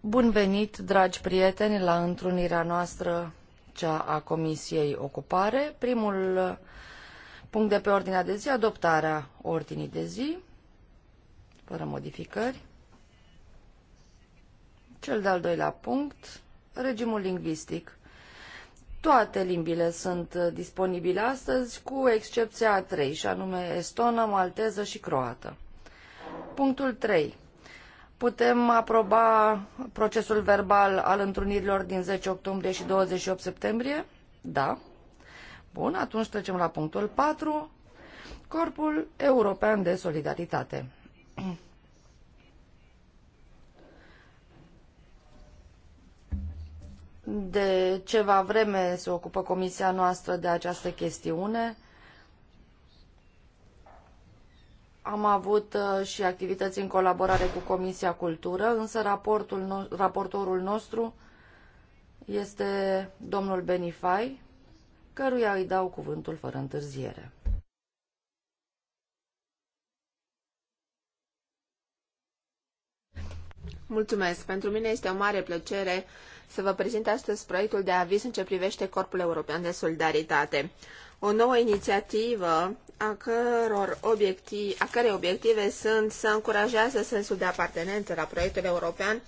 Bun venit, dragi prieteni, la întrunirea noastră, cea a Comisiei Ocupare. Primul punct de pe ordinea de zi, adoptarea ordinii de zi, fără modificări. Cel de-al doilea punct, regimul lingvistic. Toate limbile sunt disponibile astăzi, cu excepția a trei, și anume estonă, malteză și croată. Punctul 3 putem aproba procesul verbal al întrunirilor din 10 octombrie și 28 septembrie? Da. Bun, atunci trecem la punctul 4, Corpul European de Solidaritate. De ceva vreme se ocupă comisia noastră de această chestiune. Am avut uh, și activități în colaborare cu Comisia Cultură, însă raportul no raportorul nostru este domnul Benifai, căruia îi dau cuvântul fără întârziere. Mulțumesc! Pentru mine este o mare plăcere să vă prezint astăzi proiectul de aviz în ce privește Corpul European de Solidaritate. O nouă inițiativă a, căror obiectiv, a cărei obiective sunt să încurajează sensul de apartenență la proiectul european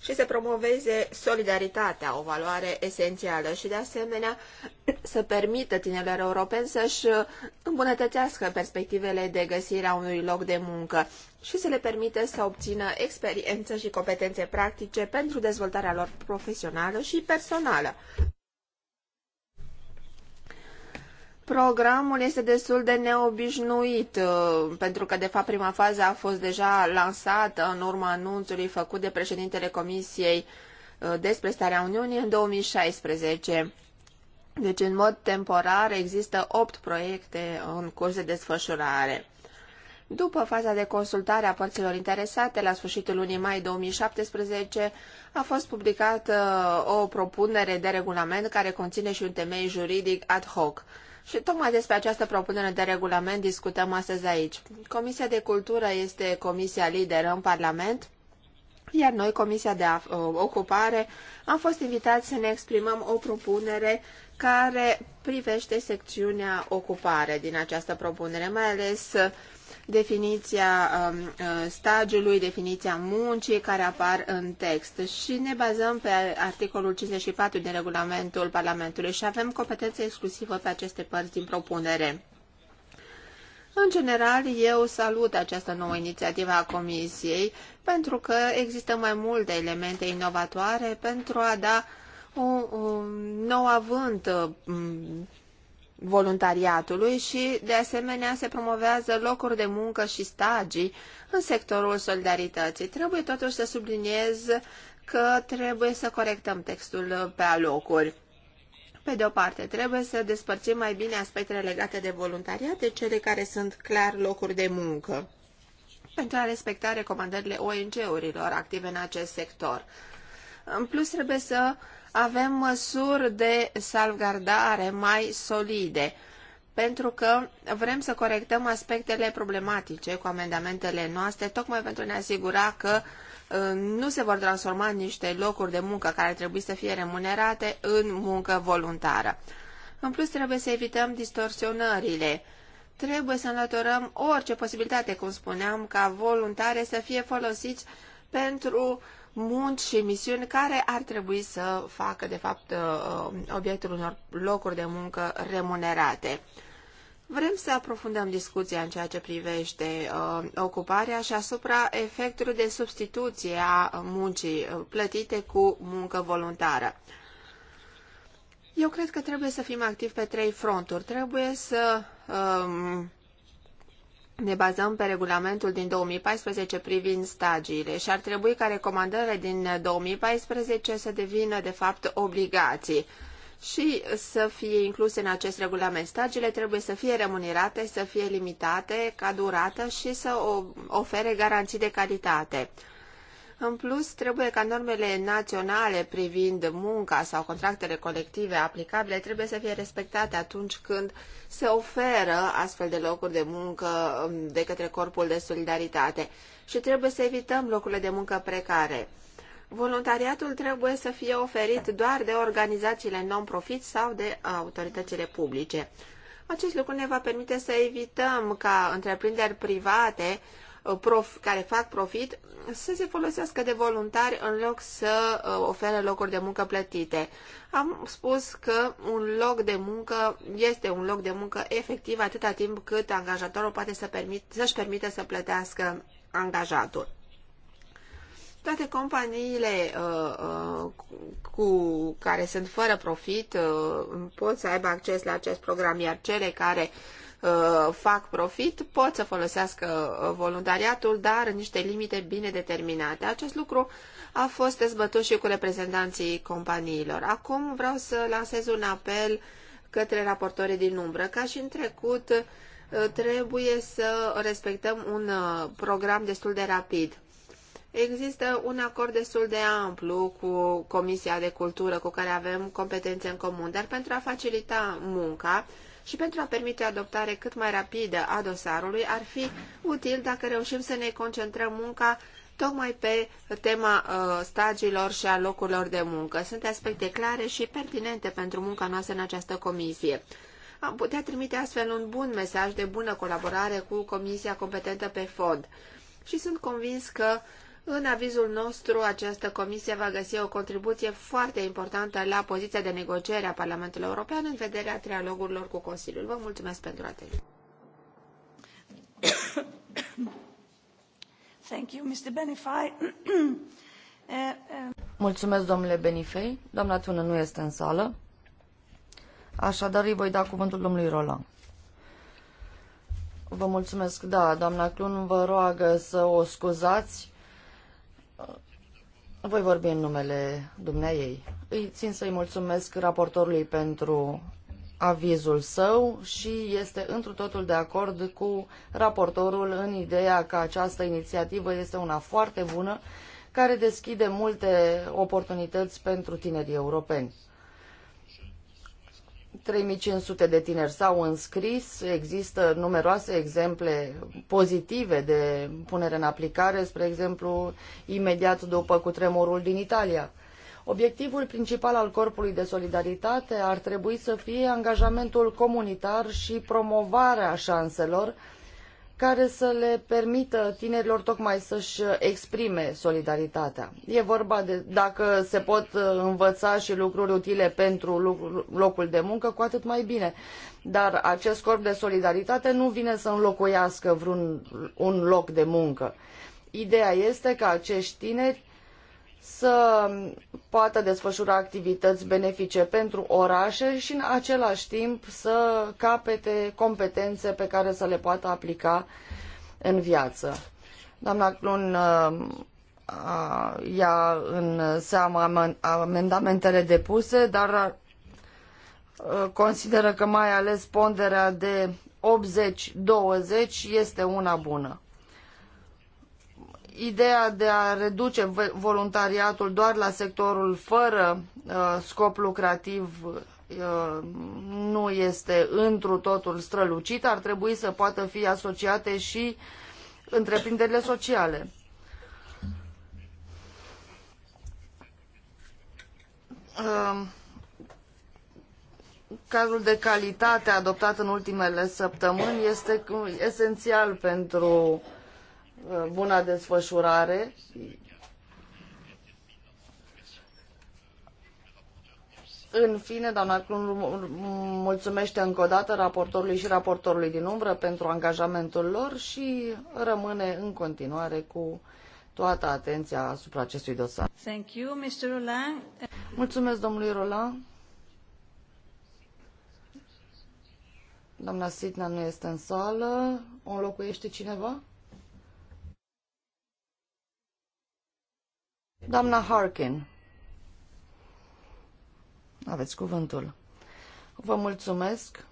și să promoveze solidaritatea, o valoare esențială și, de asemenea, să permită tinerilor europeni să-și îmbunătățească perspectivele de găsire a unui loc de muncă și să le permită să obțină experiență și competențe practice pentru dezvoltarea lor profesională și personală. Programul este destul de neobișnuit, uh, pentru că, de fapt, prima fază a fost deja lansată în urma anunțului făcut de președintele Comisiei uh, despre starea Uniunii în 2016. Deci, în mod temporar, există opt proiecte în curs de desfășurare. După faza de consultare a părților interesate, la sfârșitul lunii mai 2017, a fost publicată uh, o propunere de regulament care conține și un temei juridic ad hoc. Și tocmai despre această propunere de regulament discutăm astăzi aici. Comisia de Cultură este comisia lideră în Parlament, iar noi, Comisia de uh, Ocupare, am fost invitați să ne exprimăm o propunere care privește secțiunea ocupare din această propunere, mai ales definiția um, uh, stagiului, definiția muncii care apar în text și ne bazăm pe articolul 54 din regulamentul Parlamentului și avem competență exclusivă pe aceste părți din propunere. În general, eu salut această nouă inițiativă a Comisiei pentru că există mai multe elemente inovatoare pentru a da un, un nou avânt uh, voluntariatului și, de asemenea, se promovează locuri de muncă și stagii în sectorul solidarității. Trebuie totuși să subliniez că trebuie să corectăm textul pe alocuri. Pe de o parte, trebuie să despărțim mai bine aspectele legate de voluntariat de cele care sunt clar locuri de muncă, pentru a respecta recomandările ONG-urilor active în acest sector. În plus, trebuie să uh, avem măsuri de salvgardare mai solide, pentru că vrem să corectăm aspectele problematice cu amendamentele noastre, tocmai pentru a ne asigura că uh, nu se vor transforma niște locuri de muncă care trebuie să fie remunerate în muncă voluntară. În plus, trebuie să evităm distorsionările. Trebuie să înlăturăm orice posibilitate, cum spuneam, ca voluntare să fie folosiți pentru uh, munci și misiuni care ar trebui să facă, de fapt, uh, uh, obiectul unor locuri de muncă remunerate. Vrem să aprofundăm discuția în ceea ce privește uh, ocuparea și asupra efectului de substituție a muncii uh, plătite cu muncă voluntară. Eu cred că trebuie să fim activi pe trei fronturi. Trebuie să uh, ne bazăm pe regulamentul din 2014 privind stagiile și ar trebui ca recomandările din 2014 să devină, de fapt, obligații și să fie incluse în acest regulament. Stagiile trebuie să fie remunerate, să fie limitate ca durată și să ofere garanții de calitate. În plus, trebuie ca normele naționale privind munca sau contractele colective aplicabile trebuie să fie respectate atunci când se oferă astfel de locuri de muncă um, de către Corpul de Solidaritate și trebuie să evităm locurile de muncă precare. Voluntariatul trebuie să fie oferit doar de organizațiile non-profit sau de autoritățile publice. Acest lucru ne va permite să evităm ca întreprinderi private Uh, prof, care fac profit să se folosească de voluntari în loc să uh, ofere locuri de muncă plătite. Am spus că un loc de muncă este un loc de muncă efectiv atâta timp cât angajatorul poate să permit, să-și permite să plătească angajatul. Toate companiile uh, uh, cu care sunt fără profit uh, pot să aibă acces la acest program, iar cele care uh, Uh, fac profit, pot să folosească uh, voluntariatul, dar în niște limite bine determinate. Acest lucru a fost dezbătut și cu reprezentanții companiilor. Acum vreau să lansez un apel către raportorii din umbră. Ca și în trecut, uh, trebuie să respectăm un program destul de rapid. Există un acord destul de amplu cu Comisia de Cultură, cu care avem competențe în comun, dar pentru a facilita munca, și pentru a permite adoptare cât mai rapidă a dosarului ar fi util dacă reușim să ne concentrăm munca tocmai pe tema uh, stagiilor și a locurilor de muncă. Sunt aspecte clare și pertinente pentru munca noastră în această comisie. Am putea trimite astfel un bun mesaj de bună colaborare cu comisia competentă pe fond. Și sunt convins că uh, în avizul nostru, această comisie va găsi o contribuție foarte importantă la poziția de negociere a Parlamentului European în vederea trialogurilor cu Consiliul. Vă mulțumesc pentru atenție. Thank you, Mr. Benify. Eh, eh. Mulțumesc, domnule Benifei. Doamna Tună nu este în sală. Așadar, îi voi da cuvântul domnului Roland. Vă mulțumesc, da, doamna Clun vă roagă să o scuzați voi vorbi în numele dumneaei. Îi țin să-i mulțumesc raportorului pentru avizul său și este întru totul de acord cu raportorul în ideea că această inițiativă este una foarte bună care deschide multe oportunități pentru tinerii europeni. 3500 de tineri s-au înscris, există numeroase exemple pozitive de punere în aplicare, spre exemplu, imediat după cutremurul din Italia. Obiectivul principal al Corpului de Solidaritate ar trebui să fie angajamentul comunitar și promovarea șanselor care să le permită tinerilor tocmai să-și exprime solidaritatea. E vorba de dacă se pot uh, învăța și lucruri utile pentru locul de muncă, cu atât mai bine. Dar acest corp de solidaritate nu vine să înlocuiască vreun un loc de muncă. Ideea este că acești tineri să poată desfășura activități benefice pentru orașe și în același timp să capete competențe pe care să le poată aplica în viață. Doamna Clun uh, uh, ia în seama amendamentele depuse, dar uh, consideră că mai ales ponderea de 80-20 este una bună ideea de a reduce voluntariatul doar la sectorul fără uh, scop lucrativ uh, nu este întru totul strălucit, ar trebui să poată fi asociate și întreprinderile sociale. Uh, cazul de calitate adoptat în ultimele săptămâni este esențial pentru Uh, buna desfășurare. În fine, doamna Clun mulțumește încă o dată raportorului și raportorului din umbră pentru angajamentul lor și rămâne în continuare cu toată atenția asupra acestui dosar. Thank you, Mr. Roland. Mulțumesc, domnului Roland. Doamna Sidna nu este în sală. O înlocuiește cineva? Doamna Harkin, aveți cuvântul. Vă mulțumesc.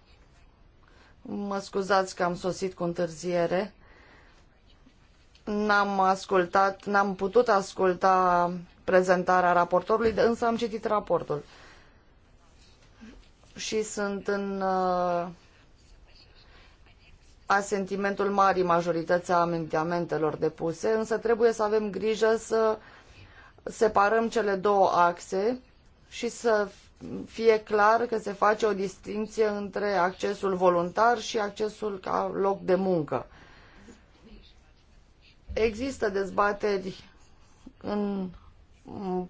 Mă scuzați că am sosit cu întârziere. N-am ascultat, n-am putut asculta prezentarea raportorului, însă am citit raportul. Și sunt în uh, asentimentul marii majorității a amendamentelor depuse, însă trebuie să avem grijă să uh, separăm cele două axe și să fie clar că se face o distinție între accesul voluntar și accesul ca loc de muncă. Există dezbateri în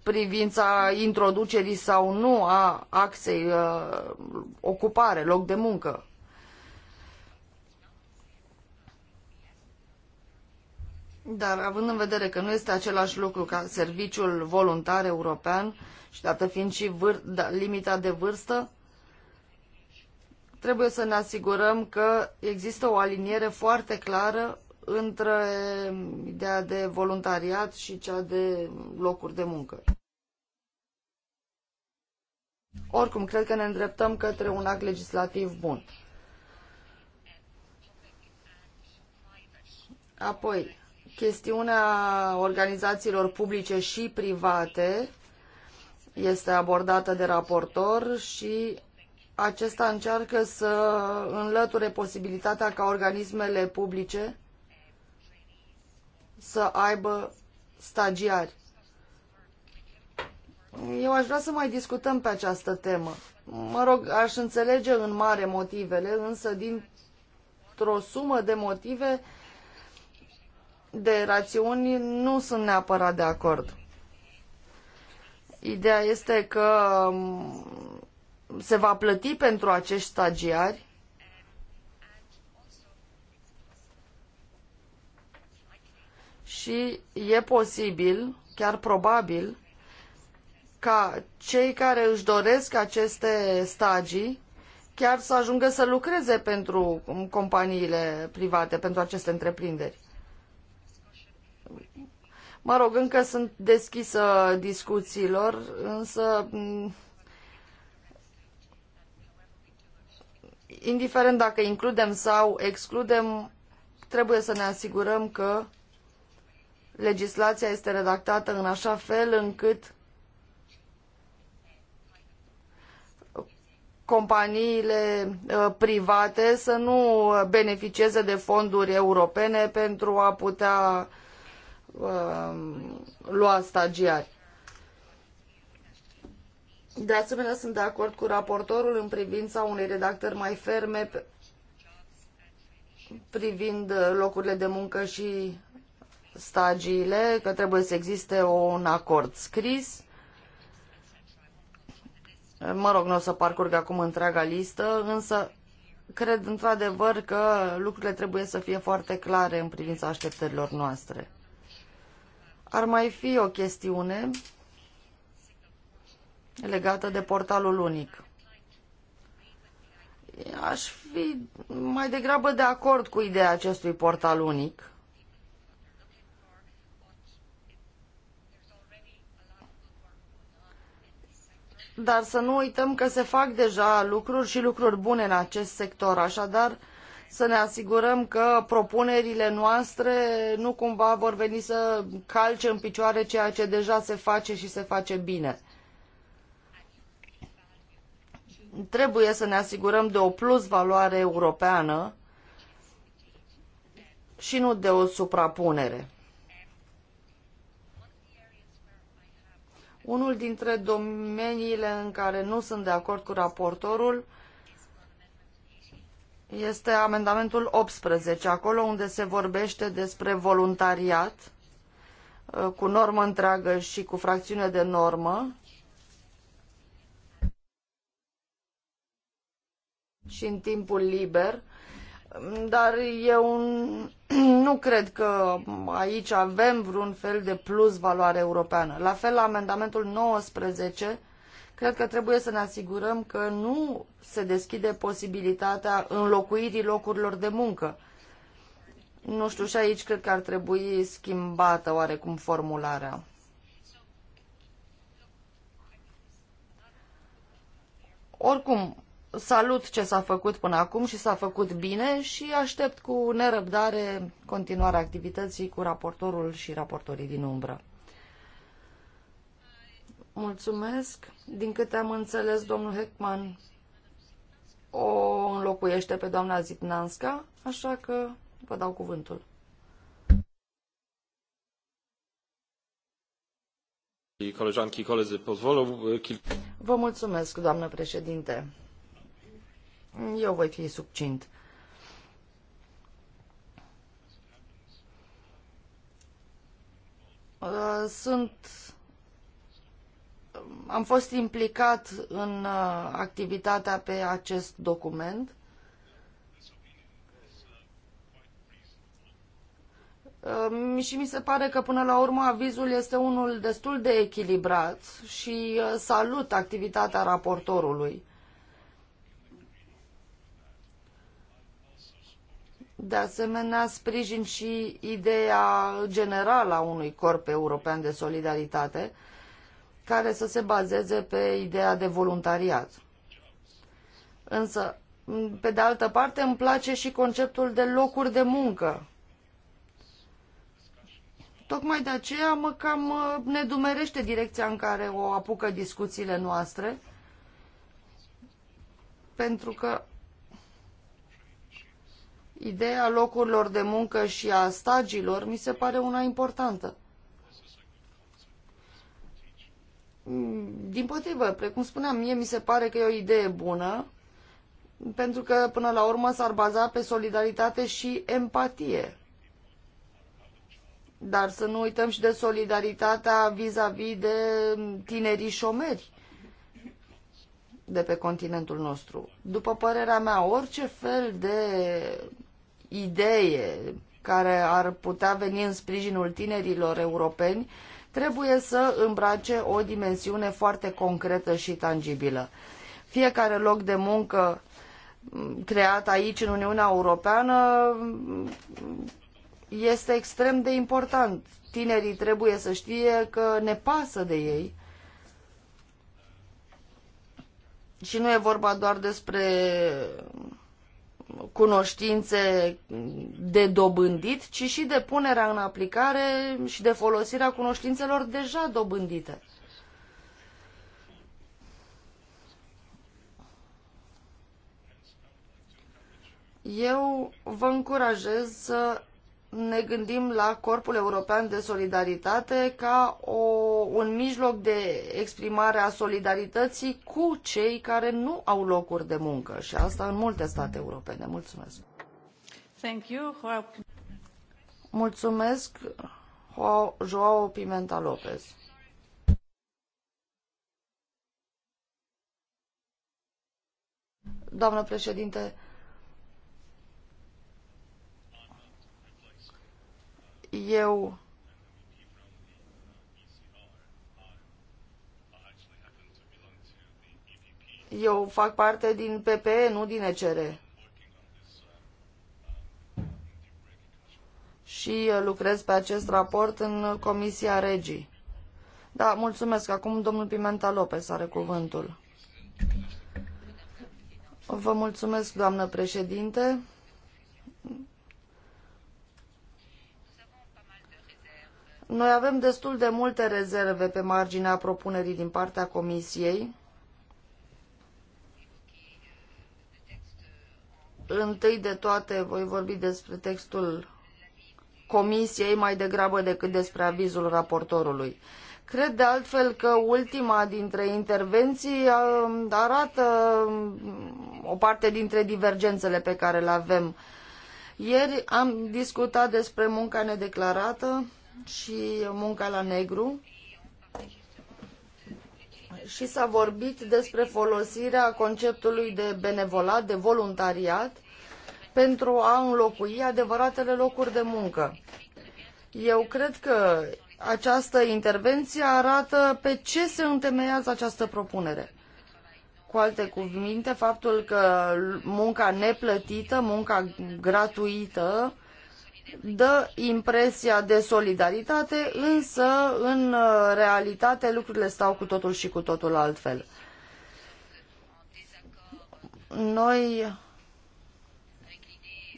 privința introducerii sau nu a axei uh, ocupare, loc de muncă. Dar având în vedere că nu este același lucru ca serviciul voluntar european și dată fiind și vâr- da, limita de vârstă, trebuie să ne asigurăm că există o aliniere foarte clară între ideea de voluntariat și cea de locuri de muncă. Oricum, cred că ne îndreptăm către un act legislativ bun. Apoi, chestiunea organizațiilor publice și private este abordată de raportor și acesta încearcă să înlăture posibilitatea ca organismele publice să aibă stagiari. Eu aș vrea să mai discutăm pe această temă. Mă rog, aș înțelege în mare motivele, însă dintr-o sumă de motive de rațiuni nu sunt neapărat de acord. Ideea este că um, se va plăti pentru acești stagiari și e posibil, chiar probabil, ca cei care își doresc aceste stagii chiar să ajungă să lucreze pentru um, companiile private, pentru aceste întreprinderi. Mă rog, încă sunt deschisă discuțiilor, însă indiferent dacă includem sau excludem, trebuie să ne asigurăm că legislația este redactată în așa fel încât companiile uh, private să nu beneficieze de fonduri europene pentru a putea Um, lua stagiari. De asemenea, sunt de acord cu raportorul în privința unei redactări mai ferme privind locurile de muncă și stagiile, că trebuie să existe un acord scris. Mă rog, nu o să parcurg acum întreaga listă, însă cred într-adevăr că lucrurile trebuie să fie foarte clare în privința așteptărilor noastre. Ar mai fi o chestiune legată de portalul unic. Aș fi mai degrabă de acord cu ideea acestui portal unic. Dar să nu uităm că se fac deja lucruri și lucruri bune în acest sector, așadar să ne asigurăm că propunerile noastre nu cumva vor veni să calce în picioare ceea ce deja se face și se face bine. Trebuie să ne asigurăm de o plus valoare europeană și nu de o suprapunere. Unul dintre domeniile în care nu sunt de acord cu raportorul este amendamentul 18, acolo unde se vorbește despre voluntariat uh, cu normă întreagă și cu fracțiune de normă și în timpul liber, dar eu nu cred că aici avem vreun fel de plus valoare europeană. La fel, amendamentul 19 Cred că trebuie să ne asigurăm că nu se deschide posibilitatea înlocuirii locurilor de muncă. Nu știu, și aici cred că ar trebui schimbată oarecum formularea. Oricum, salut ce s-a făcut până acum și s-a făcut bine și aștept cu nerăbdare continuarea activității cu raportorul și raportorii din umbră. Mulțumesc. Din câte am înțeles, domnul Heckman o înlocuiește pe doamna Zitnanska, așa că vă dau cuvântul. Koleżanki koledzy, pozwolą Vă mulțumesc, doamnă președinte. Eu voi fi subcint. Sunt am fost implicat în uh, activitatea pe acest document. Uh, și mi se pare că până la urmă avizul este unul destul de echilibrat și uh, salut activitatea raportorului. De asemenea, sprijin și ideea generală a unui corp european de solidaritate, care să se bazeze pe ideea de voluntariat. Însă, pe de altă parte, îmi place și conceptul de locuri de muncă. Tocmai de aceea mă cam uh, nedumerește direcția în care o apucă discuțiile noastre, pentru că ideea locurilor de muncă și a stagiilor mi se pare una importantă. Mm, din potrivă, precum spuneam, mie mi se pare că e o idee bună, pentru că până la urmă s-ar baza pe solidaritate și empatie. Dar să nu uităm și de solidaritatea vis-a-vis -vis de tinerii șomeri de pe continentul nostru. După părerea mea, orice fel de idee care ar putea veni în sprijinul tinerilor europeni trebuie să îmbrace o dimensiune foarte concretă și tangibilă. Fiecare loc de muncă mm, creat aici în Uniunea Europeană mm, este extrem de important. Tinerii trebuie să știe că ne pasă de ei și nu e vorba doar despre cunoștințe de dobândit, ci și de punerea în aplicare și de folosirea cunoștințelor deja dobândite. Eu vă încurajez să ne gândim la Corpul European de Solidaritate ca o, un mijloc de exprimare a solidarității cu cei care nu au locuri de muncă și asta în multe state europene. Mulțumesc! Thank you. Mulțumesc, Joao Pimenta Lopez. Doamnă președinte, eu eu fac parte din PPE, nu din ECR. Și uh, lucrez pe acest raport în Comisia Regii. Da, mulțumesc. Acum domnul Pimenta Lopez are cuvântul. Vă mulțumesc, doamnă președinte. Noi avem destul de multe rezerve pe marginea propunerii din partea Comisiei. Întâi de toate voi vorbi despre textul Comisiei mai degrabă decât despre avizul raportorului. Cred de altfel că ultima dintre intervenții um, arată um, o parte dintre divergențele pe care le avem. Ieri am discutat despre munca nedeclarată și munca la negru și s-a vorbit despre folosirea conceptului de benevolat, de voluntariat, pentru a înlocui adevăratele locuri de muncă. Eu cred că această intervenție arată pe ce se întemeiază această propunere. Cu alte cuvinte, faptul că munca neplătită, munca gratuită, dă impresia de solidaritate, însă în uh, realitate lucrurile stau cu totul și cu totul altfel. Noi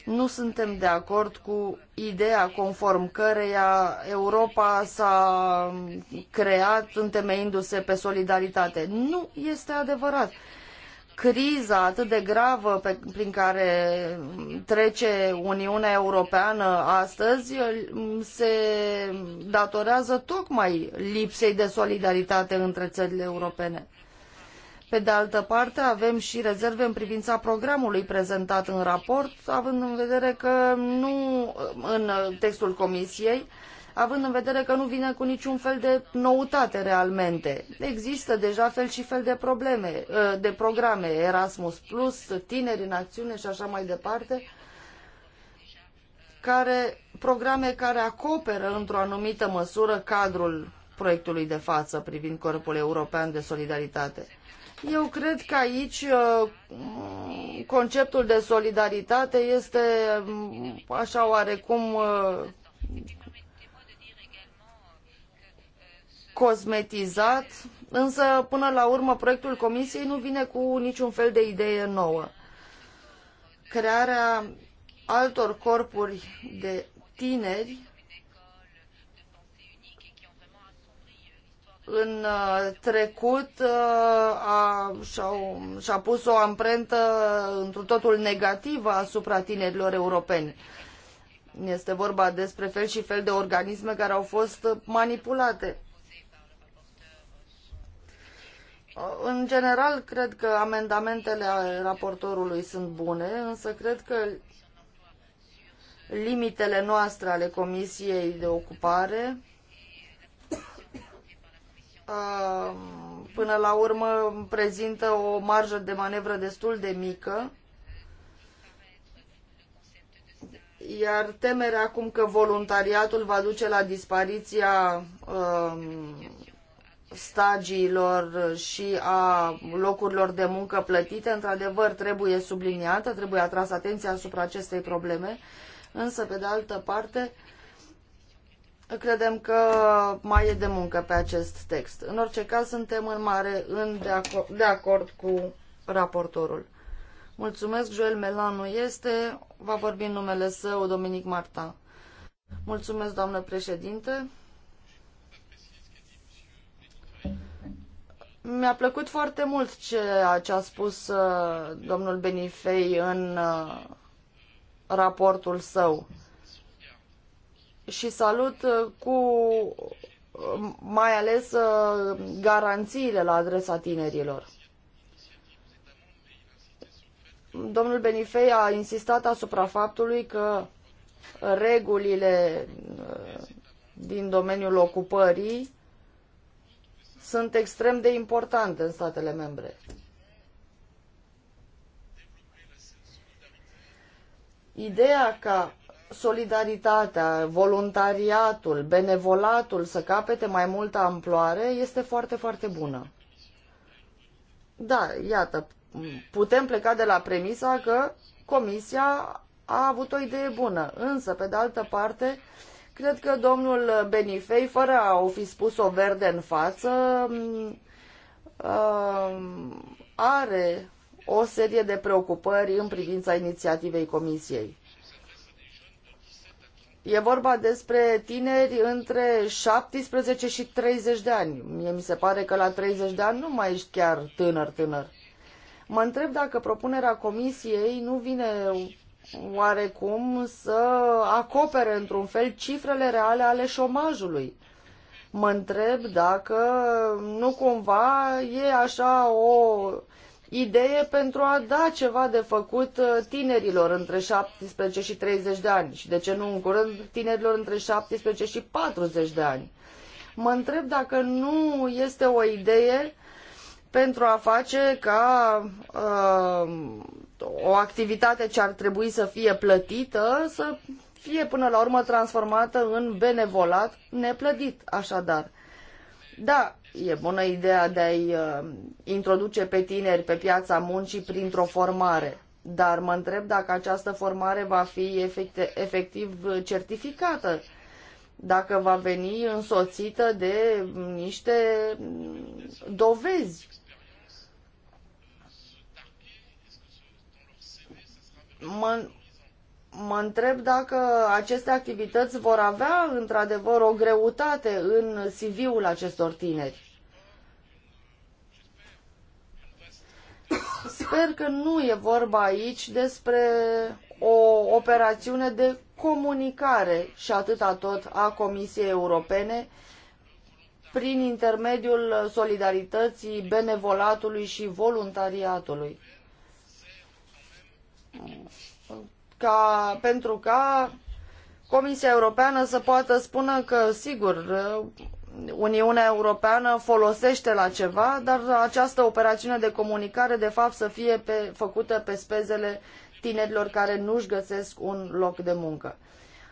nu suntem de acord cu ideea conform căreia Europa s-a creat întemeindu-se pe solidaritate. Nu este adevărat criza atât de gravă pe, prin care trece Uniunea Europeană astăzi se datorează tocmai lipsei de solidaritate între țările europene. Pe de altă parte, avem și rezerve în privința programului prezentat în raport, având în vedere că nu în textul Comisiei având în vedere că nu vine cu niciun fel de noutate realmente. Există deja fel și fel de probleme, ă, de programe, Erasmus+, Plus, Tineri în Acțiune și așa mai departe, care, programe care acoperă într-o anumită măsură cadrul proiectului de față privind Corpul European de Solidaritate. Eu cred că aici ă, conceptul de solidaritate este ă, așa oarecum cosmetizat, însă până la urmă proiectul comisiei nu vine cu niciun fel de idee nouă. Crearea altor corpuri de tineri în uh, trecut uh, a, și a și-a pus o amprentă într totul negativă asupra tinerilor europeni. Este vorba despre fel și fel de organisme care au fost manipulate. În general, cred că amendamentele raportorului sunt bune, însă cred că limitele noastre ale Comisiei de Ocupare um, până la urmă prezintă o marjă de manevră destul de mică, iar temerea acum că voluntariatul va duce la dispariția um, stagiilor și a locurilor de muncă plătite, într-adevăr, trebuie subliniată, trebuie atras atenția asupra acestei probleme, însă, pe de altă parte, credem că mai e de muncă pe acest text. În orice caz, suntem în mare în de, acord, de acord cu raportorul. Mulțumesc, Joel Melanu este, va vorbi în numele său, Dominic Marta. Mulțumesc, doamnă președinte. Mi-a plăcut foarte mult a, ce a spus uh, domnul Benifei în uh, raportul său. Și salut uh, cu uh, mai ales uh, garanțiile la adresa tinerilor. Domnul Benifei a insistat asupra faptului că regulile uh, din domeniul ocupării sunt extrem de importante în statele membre. Ideea ca solidaritatea, voluntariatul, benevolatul să capete mai multă amploare este foarte, foarte bună. Da, iată, putem pleca de la premisa că Comisia a avut o idee bună, însă, pe de altă parte, uh, Cred că domnul Benifei, fără a o fi spus-o verde în față, um, are o serie de preocupări în privința inițiativei Comisiei. E vorba despre tineri între 17 și 30 de ani. Mie mi se pare că la 30 de ani nu mai ești chiar tânăr, tânăr. Mă întreb dacă propunerea comisiei nu vine oarecum să acopere într-un fel cifrele reale ale șomajului. Mă întreb dacă nu cumva e așa o idee pentru a da ceva de făcut uh, tinerilor între 17 și 30 de ani și de ce nu în curând tinerilor între 17 și 40 de ani. Mă întreb dacă nu este o idee pentru a face ca uh, o activitate ce ar trebui să fie plătită să fie până la urmă transformată în benevolat neplătit, așadar. Da, e bună ideea de a-i uh, introduce pe tineri pe piața muncii printr-o formare, dar mă întreb dacă această formare va fi efecte, efectiv certificată, dacă va veni însoțită de niște mm, dovezi mă, mă întreb dacă aceste activități vor avea într-adevăr o greutate în CV-ul acestor tineri. Sper că nu e vorba aici despre o operațiune de comunicare și atâta tot a Comisiei Europene prin intermediul solidarității, benevolatului și voluntariatului ca, pentru ca Comisia Europeană să poată spune că, sigur, Uniunea Europeană folosește la ceva, dar această operațiune de comunicare, de fapt, să fie pe, făcută pe spezele tinerilor care nu-și găsesc un loc de muncă.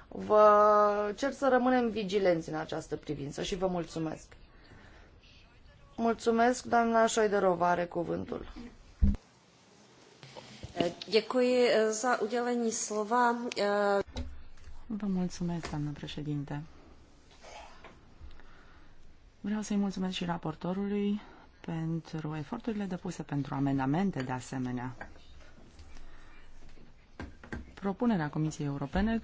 Vă cer să rămânem vigilenți în această privință și vă mulțumesc. Mulțumesc, doamna Șoiderova are cuvântul. Děkuji eh, za udělení slova. Eh. Vă mulțumesc, doamnă președinte. Vreau să-i mulțumesc și raportorului pentru eforturile depuse pentru amendamente de asemenea. Propunerea Comisiei Europene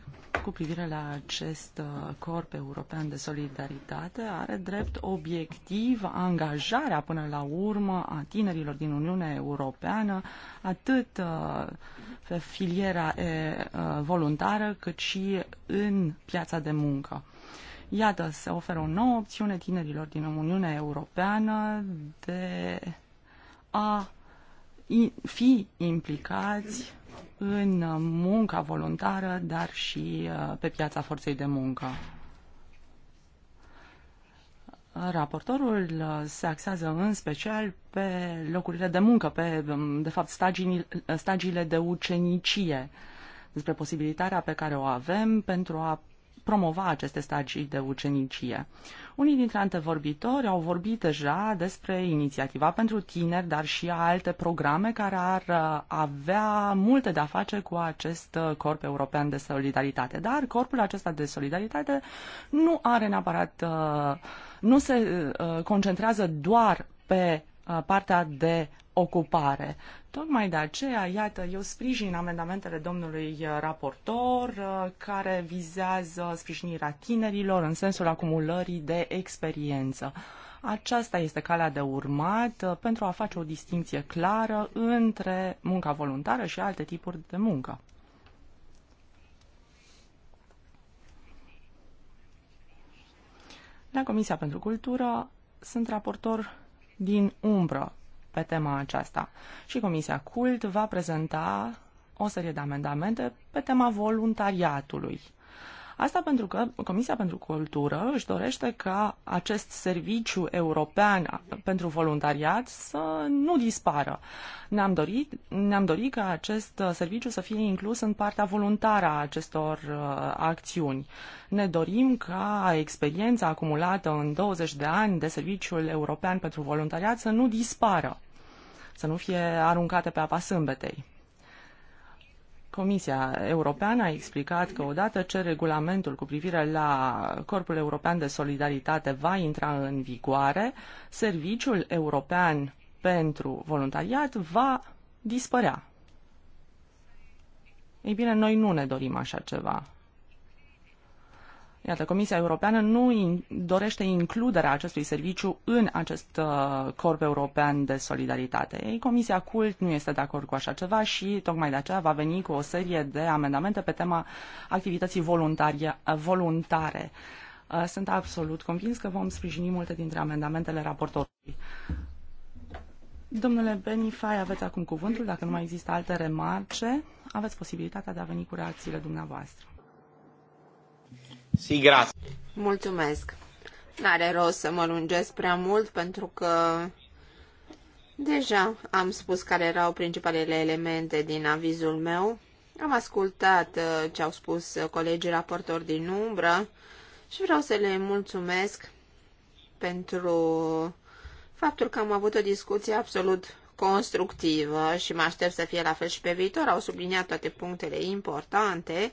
cu privire la acest uh, corp european de solidaritate are drept obiectiv angajarea până la urmă a tinerilor din Uniunea Europeană, atât uh, pe filiera uh, voluntară, cât și în piața de muncă. Iată, se oferă o nouă opțiune tinerilor din Uniunea Europeană de a fi implicați în munca voluntară, dar și uh, pe piața forței de muncă. Raportorul uh, se axează în special pe locurile de muncă, pe, um, de fapt, stagiile de ucenicie, despre posibilitatea pe care o avem pentru a promova aceste stagii de ucenicie. Unii dintre antevorbitori au vorbit deja despre inițiativa pentru tineri, dar și alte programe care ar uh, avea multe de a face cu acest uh, corp european de solidaritate. Dar corpul acesta de solidaritate nu are neapărat, uh, nu se concentrează doar pe Uh, partea de ocupare. Tocmai de aceea, iată, eu sprijin amendamentele domnului uh, raportor uh, care vizează sprijinirea tinerilor în sensul acumulării de experiență. Aceasta este calea de urmat pentru a face o distinție clară între munca voluntară și alte tipuri de muncă. La Comisia pentru Cultură sunt raportor din umbră pe tema aceasta. Și Comisia Cult va prezenta o serie de amendamente pe tema voluntariatului. Asta pentru că Comisia pentru Cultură își dorește ca acest serviciu european pentru voluntariat să nu dispară. Ne-am dorit, ne-am dorit ca acest serviciu să fie inclus în partea voluntară a acestor uh, acțiuni. Ne dorim ca experiența acumulată în 20 de ani de serviciul european pentru voluntariat să nu dispară, să nu fie aruncate pe apa sâmbetei. Comisia Europeană a explicat că odată ce regulamentul cu privire la Corpul European de Solidaritate va intra în vigoare, Serviciul European pentru Voluntariat va dispărea. Ei bine, noi nu ne dorim așa ceva. Iată, Comisia Europeană nu in, dorește includerea acestui serviciu în acest uh, corp european de solidaritate. Ei, Comisia CULT nu este de acord cu așa ceva și tocmai de aceea va veni cu o serie de amendamente pe tema activității voluntare. Uh, sunt absolut convins că vom sprijini multe dintre amendamentele raportorului. Domnule Benifai, aveți acum cuvântul. Dacă nu mai există alte remarce, aveți posibilitatea de a veni cu reacțiile dumneavoastră. Si, grazie. Mulțumesc. N-are rost să mă lungesc prea mult pentru că deja am spus care erau principalele elemente din avizul meu. Am ascultat uh, ce au spus uh, colegii raportori din umbră și vreau să le mulțumesc pentru faptul că am avut o discuție absolut constructivă și mă aștept să fie la fel și pe viitor. Au subliniat toate punctele importante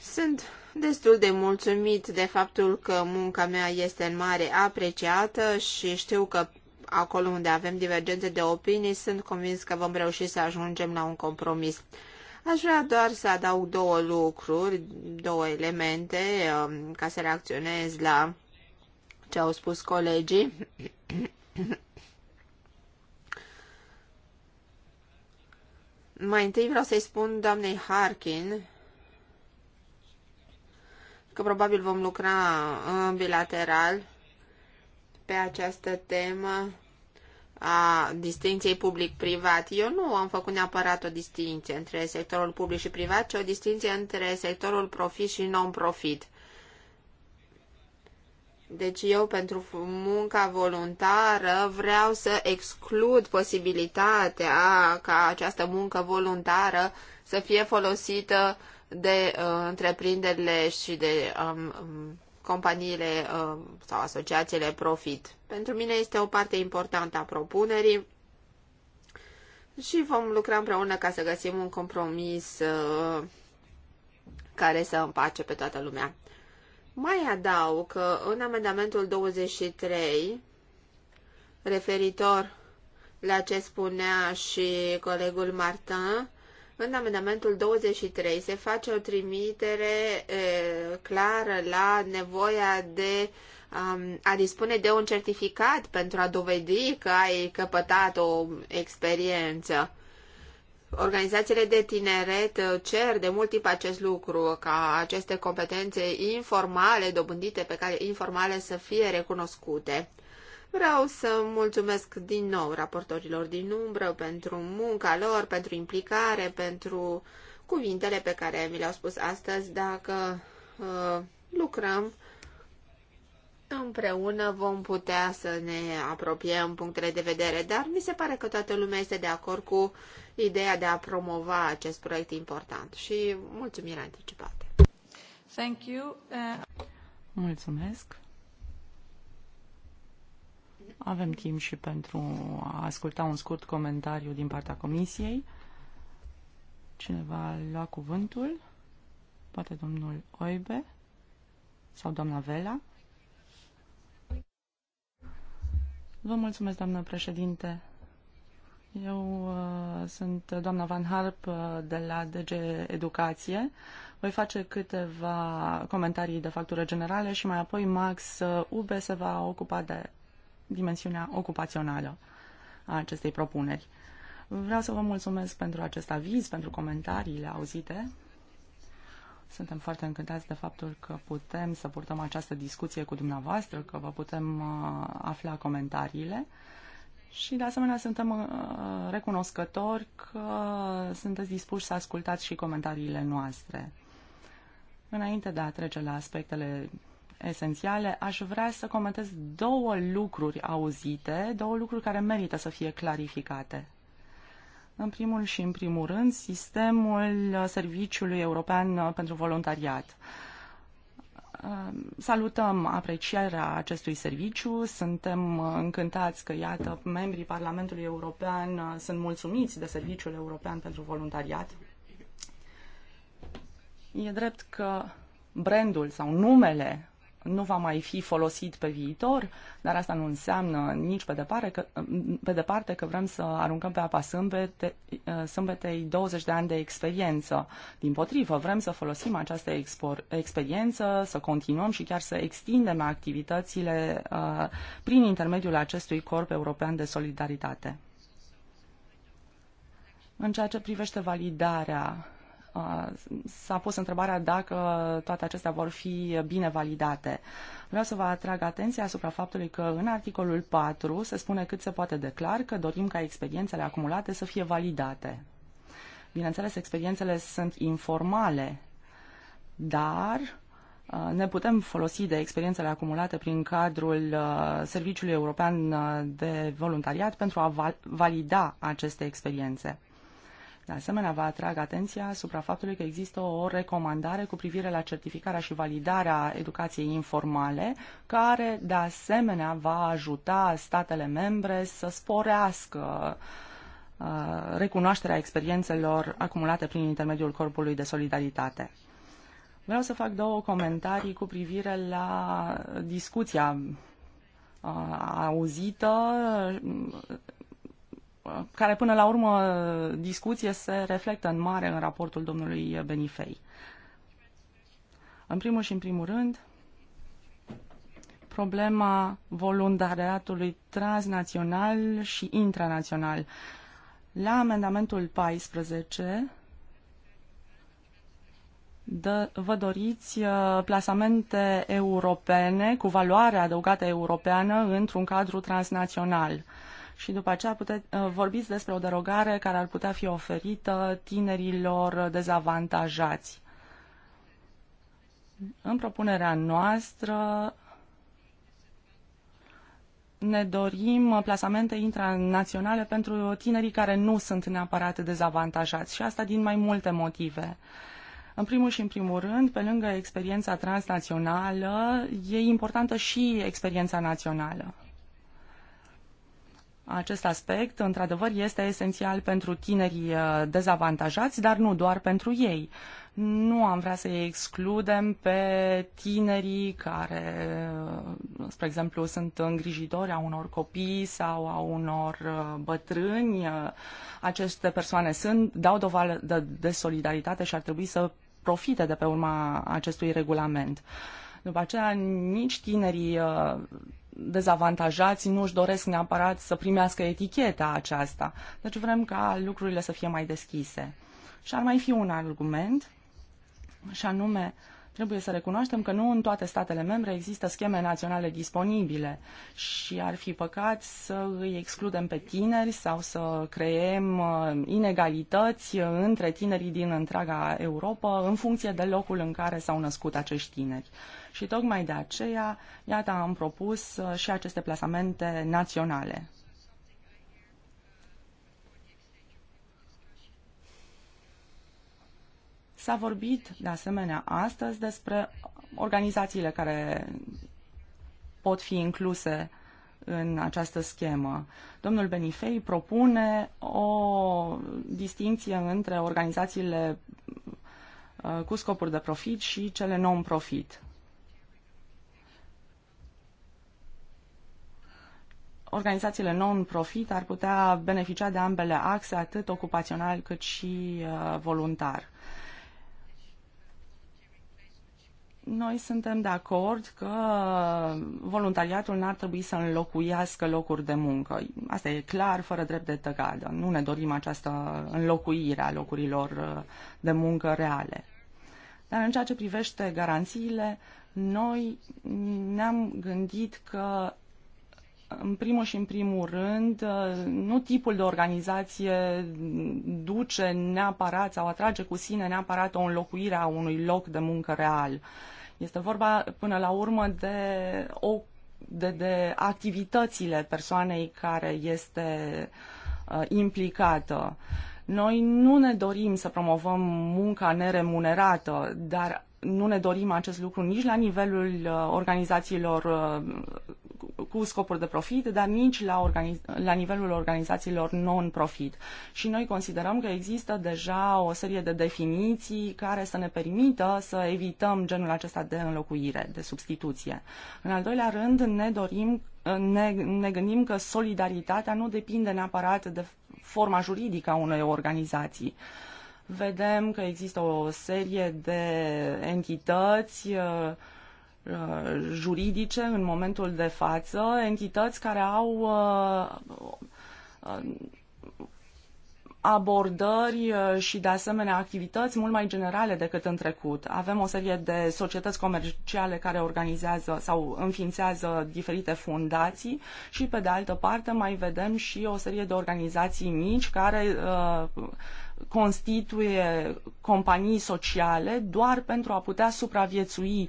Sunt destul de mulțumit de faptul că munca mea este în mare apreciată și știu că acolo unde avem divergențe de opinii, sunt convins că vom reuși să ajungem la un compromis. Aș vrea doar să adaug două lucruri, două elemente, um, ca să reacționez la ce au spus colegii. Mai întâi vreau să-i spun doamnei Harkin că probabil vom lucra uh, bilateral pe această temă a distinției public-privat. Eu nu am făcut neapărat o distinție între sectorul public și privat, ci o distinție între sectorul profit și non-profit. Deci eu pentru munca voluntară vreau să exclud posibilitatea ca această muncă voluntară să fie folosită uh, de uh, întreprinderile și de um, um, companiile uh, sau asociațiile profit. Pentru mine este o parte importantă a propunerii și vom lucra împreună ca să găsim un compromis uh, care să împace pe toată lumea. Mai adaug că în amendamentul 23, referitor la ce spunea și colegul Martin, în amendamentul 23 se face o trimitere e, clară la nevoia de a dispune de un certificat pentru a dovedi că ai căpătat o experiență. Organizațiile de tineret uh, cer de mult timp acest lucru, ca aceste competențe informale dobândite pe care informale să fie recunoscute. Vreau să mulțumesc din nou raportorilor din umbră pentru munca lor, pentru implicare, pentru cuvintele pe care mi le-au spus astăzi. Dacă uh, lucrăm împreună, vom putea să ne apropiem punctele de vedere, dar mi se pare că toată lumea este de acord cu ideea de a promova acest proiect important și mulțumiri anticipate. Thank you. Uh... Mulțumesc. Avem timp și pentru a asculta un scurt comentariu din partea comisiei. Cineva lua cuvântul? Poate domnul Oibe sau doamna Vela? Vă mulțumesc, doamnă președinte. Eu uh, sunt doamna Van Harp uh, de la DG Educație. Voi face câteva comentarii de factură generale și mai apoi Max uh, Ube se va ocupa de dimensiunea ocupațională a acestei propuneri. Vreau să vă mulțumesc pentru acest aviz, pentru comentariile auzite. Suntem foarte încântați de faptul că putem să purtăm această discuție cu dumneavoastră, că vă putem uh, afla comentariile. Și, de asemenea, suntem uh, recunoscători că sunteți dispuși să ascultați și comentariile noastre. Înainte de a trece la aspectele esențiale, aș vrea să comentez două lucruri auzite, două lucruri care merită să fie clarificate. În primul și în primul rând, sistemul Serviciului European pentru Voluntariat. Salutăm aprecierea acestui serviciu, suntem încântați că, iată, membrii Parlamentului European sunt mulțumiți de Serviciul European pentru Voluntariat. E drept că brandul sau numele nu va mai fi folosit pe viitor, dar asta nu înseamnă nici pe departe că, pe departe că vrem să aruncăm pe apa sâmbete, sâmbetei 20 de ani de experiență. Din potrivă, vrem să folosim această expor, experiență, să continuăm și chiar să extindem activitățile uh, prin intermediul acestui corp european de solidaritate. În ceea ce privește validarea s-a pus întrebarea dacă toate acestea vor fi bine validate. Vreau să vă atrag atenția asupra faptului că în articolul 4 se spune cât se poate declar că dorim ca experiențele acumulate să fie validate. Bineînțeles, experiențele sunt informale, dar uh, ne putem folosi de experiențele acumulate prin cadrul uh, Serviciului European uh, de Voluntariat pentru a valida aceste experiențe. De asemenea, vă atrag atenția asupra faptului că există o recomandare cu privire la certificarea și validarea educației informale, care, de asemenea, va ajuta statele membre să sporească uh, recunoașterea experiențelor acumulate prin intermediul Corpului de Solidaritate. Vreau să fac două comentarii cu privire la discuția uh, auzită care până la urmă discuție se reflectă în mare în raportul domnului Benifei. În primul și în primul rând, problema voluntariatului transnațional și intranațional. La amendamentul 14 dă, vă doriți uh, plasamente europene cu valoare adăugată europeană într-un cadru transnațional și după aceea pute, uh, vorbiți despre o derogare care ar putea fi oferită tinerilor dezavantajați. În propunerea noastră ne dorim plasamente intranaționale pentru tinerii care nu sunt neapărat dezavantajați și asta din mai multe motive. În primul și în primul rând, pe lângă experiența transnațională, e importantă și experiența națională. Acest aspect, într-adevăr, este esențial pentru tinerii uh, dezavantajați, dar nu doar pentru ei. Nu am vrea să-i excludem pe tinerii care, uh, spre exemplu, sunt îngrijitori a unor copii sau a unor uh, bătrâni. Aceste persoane sunt, dau dovadă de solidaritate și ar trebui să profite de pe urma acestui regulament. Uh, după aceea, nici tinerii uh, dezavantajați nu își doresc neapărat să primească eticheta aceasta. Deci vrem ca lucrurile să fie mai deschise. Și ar mai fi un argument, și anume uh, Trebuie să recunoaștem că nu în toate statele membre există scheme naționale disponibile și ar fi păcat să îi excludem pe tineri sau să creem uh, inegalități între tinerii din întreaga Europa în funcție de locul în care s-au născut acești tineri. Și tocmai de aceea, iată, am propus uh, și aceste plasamente naționale. S-a vorbit de asemenea astăzi despre organizațiile care pot fi incluse în această schemă. Domnul Benifei propune o distinție între organizațiile uh, cu scopuri de profit și cele non-profit. Organizațiile non-profit ar putea beneficia de ambele axe, atât ocupațional cât și uh, voluntar. Noi suntem de acord că voluntariatul n-ar trebui să înlocuiască locuri de muncă. Asta e clar, fără drept de tăgadă. Nu ne dorim această înlocuire a locurilor uh, de muncă reale. Dar în ceea ce privește garanțiile, noi ne-am gândit că în primul și în primul rând, uh, nu tipul de organizație duce neapărat sau atrage cu sine neapărat o înlocuire a unui loc de muncă real. Este vorba, până la urmă, de, o, de, de activitățile persoanei care este uh, implicată. Noi nu ne dorim să promovăm munca neremunerată, dar nu ne dorim acest lucru nici la nivelul uh, organizațiilor uh, cu scopuri de profit, dar nici la, organiz- la nivelul organizațiilor non-profit. Și noi considerăm că există deja o serie de definiții care să ne permită să evităm genul acesta de înlocuire, de substituție. În al doilea rând, ne dorim ne, ne gândim că solidaritatea nu depinde neapărat de forma juridică a unei organizații. Vedem că există o serie de entități uh, Uh, juridice în momentul de față, entități care au uh, uh, abordări și de asemenea activități mult mai generale decât în trecut. Avem o serie de societăți comerciale care organizează sau înființează diferite fundații și pe de altă parte mai vedem și o serie de organizații mici care constituie companii sociale doar pentru a putea supraviețui uh,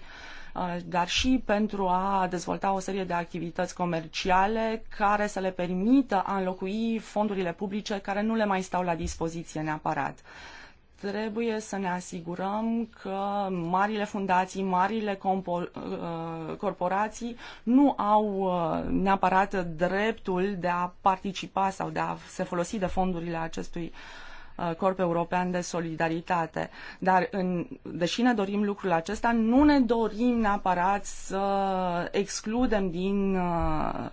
Uh, dar și pentru a dezvolta o serie de activități comerciale care să le permită a înlocui fondurile publice care nu le mai stau la dispoziție neapărat trebuie să ne asigurăm că marile fundații, marile uh, corporații nu au uh, neapărat dreptul de a participa sau de a se folosi de fondurile acestui Uh, corp european de solidaritate. Dar, în, deși ne dorim lucrul acesta, nu ne dorim neapărat să excludem din uh,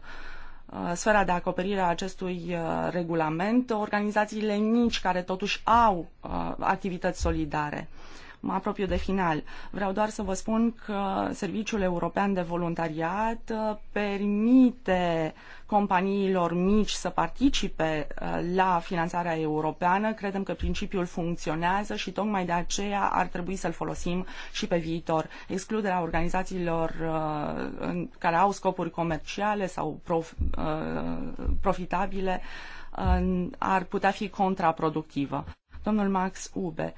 uh, sfera de acoperire a acestui regulament organizațiile mici care totuși au activități solidare mă apropiu de final. Vreau doar să vă spun că Serviciul European de Voluntariat uh, permite companiilor mici să participe uh, la finanțarea europeană. Credem că principiul funcționează și tocmai de aceea ar trebui să-l folosim și pe viitor. Excluderea organizațiilor uh, care au scopuri comerciale sau prof, profitabile ar putea fi contraproductivă. Domnul Max Ube,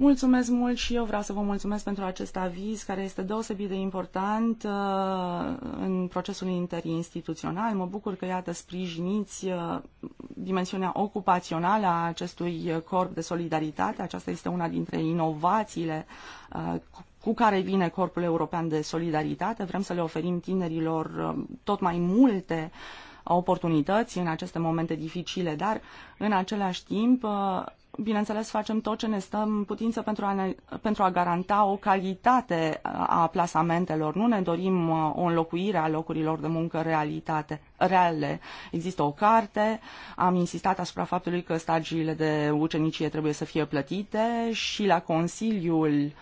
Mulțumesc mult și eu vreau să vă mulțumesc pentru acest aviz care este deosebit de important uh, în procesul interinstituțional. Mă bucur că, iată, sprijiniți uh, dimensiunea ocupațională a acestui corp de solidaritate. Aceasta este una dintre inovațiile uh, cu care vine Corpul European de Solidaritate. Vrem să le oferim tinerilor tot mai multe oportunități în aceste momente dificile, dar în același timp bineînțeles, facem tot ce ne stă în putință pentru a, ne, pentru a garanta o calitate uh, a plasamentelor. Nu ne dorim uh, o înlocuire a locurilor de muncă realitate, reale. Există o carte, am insistat asupra faptului că stagiile de ucenicie trebuie să fie plătite și la Consiliul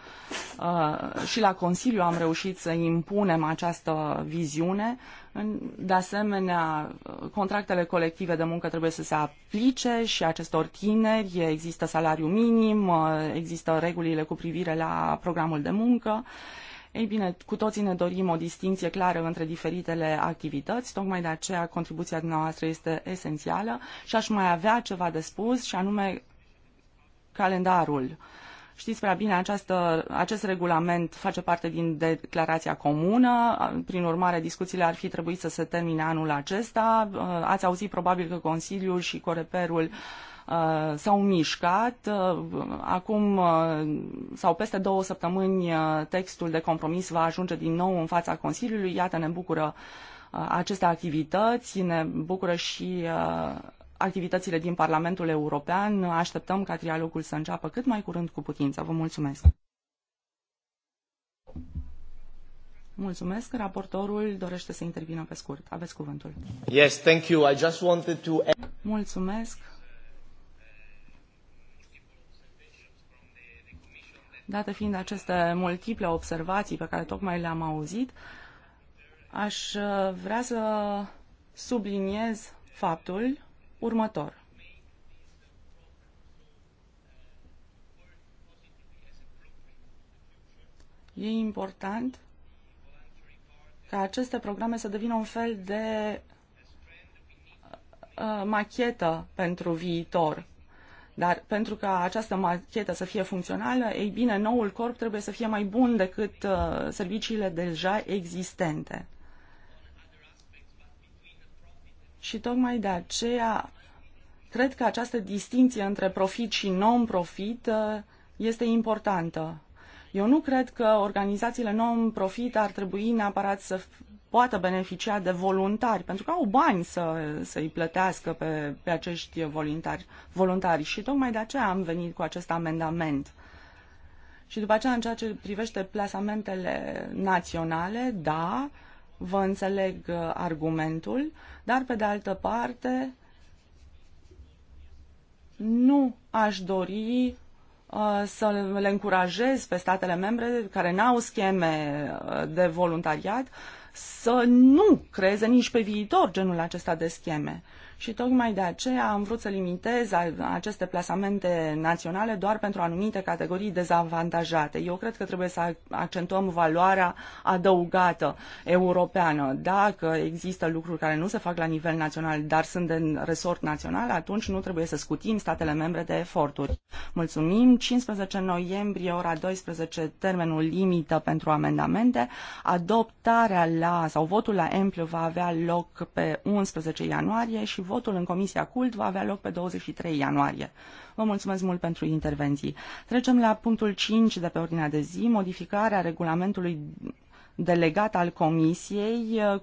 uh, și la Consiliu am reușit să impunem această viziune de asemenea, contractele colective de muncă trebuie să se aplice și acestor tineri. Există salariu minim, există regulile cu privire la programul de muncă. Ei bine, cu toții ne dorim o distinție clară între diferitele activități, tocmai de aceea contribuția noastră este esențială și aș mai avea ceva de spus și anume calendarul uh, Știți prea bine, această, acest regulament face parte din declarația comună, prin urmare discuțiile ar fi trebuit să se termine anul acesta. Uh, ați auzit probabil că Consiliul și Coreperul uh, s-au mișcat. Uh, acum sau peste două săptămâni textul de compromis va ajunge din nou în fața Consiliului. Iată, ne bucură aceste activități, ne bucură și activitățile din Parlamentul European. Așteptăm ca trialogul să înceapă cât mai curând cu putință. Vă mulțumesc! Mulțumesc. Raportorul dorește să intervină pe scurt. Aveți cuvântul. Yes, thank you. I just wanted to... Mulțumesc. Date fiind aceste multiple observații pe care tocmai le-am auzit, aș vrea să subliniez faptul următor. E important ca aceste programe să devină un fel de uh, machetă pentru viitor. Dar pentru ca această machetă să fie funcțională, ei bine, noul corp trebuie să fie mai bun decât uh, serviciile deja existente. Și tocmai de aceea Cred că această distinție între profit și non-profit uh, este importantă. Eu nu cred că organizațiile non-profit ar trebui neapărat să poată beneficia de voluntari, pentru că au bani să, să-i plătească pe, pe acești voluntari, voluntari. Și tocmai de aceea am venit cu acest amendament. Și după aceea, în ceea ce privește plasamentele naționale, da, vă înțeleg uh, argumentul, dar pe de altă parte, nu aș dori uh, să le încurajez pe statele membre care n-au scheme uh, de voluntariat să nu creeze nici pe viitor genul acesta de scheme. Uh, și tocmai de aceea am vrut să limitez aceste plasamente naționale doar pentru anumite categorii dezavantajate. Eu cred că trebuie să accentuăm valoarea adăugată europeană. Dacă există lucruri care nu se fac la nivel național, dar sunt de resort național, atunci nu trebuie să scutim statele membre de eforturi. Mulțumim. 15 noiembrie, ora 12, termenul limită pentru amendamente. Adoptarea la, sau votul la Emplu va avea loc pe 11 ianuarie și votul în Comisia Cult va avea loc pe 23 ianuarie. Vă mulțumesc mult pentru intervenții. Trecem la punctul 5 de pe ordinea de zi, modificarea regulamentului delegat al Comisiei uh,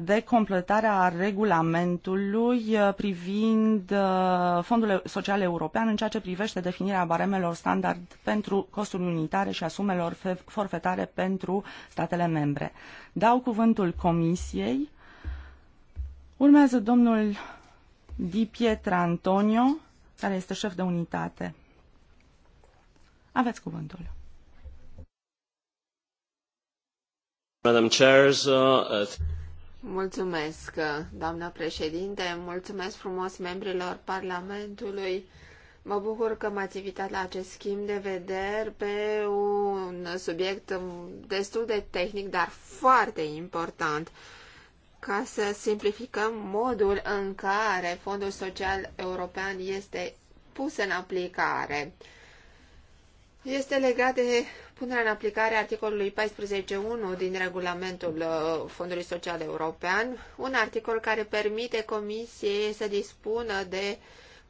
de completarea regulamentului uh, privind uh, Fondul Social European în ceea ce privește definirea baremelor standard pentru costuri unitare și a sumelor forfetare pentru statele membre. Dau cuvântul Comisiei Urmează domnul Di Pietra Antonio, care este șef de unitate. Aveți cuvântul. Madam Chairs, uh, uh, Mulțumesc, doamna președinte, mulțumesc frumos membrilor Parlamentului. Mă bucur că m-ați invitat la acest schimb de vederi pe un subiect destul de tehnic, dar foarte important. Uh, ca să simplificăm modul în care Fondul Social European este pus în aplicare. Este legat de punerea în aplicare articolului 14.1 din regulamentul uh, Fondului Social European, un articol care permite Comisiei să dispună de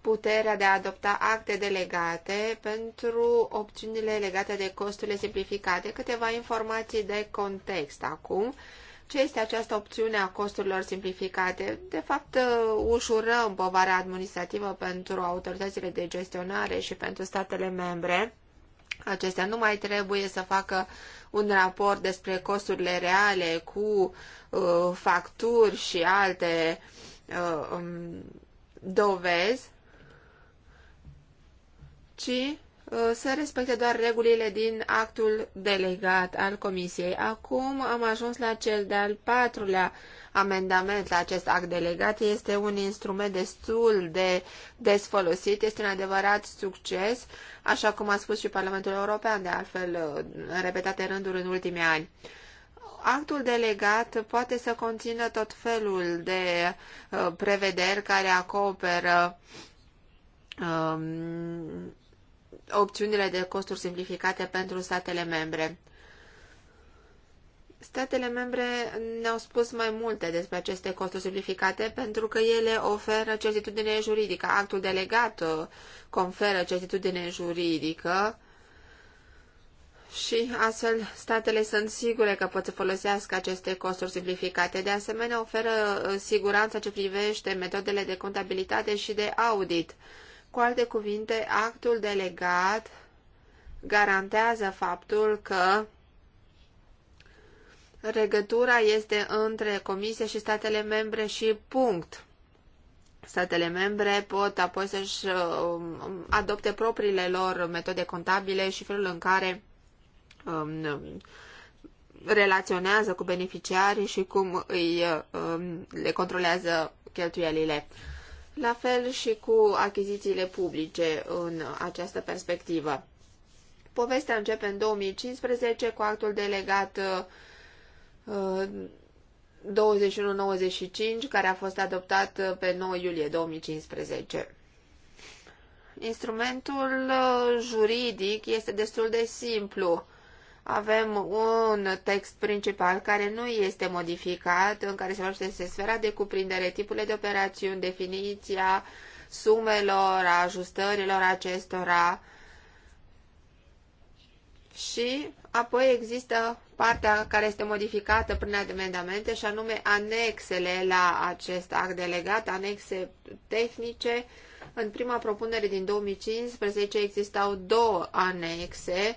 puterea de a adopta acte delegate pentru opțiunile legate de costurile simplificate. Câteva informații de context acum ce este această opțiune a costurilor simplificate? De fapt, uh, ușurăm povara administrativă pentru autoritățile de gestionare și pentru statele membre. Acestea nu mai trebuie să facă un raport despre costurile reale cu uh, facturi și alte uh, um, dovezi, ci Uh, să respecte doar regulile din actul delegat al Comisiei. Acum am ajuns la cel de-al patrulea amendament la acest act delegat. Este un instrument destul de desfolosit, este un adevărat succes, așa cum a spus și Parlamentul European, de altfel, uh, în repetate rânduri în ultimii ani. Actul delegat poate să conțină tot felul de uh, prevederi care acoperă um, opțiunile de costuri simplificate pentru statele membre. Statele membre ne-au spus mai multe despre aceste costuri simplificate pentru că ele oferă certitudine juridică. Actul delegat uh, conferă certitudine juridică și astfel statele sunt sigure că pot să folosească aceste costuri simplificate. De asemenea, oferă uh, siguranță ce privește metodele de contabilitate și de audit. Cu alte cuvinte, actul delegat garantează faptul că regătura este între Comisie și statele membre și punct. Statele membre pot apoi să-și um, adopte propriile lor metode contabile și felul în care um, relaționează cu beneficiarii și cum îi, um, le controlează cheltuielile la fel și cu achizițiile publice în această perspectivă. Povestea începe în 2015 cu actul delegat 2195, uh, care a fost adoptat uh, pe 9 iulie 2015. Instrumentul uh, juridic este destul de simplu avem un text principal care nu este modificat, în care se vorbește despre sfera de cuprindere, tipurile de operațiuni, definiția sumelor, ajustărilor acestora și apoi există partea care este modificată prin amendamente și anume anexele la acest act delegat, anexe tehnice. În prima propunere din 2015 existau două anexe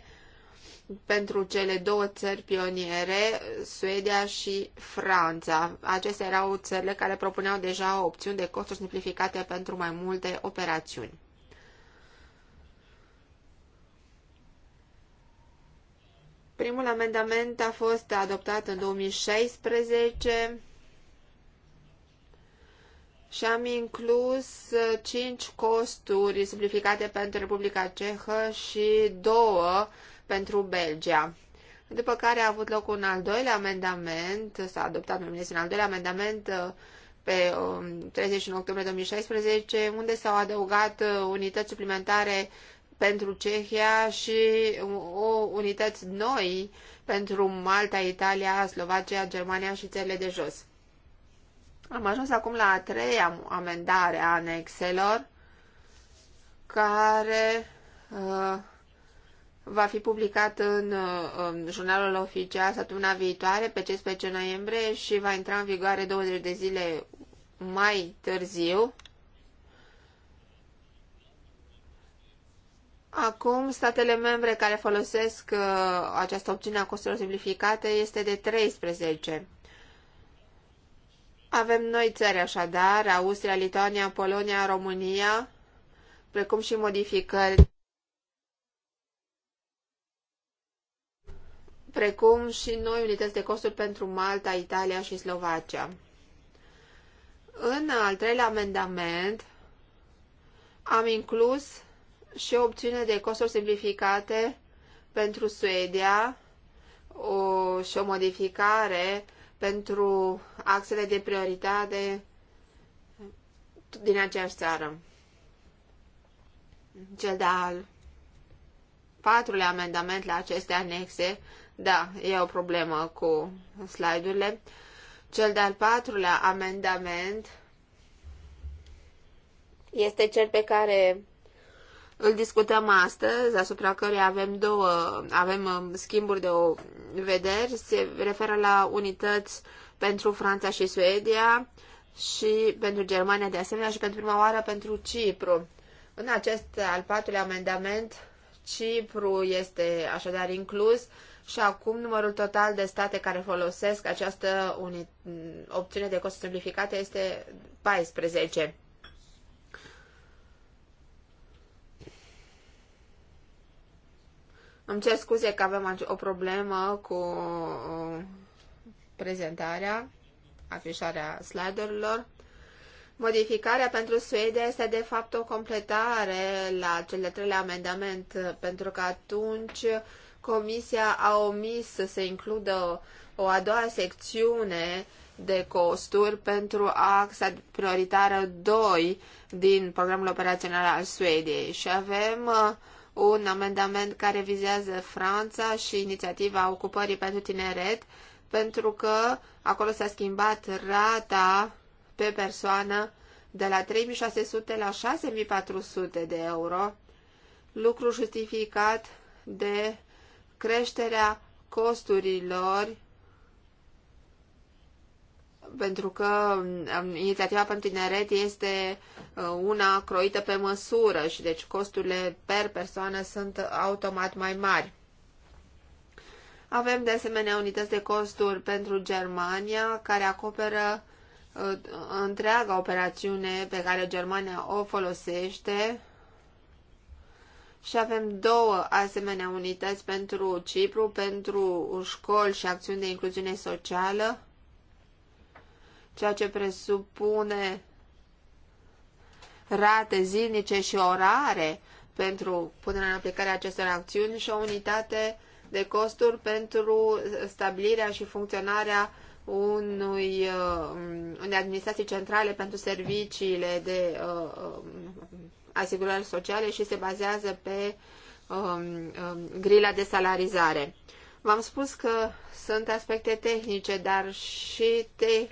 pentru cele două țări pioniere, Suedia și Franța. Acestea erau țările care propuneau deja opțiuni de costuri simplificate pentru mai multe operațiuni. Primul amendament a fost adoptat în 2016 și am inclus 5 costuri simplificate pentru Republica Cehă și 2 pentru Belgia. După care a avut loc un al doilea amendament, s-a adoptat mai un al doilea amendament uh, pe 31 um, octombrie 2016, unde s-au adăugat uh, unități suplimentare pentru Cehia și uh, o unități noi pentru Malta, Italia, Slovacia, Germania și țările de jos. Am ajuns acum la a treia amendare a anexelor, care uh, va fi publicat în, în jurnalul oficial săptămâna viitoare, pe 15 noiembrie, și va intra în vigoare 20 de zile mai târziu. Acum, statele membre care folosesc uh, această opțiune a costurilor simplificate este de 13. Avem noi țări așadar, Austria, Lituania, Polonia, România, precum și modificări precum și noi unități de costuri pentru Malta, Italia și Slovacia. În al treilea amendament am inclus și o opțiune de costuri simplificate pentru Suedia o, și o modificare pentru axele de prioritate din aceeași țară. Cel de-al patrulea amendament la aceste anexe da, e o problemă cu slide-urile. Cel de-al patrulea amendament este cel pe care îl discutăm astăzi, asupra căruia avem două, avem um, schimburi de o vederi, se referă la unități pentru Franța și Suedia și pentru Germania de asemenea și pentru prima oară pentru Cipru. În acest al patrulea amendament, Cipru este așadar inclus și acum numărul total de state care folosesc această opțiune de cost simplificate este 14. Îmi cer scuze că avem o problemă cu uh, prezentarea, afișarea sliderilor. Modificarea pentru Suedia este de fapt o completare la cel de treilea amendament, pentru că atunci Comisia a omis să se includă o a doua secțiune de costuri pentru axa prioritară 2 din programul operațional al Suediei și avem uh, un amendament care vizează Franța și inițiativa ocupării pentru tineret pentru că acolo s-a schimbat rata pe persoană de la 3600 la 6400 de euro, lucru justificat de creșterea costurilor pentru că um, inițiativa pentru tineret este uh, una croită pe măsură și deci costurile per persoană sunt automat mai mari. Avem de asemenea unități de costuri pentru Germania care acoperă uh, întreaga operațiune pe care Germania o folosește și avem două asemenea unități pentru Cipru, pentru școli și acțiuni de incluziune socială, ceea ce presupune rate zilnice și orare pentru punerea în aplicare acestor acțiuni și o unitate de costuri pentru stabilirea și funcționarea unui, uh, unei administrații centrale pentru serviciile de uh, um, asigurări sociale și se bazează pe um, um, grila de salarizare. V-am spus că sunt aspecte tehnice, dar și te-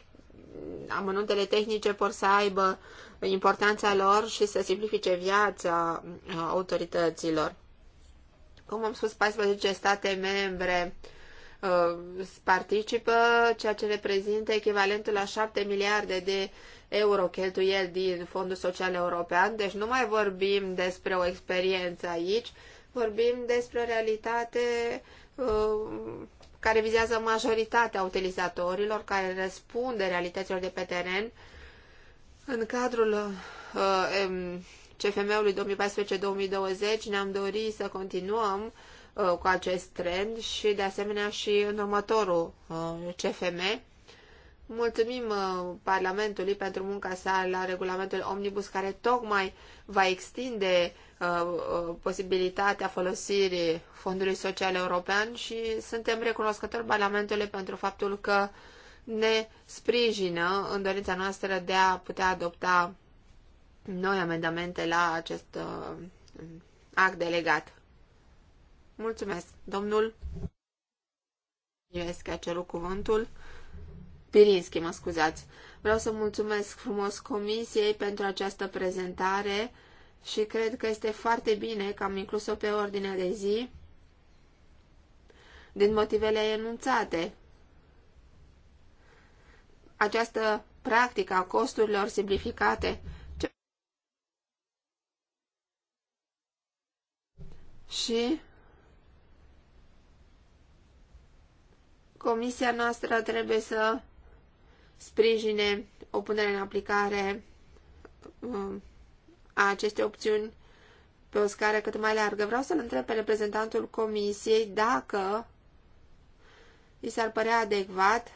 amănuntele tehnice vor să aibă importanța lor și să simplifice viața uh, autorităților. Cum am spus, 14 state membre uh, participă, ceea ce reprezintă echivalentul la 7 miliarde de euro cheltuiel din Fondul Social European, deci nu mai vorbim despre o experiență aici, vorbim despre o realitate uh, care vizează majoritatea utilizatorilor, care răspunde realităților de pe teren în cadrul uh, um, CFM-ului 2014-2020 ne-am dorit să continuăm uh, cu acest trend și de asemenea și în următorul uh, CFM Mulțumim uh, Parlamentului pentru munca sa la regulamentul Omnibus, care tocmai va extinde uh, uh, posibilitatea folosirii Fondului Social European și suntem recunoscători Parlamentului pentru faptul că ne sprijină în dorința noastră de a putea adopta noi amendamente la acest act delegat. Mulțumesc, domnul. Eu a cerut cuvântul. Pirinski, mă scuzați. Vreau să mulțumesc frumos comisiei pentru această prezentare și cred că este foarte bine că am inclus-o pe ordinea de zi din motivele enunțate. Această practică a costurilor simplificate și comisia noastră trebuie să sprijine o punere în aplicare um, a acestei opțiuni pe o scară cât mai largă. Vreau să-l întreb pe reprezentantul comisiei dacă i s-ar părea adecvat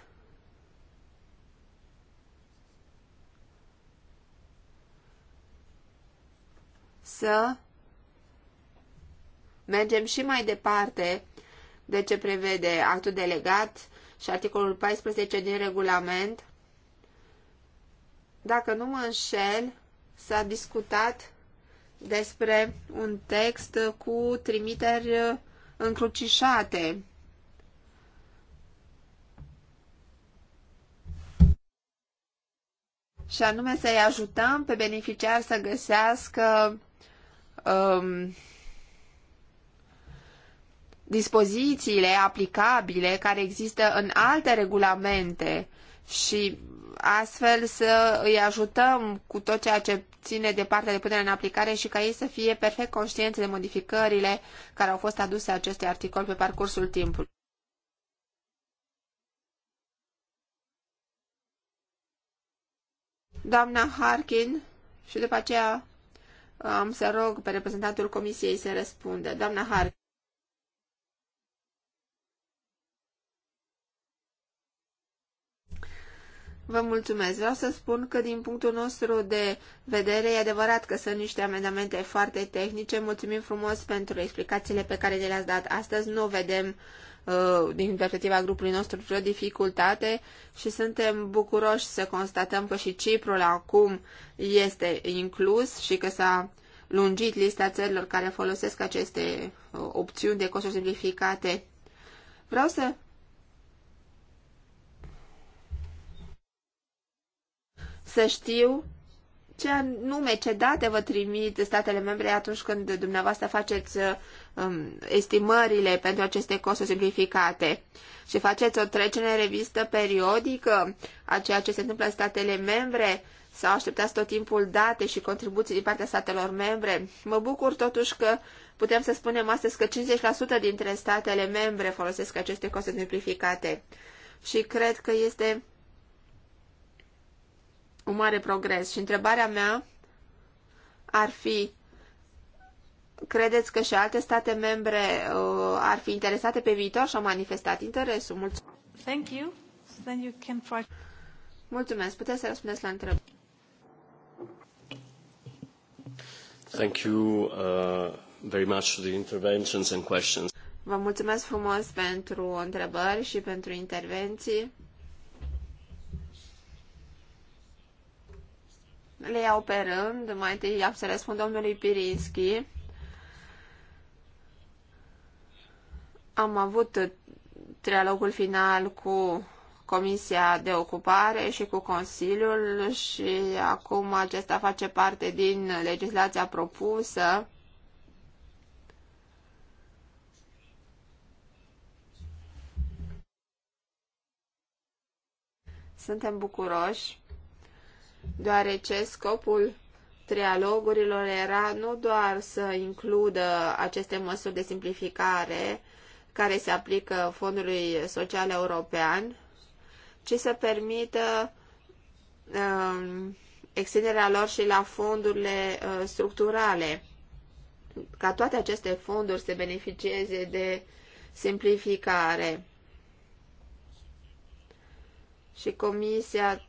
să mergem și mai departe de ce prevede actul delegat și articolul 14 din regulament dacă nu mă înșel, s-a discutat despre un text cu trimiteri încrucișate. Și anume să-i ajutăm pe beneficiar să găsească um, dispozițiile aplicabile care există în alte regulamente și astfel să îi ajutăm cu tot ceea ce ține de partea de punere în aplicare și ca ei să fie perfect conștienți de modificările care au fost aduse acestui articol pe parcursul timpului. Doamna Harkin și după aceea am să rog pe reprezentantul comisiei să răspundă. Doamna Harkin. Vă mulțumesc. Vreau să spun că din punctul nostru de vedere e adevărat că sunt niște amendamente foarte tehnice. Mulțumim frumos pentru explicațiile pe care le ați dat astăzi. Nu vedem uh, din perspectiva grupului nostru vreo dificultate și suntem bucuroși să constatăm că și Ciprul acum este inclus și că s-a lungit lista țărilor care folosesc aceste uh, opțiuni de costuri simplificate. Vreau să să știu ce anume, ce date vă trimit statele membre atunci când dumneavoastră faceți um, estimările pentru aceste costuri simplificate și faceți o trecere în revistă periodică a ceea ce se întâmplă în statele membre sau așteptați tot timpul date și contribuții din partea statelor membre. Mă bucur totuși că putem să spunem astăzi că 50% dintre statele membre folosesc aceste costuri simplificate și cred că este un mare progres. Și întrebarea mea ar fi, credeți că și alte state membre uh, ar fi interesate pe viitor și au manifestat interesul? Mulțumesc. Thank you. So then you can try... Mulțumesc. Puteți să răspundeți la întrebări. Thank you uh, very much for the interventions and questions. Vă mulțumesc frumos pentru întrebări și pentru intervenții. le iau pe rând. Mai întâi am să răspund domnului Pirinski. Am avut trialogul final cu Comisia de Ocupare și cu Consiliul și acum acesta face parte din legislația propusă. Suntem bucuroși deoarece scopul trialogurilor era nu doar să includă aceste măsuri de simplificare care se aplică Fondului Social European, ci să permită um, extinderea lor și la fondurile uh, structurale, ca toate aceste fonduri să beneficieze de simplificare. Și Comisia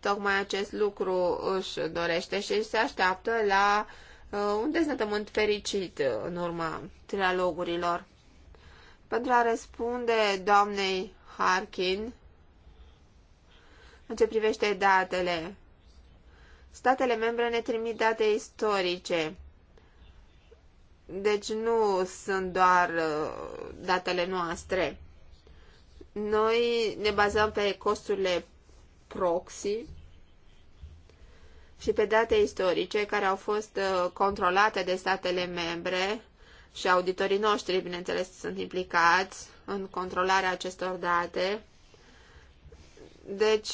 tocmai acest lucru își dorește și se așteaptă la uh, un deznătământ fericit în urma trialogurilor. Pentru a răspunde doamnei Harkin, în ce privește datele, statele membre ne trimit date istorice. Deci nu sunt doar uh, datele noastre. Noi ne bazăm pe costurile proxy și pe date istorice care au fost uh, controlate de statele membre și auditorii noștri, bineînțeles, sunt implicați în controlarea acestor date. Deci,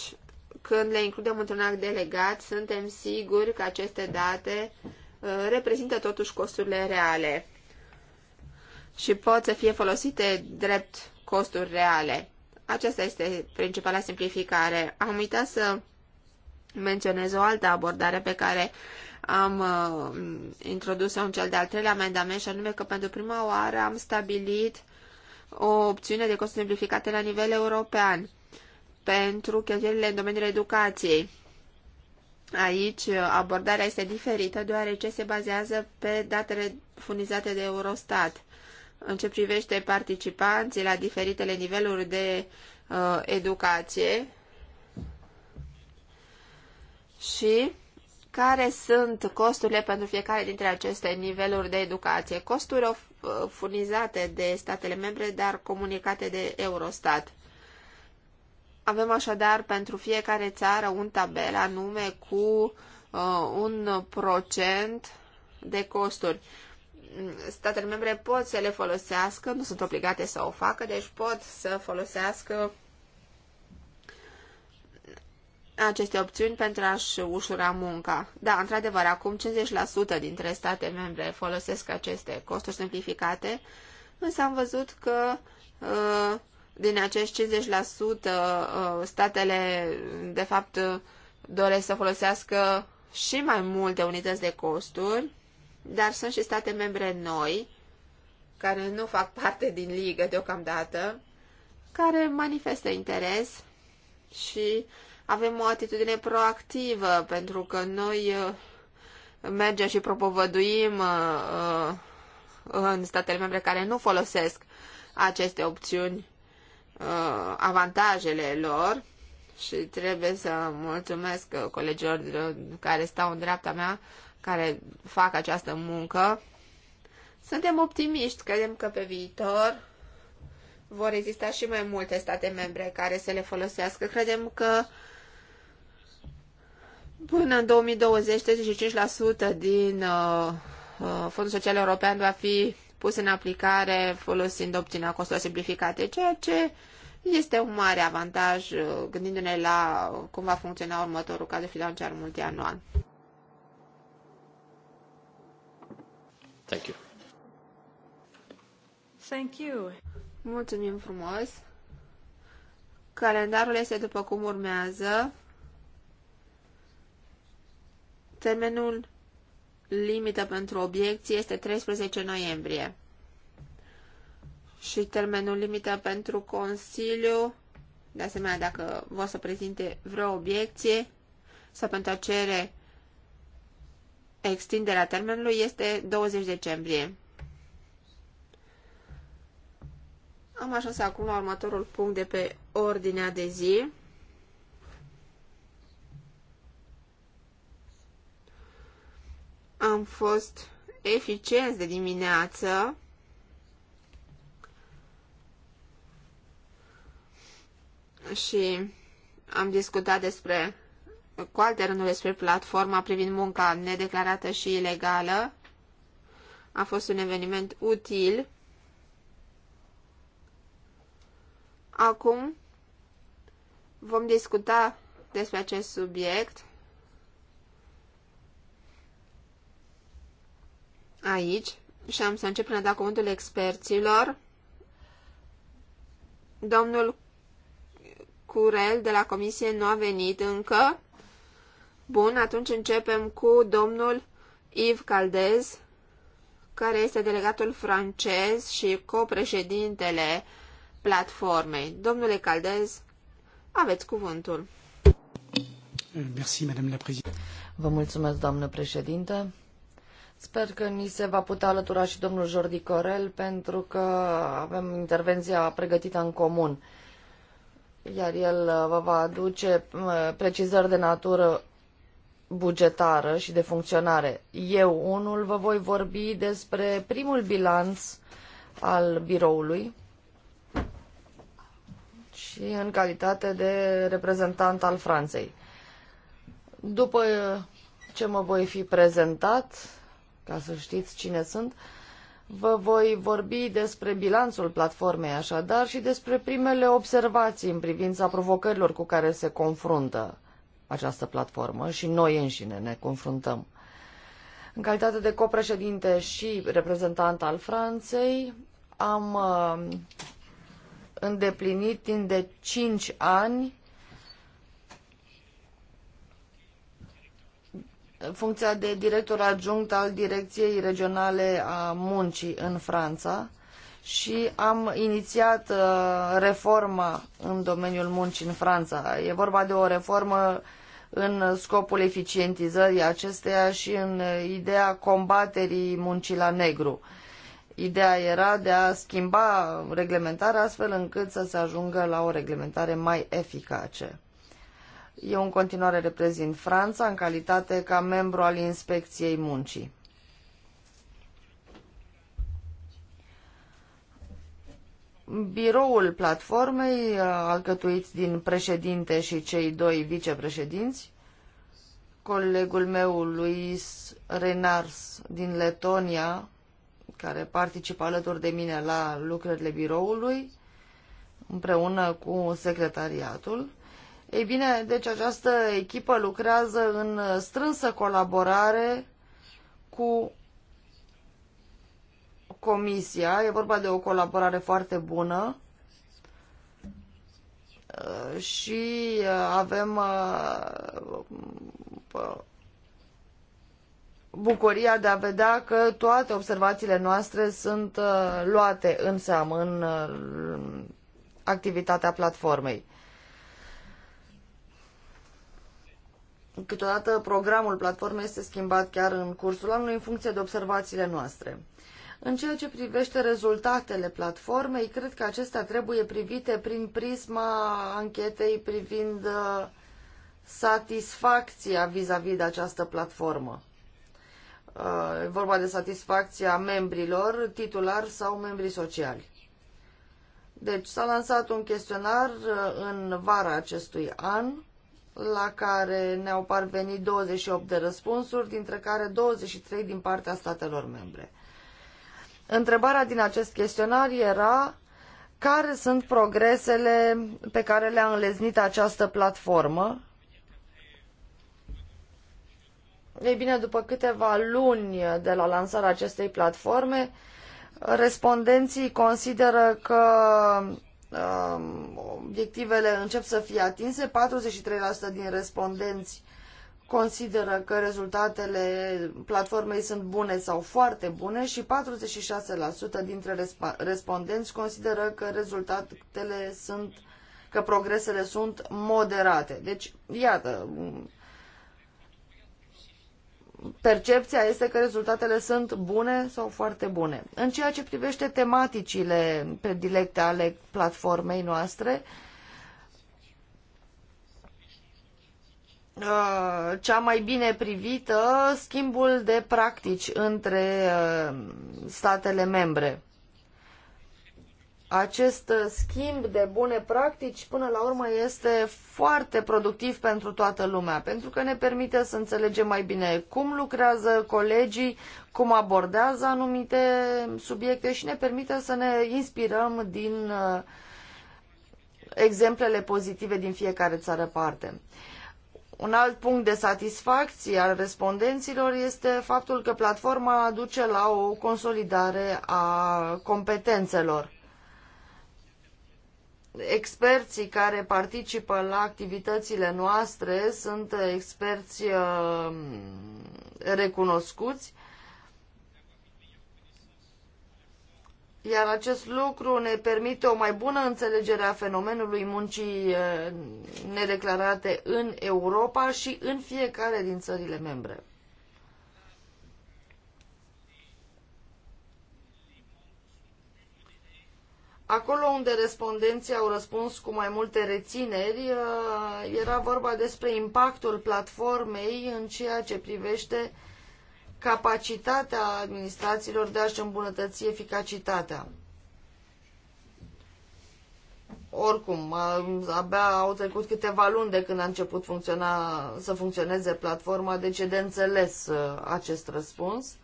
când le includem într-un act delegat, suntem siguri că aceste date uh, reprezintă totuși costurile reale și pot să fie folosite drept costuri reale. Aceasta este principala simplificare. Am uitat să menționez o altă abordare pe care am uh, introdus-o în cel de-al treilea amendament și anume că pentru prima oară am stabilit o opțiune de costuri simplificate la nivel european pentru cheltuielile în domeniul educației. Aici uh, abordarea este diferită deoarece se bazează pe datele furnizate de Eurostat în ce privește participanții la diferitele niveluri de uh, educație și care sunt costurile pentru fiecare dintre aceste niveluri de educație. Costuri uh, furnizate de statele membre, dar comunicate de Eurostat. Avem așadar pentru fiecare țară un tabel anume cu uh, un procent de costuri statele membre pot să le folosească, nu sunt obligate să o facă, deci pot să folosească aceste opțiuni pentru a-și ușura munca. Da, într-adevăr, acum 50% dintre state membre folosesc aceste costuri simplificate, însă am văzut că uh, din acești 50% uh, statele, de fapt, doresc să folosească și mai multe unități de costuri dar sunt și state membre noi, care nu fac parte din ligă deocamdată, care manifestă interes și avem o atitudine proactivă, pentru că noi uh, mergem și propovăduim uh, uh, în statele membre care nu folosesc aceste opțiuni avantajele lor și trebuie să mulțumesc colegilor care stau în dreapta mea care fac această muncă. Suntem optimiști, credem că pe viitor vor exista și mai multe state membre care să le folosească. Credem că până în 2020, 35% din uh, uh, Fondul Social European va fi pus în aplicare folosind opțiunea costurilor simplificate, ceea ce este un mare avantaj uh, gândindu-ne la cum va funcționa următorul cadru financiar multianual. Thank you. Thank you. Mulțumim frumos. Calendarul este după cum urmează. Termenul limită pentru obiecții este 13 noiembrie. Și termenul limită pentru Consiliu, de asemenea, dacă vor să prezinte vreo obiecție sau pentru a cere extinderea termenului este 20 decembrie. Am ajuns acum la următorul punct de pe ordinea de zi. Am fost eficienți de dimineață. Și am discutat despre cu alte rânduri despre platforma privind munca nedeclarată și ilegală. A fost un eveniment util. Acum vom discuta despre acest subiect aici și am să încep prin a da cuvântul experților. Domnul Curel de la comisie nu a venit încă. Bun, atunci începem cu domnul Yves Caldez, care este delegatul francez și copreședintele platformei. Domnule Caldez, aveți cuvântul. Merci, Madame la Vă mulțumesc, doamnă președinte. Sper că ni se va putea alătura și domnul Jordi Corel, pentru că avem intervenția pregătită în comun iar el uh, vă va aduce uh, precizări de natură bugetară și de funcționare. Eu, unul, vă voi vorbi despre primul bilanț al biroului și în calitate de reprezentant al Franței. După ce mă voi fi prezentat, ca să știți cine sunt, vă voi vorbi despre bilanțul platformei așadar și despre primele observații în privința provocărilor cu care se confruntă această platformă și noi înșine ne confruntăm. În calitate de copreședinte și reprezentant al Franței, am uh, îndeplinit timp de 5 ani funcția de director adjunct al Direcției Regionale a Muncii în Franța și am inițiat uh, reforma în domeniul muncii în Franța. E vorba de o reformă în scopul eficientizării acesteia și în ideea combaterii muncii la negru. Ideea era de a schimba reglementarea astfel încât să se ajungă la o reglementare mai eficace. Eu în continuare reprezint Franța în calitate ca membru al inspecției muncii. biroul platformei, uh, alcătuit din președinte și cei doi vicepreședinți, colegul meu, Luis Renars, din Letonia, care participă alături de mine la lucrările biroului, împreună cu secretariatul. Ei bine, deci această echipă lucrează în strânsă colaborare cu Comisia. E vorba de o colaborare foarte bună uh, și uh, avem uh, bucuria de a vedea că toate observațiile noastre sunt luate în seamă în activitatea platformei. Câteodată programul platformei este schimbat chiar în cursul anului în funcție de observațiile noastre. În ceea ce privește rezultatele platformei, cred că acestea trebuie privite prin prisma anchetei privind uh, satisfacția vis-a-vis de această platformă. Uh, e vorba de satisfacția membrilor, titulari sau membrii sociali. Deci s-a lansat un chestionar uh, în vara acestui an, la care ne-au parvenit 28 de răspunsuri, dintre care 23 din partea statelor membre. Întrebarea din acest chestionar era care sunt progresele pe care le-a înleznit această platformă. Ei bine, după câteva luni de la lansarea acestei platforme, respondenții consideră că um, obiectivele încep să fie atinse, 43% din respondenți consideră că rezultatele platformei sunt bune sau foarte bune și 46% dintre respondenți consideră că rezultatele sunt că progresele sunt moderate. Deci, iată, percepția este că rezultatele sunt bune sau foarte bune. În ceea ce privește tematicile predilecte ale platformei noastre, uh, Uh, cea mai bine privită schimbul de practici între uh, statele membre. Acest schimb de bune practici, până la urmă, este foarte productiv pentru toată lumea, pentru că ne permite să înțelegem mai bine cum lucrează colegii, cum abordează anumite subiecte și ne permite să ne inspirăm din uh, exemplele pozitive din fiecare țară parte. Un alt punct de satisfacție al respondenților este faptul că platforma duce la o consolidare a competențelor. Experții care participă la activitățile noastre sunt experți uh, recunoscuți Iar acest lucru ne permite o mai bună înțelegere a fenomenului muncii nedeclarate în Europa și în fiecare din țările membre. Acolo unde respondenții au răspuns cu mai multe rețineri, era vorba despre impactul platformei în ceea ce privește capacitatea administrațiilor de a-și îmbunătăți eficacitatea. Oricum, abia au trecut câteva luni de când a început funcționa, să funcționeze platforma, deci e de înțeles uh, acest răspuns.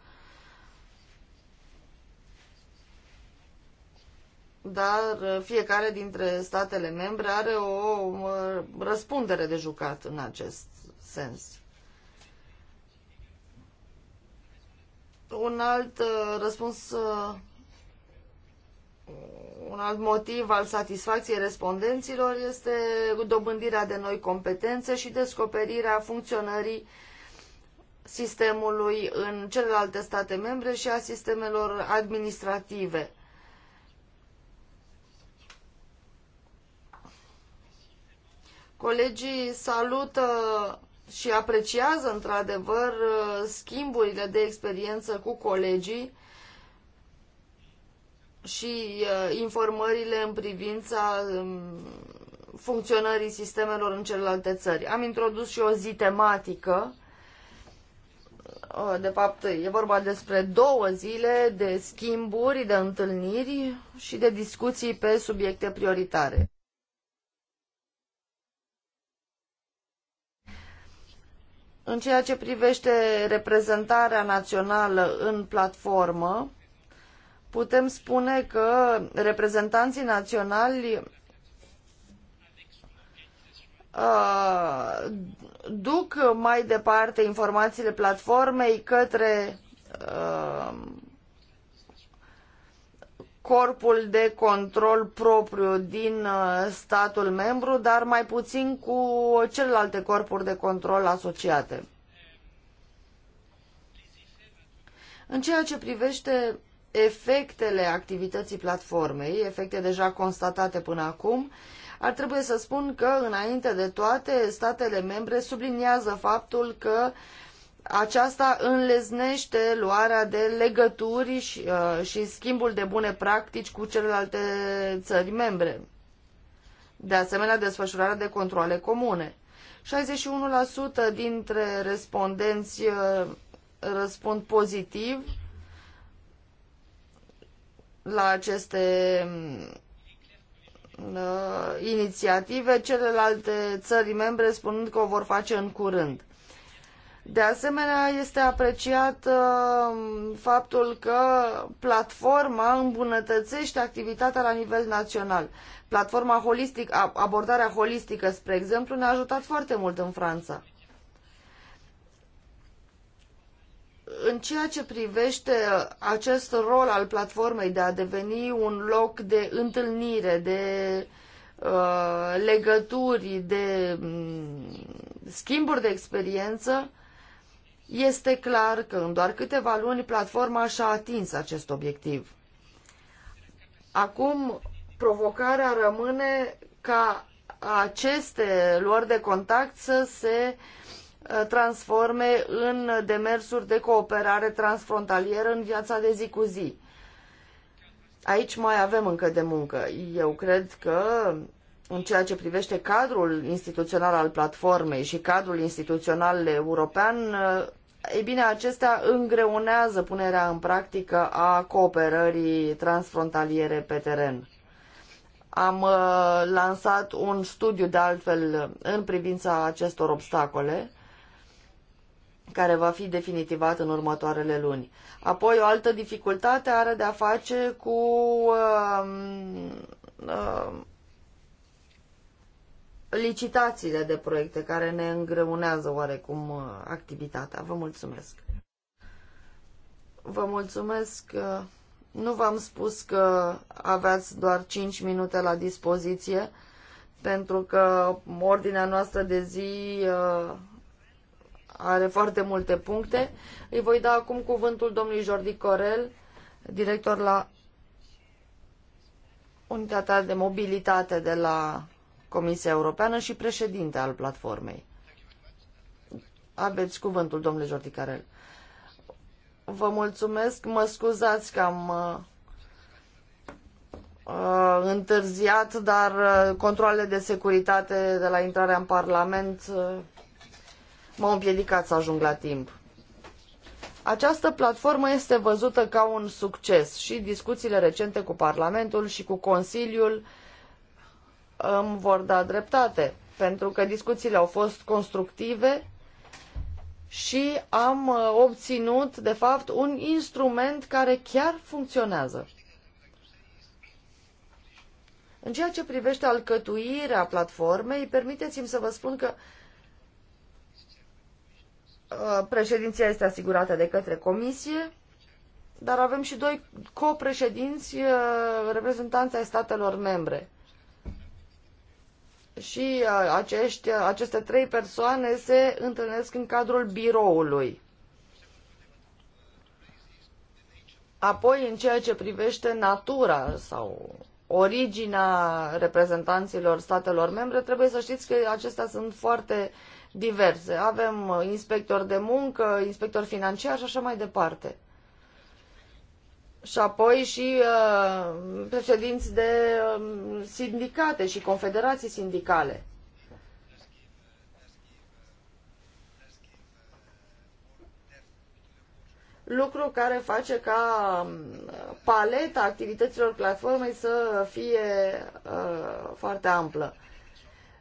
Dar uh, fiecare dintre statele membre are o uh, răspundere de jucat în acest sens. Un alt uh, răspuns, uh, un alt motiv al satisfacției respondenților este dobândirea de noi competențe și descoperirea funcționării sistemului în celelalte state membre și a sistemelor administrative. Colegii salută și apreciază într-adevăr schimburile de experiență cu colegii și uh, informările în privința um, funcționării sistemelor în celelalte țări. Am introdus și o zi tematică. Uh, de fapt, e vorba despre două zile de schimburi, de întâlniri și de discuții pe subiecte prioritare. În ceea ce privește reprezentarea națională în platformă, putem spune că reprezentanții naționali duc mai departe informațiile platformei către uh, corpul de control propriu din uh, statul membru, dar mai puțin cu celelalte corpuri de control asociate. În ceea ce privește efectele activității platformei, efecte deja constatate până acum, ar trebui să spun că, înainte de toate, statele membre subliniază faptul că uh, aceasta înleznește luarea de legături și, uh, și schimbul de bune practici cu celelalte țări membre. De asemenea, desfășurarea de controle comune. 61% dintre respondenți uh, răspund pozitiv la aceste uh, inițiative, celelalte țări membre spunând că o vor face în curând. De asemenea, este apreciat uh, faptul că platforma îmbunătățește activitatea la nivel național. Platforma holistică, abordarea holistică, spre exemplu, ne-a ajutat foarte mult în Franța. În ceea ce privește acest rol al platformei de a deveni un loc de întâlnire, de uh, legături, de um, schimburi de experiență, este clar că în doar câteva luni platforma și-a atins acest obiectiv. Acum provocarea rămâne ca aceste luări de contact să se uh, transforme în demersuri de cooperare transfrontalieră în viața de zi cu zi. Aici mai avem încă de muncă. Eu cred că în ceea ce privește cadrul instituțional al platformei și cadrul instituțional european, eh, ei bine, acestea îngreunează punerea în practică a cooperării transfrontaliere pe teren. Am eh, lansat un studiu de altfel în privința acestor obstacole care va fi definitivat în următoarele luni. Apoi, o altă dificultate are de a face cu uh, uh, licitațiile de proiecte care ne îngreunează oarecum uh, activitatea. Vă mulțumesc! Vă mulțumesc! Uh, nu v-am spus că aveați doar 5 minute la dispoziție, pentru că ordinea noastră de zi uh, are foarte multe puncte. Îi voi da acum cuvântul domnului Jordi Corel, director la Unitatea de Mobilitate de la Comisia Europeană și președinte al platformei. Aveți cuvântul, domnule Jordi Carel. Vă mulțumesc, mă scuzați că am uh, întârziat, dar uh, controlele de securitate de la intrarea în Parlament uh, m-au împiedicat să ajung la timp. Această platformă este văzută ca un succes și discuțiile recente cu Parlamentul și cu Consiliul uh, îmi vor da dreptate, pentru că discuțiile au fost constructive și am uh, obținut, de fapt, un instrument care chiar funcționează. În ceea ce privește alcătuirea platformei, permiteți-mi să vă spun că uh, președinția este asigurată de către comisie, dar avem și doi copreședinți uh, reprezentanți ai statelor membre și uh, acești, uh, aceste trei persoane se întâlnesc în cadrul biroului. Apoi, în ceea ce privește natura sau originea reprezentanților statelor membre, trebuie să știți că acestea sunt foarte diverse. Avem uh, inspectori de muncă, inspectori financiari și așa mai departe și apoi și uh, președinți de uh, sindicate și confederații sindicale. Lucru care face ca um, paleta activităților platformei să fie uh, foarte amplă.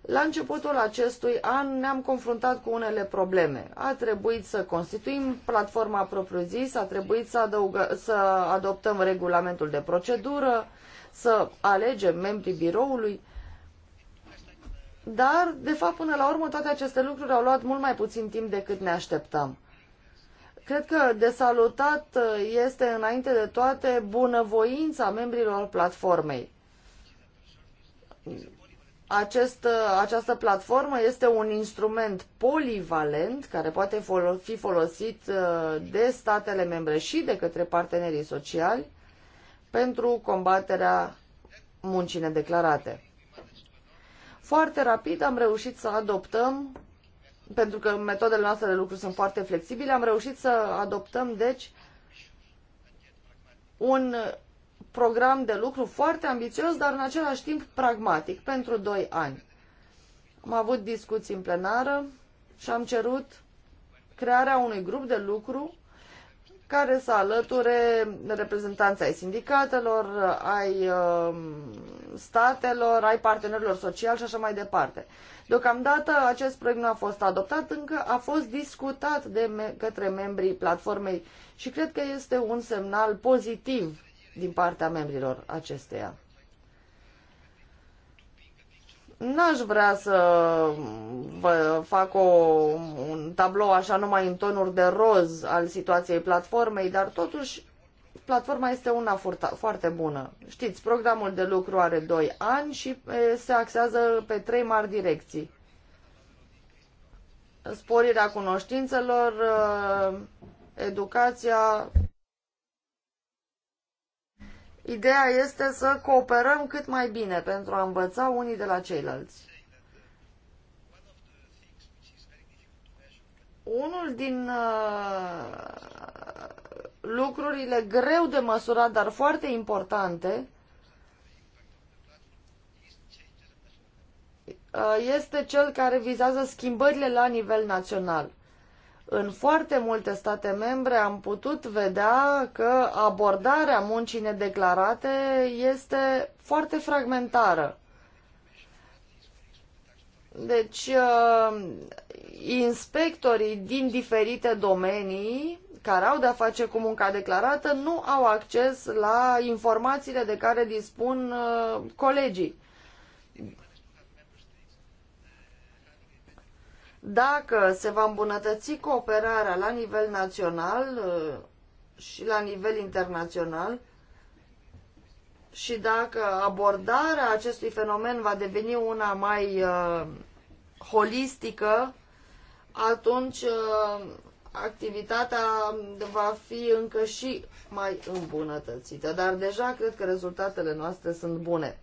La începutul acestui an ne-am confruntat cu unele probleme. A trebuit să constituim platforma propriu-zis, a trebuit să, adăugă, să adoptăm regulamentul de procedură, să alegem membrii biroului. Dar, de fapt, până la urmă, toate aceste lucruri au luat mult mai puțin timp decât ne așteptam. Cred că de salutat uh, este, înainte de toate, bunăvoința membrilor platformei acest, uh, această platformă este un instrument polivalent care poate fi folosit uh, de statele membre și de către partenerii sociali pentru combaterea muncii nedeclarate. Foarte rapid am reușit să adoptăm, pentru că metodele noastre de lucru sunt foarte flexibile, am reușit să adoptăm, deci, un program de lucru foarte ambițios, dar în același timp pragmatic, pentru 2 ani. Am avut discuții în plenară și am cerut crearea unui grup de lucru care să alăture reprezentanța ai sindicatelor, ai um, statelor, ai partenerilor sociali și așa mai departe. Deocamdată acest proiect nu a fost adoptat, încă a fost discutat de me- către membrii platformei și cred că este un semnal pozitiv din partea membrilor acesteia. N-aș vrea să vă fac o, un tablou așa numai în tonuri de roz al situației platformei, dar totuși platforma este una furta, foarte bună. Știți, programul de lucru are 2 ani și e, se axează pe trei mari direcții. Sporirea cunoștințelor, educația Ideea este să cooperăm cât mai bine pentru a învăța unii de la ceilalți. Unul din uh, lucrurile greu de măsurat, dar foarte importante, uh, este cel care vizează schimbările la nivel național în foarte multe state membre am putut vedea că abordarea muncii nedeclarate este foarte fragmentară. Deci, uh, inspectorii din diferite domenii care au de-a face cu munca declarată nu au acces la informațiile de care dispun uh, colegii. Dacă se va îmbunătăți cooperarea la nivel național uh, și la nivel internațional și dacă abordarea acestui fenomen va deveni una mai uh, holistică, atunci uh, activitatea va fi încă și mai îmbunătățită, dar deja cred că rezultatele noastre sunt bune.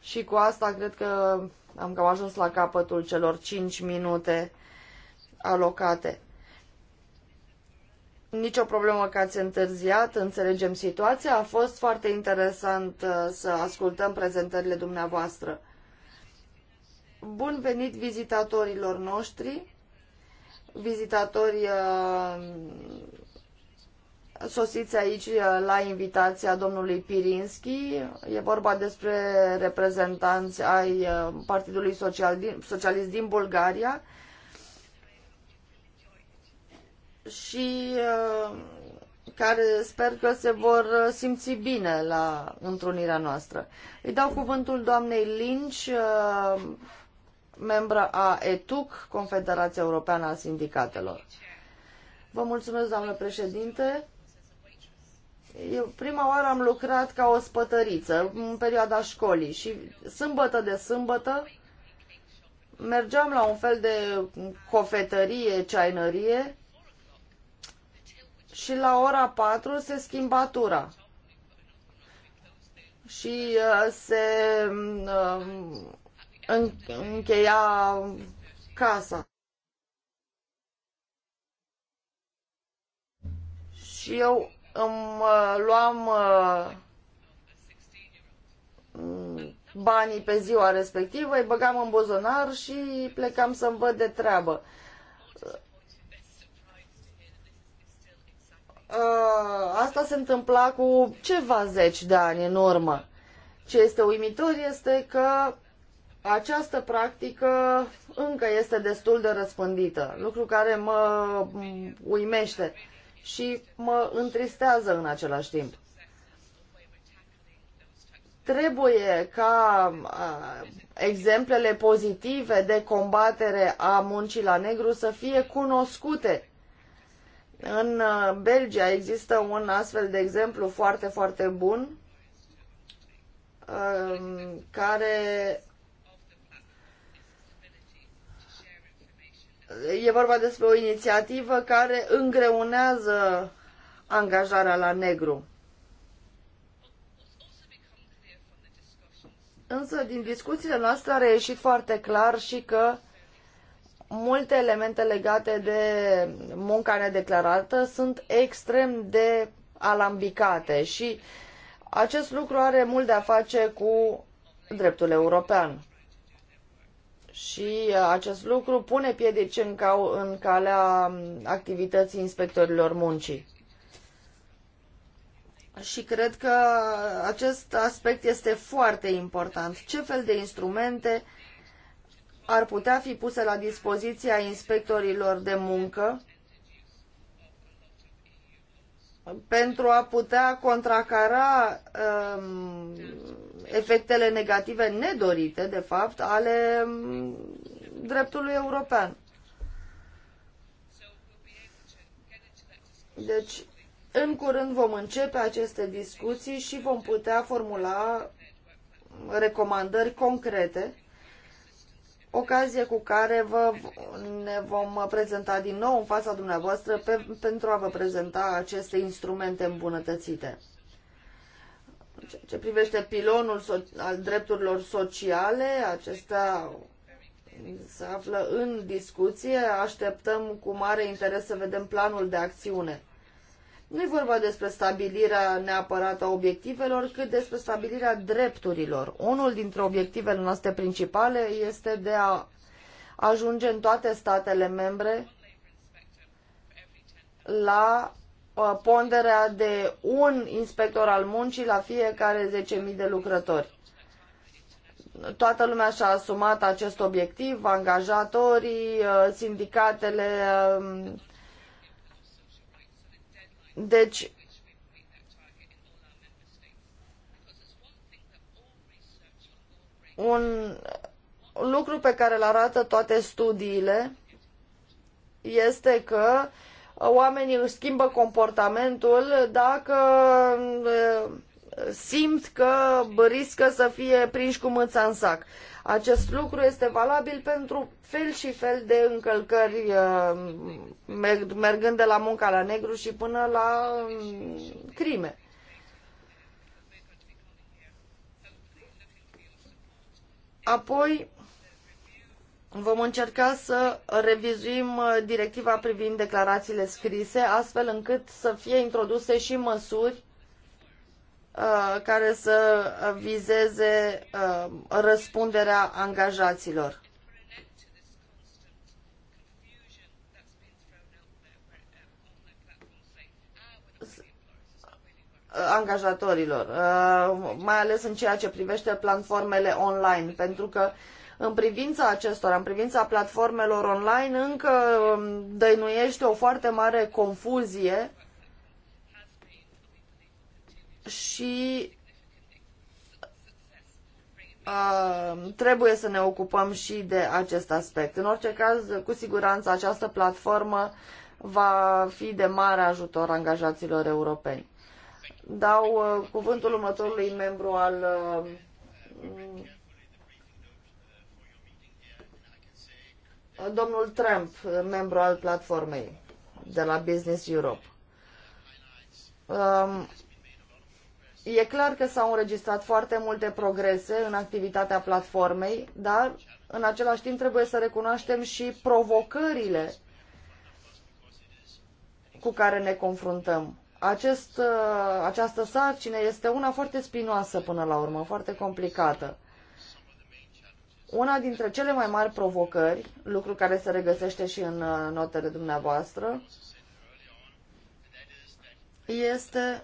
Și cu asta cred că am cam ajuns la capătul celor 5 minute alocate. Nici o problemă că ați întârziat, înțelegem situația. A fost foarte interesant uh, să ascultăm prezentările dumneavoastră. Bun venit vizitatorilor noștri, vizitatori uh, sosiți aici uh, la invitația domnului Pirinski. E vorba despre reprezentanți ai uh, Partidului Social din, Socialist din Bulgaria. Și uh, care sper că se vor simți bine la întrunirea noastră. Îi dau cuvântul doamnei Lynch, membră a ETUC, Confederația Europeană a Sindicatelor. Vă mulțumesc, doamnă președinte. Eu prima oară am lucrat ca o spătăriță în perioada școlii și sâmbătă de sâmbătă mergeam la un fel de cofetărie, ceainărie și la ora 4 se schimba tura. Și uh, se uh, în, încheia casa. Și eu îmi uh, luam uh, banii pe ziua respectivă, îi băgam în buzunar și plecam să-mi văd de treabă. Uh, asta se întâmpla cu ceva zeci de ani în urmă. Ce este uimitor este că această practică încă este destul de răspândită, lucru care mă uimește și mă întristează în același timp. Trebuie ca exemplele pozitive de combatere a muncii la negru să fie cunoscute. În Belgia există un astfel de exemplu foarte, foarte bun care E vorba despre o inițiativă care îngreunează angajarea la negru. Însă din discuțiile noastre a reieșit foarte clar și că multe elemente legate de munca nedeclarată sunt extrem de alambicate și acest lucru are mult de a face cu dreptul european și uh, acest lucru pune piedici în, cau- în calea um, activității inspectorilor muncii. Și cred că acest aspect este foarte important. Ce fel de instrumente ar putea fi puse la dispoziția inspectorilor de muncă pentru a putea contracara um, efectele negative nedorite, de fapt, ale mm, dreptului european. Deci, în curând vom începe aceste discuții și vom putea formula recomandări concrete, ocazie cu care vă, ne vom prezenta din nou în fața dumneavoastră pe, pentru a vă prezenta aceste instrumente îmbunătățite ceea ce privește pilonul so- al drepturilor sociale, acesta se află în discuție, așteptăm cu mare interes să vedem planul de acțiune. Nu e vorba despre stabilirea neapărat a obiectivelor, cât despre stabilirea drepturilor. Unul dintre obiectivele noastre principale este de a ajunge în toate statele membre la Uh, ponderea de un inspector al muncii la fiecare 10.000 de lucrători. Toată lumea și-a asumat acest obiectiv, angajatorii, uh, sindicatele. Um, deci, un lucru pe care îl arată toate studiile este că uh, oamenii își schimbă comportamentul dacă eh, simt că riscă să fie prinși cu mâța în sac. Acest lucru este valabil pentru fel și fel de încălcări, eh, mergând de la munca la negru și până la mm, crime. Apoi, vom încerca să revizuim uh, directiva privind declarațiile scrise, astfel încât să fie introduse și măsuri uh, care să vizeze uh, răspunderea angajaților. angajatorilor, mai ales în ceea ce privește platformele online, pentru că în privința acestora, în privința platformelor online, încă um, dăinuiește o foarte mare confuzie și Uh, trebuie să ne ocupăm și de acest aspect. În orice caz, cu siguranță, această platformă va fi de mare ajutor angajaților europeni. Dau uh, cuvântul următorului membru al uh, domnul Trump, membru al platformei de la Business Europe. Um, e clar că s-au înregistrat foarte multe progrese în activitatea platformei, dar în același timp trebuie să recunoaștem și provocările cu care ne confruntăm. Acest, uh, această sarcină este una foarte spinoasă până la urmă, foarte complicată. Una dintre cele mai mari provocări, lucru care se regăsește și în uh, notele dumneavoastră, este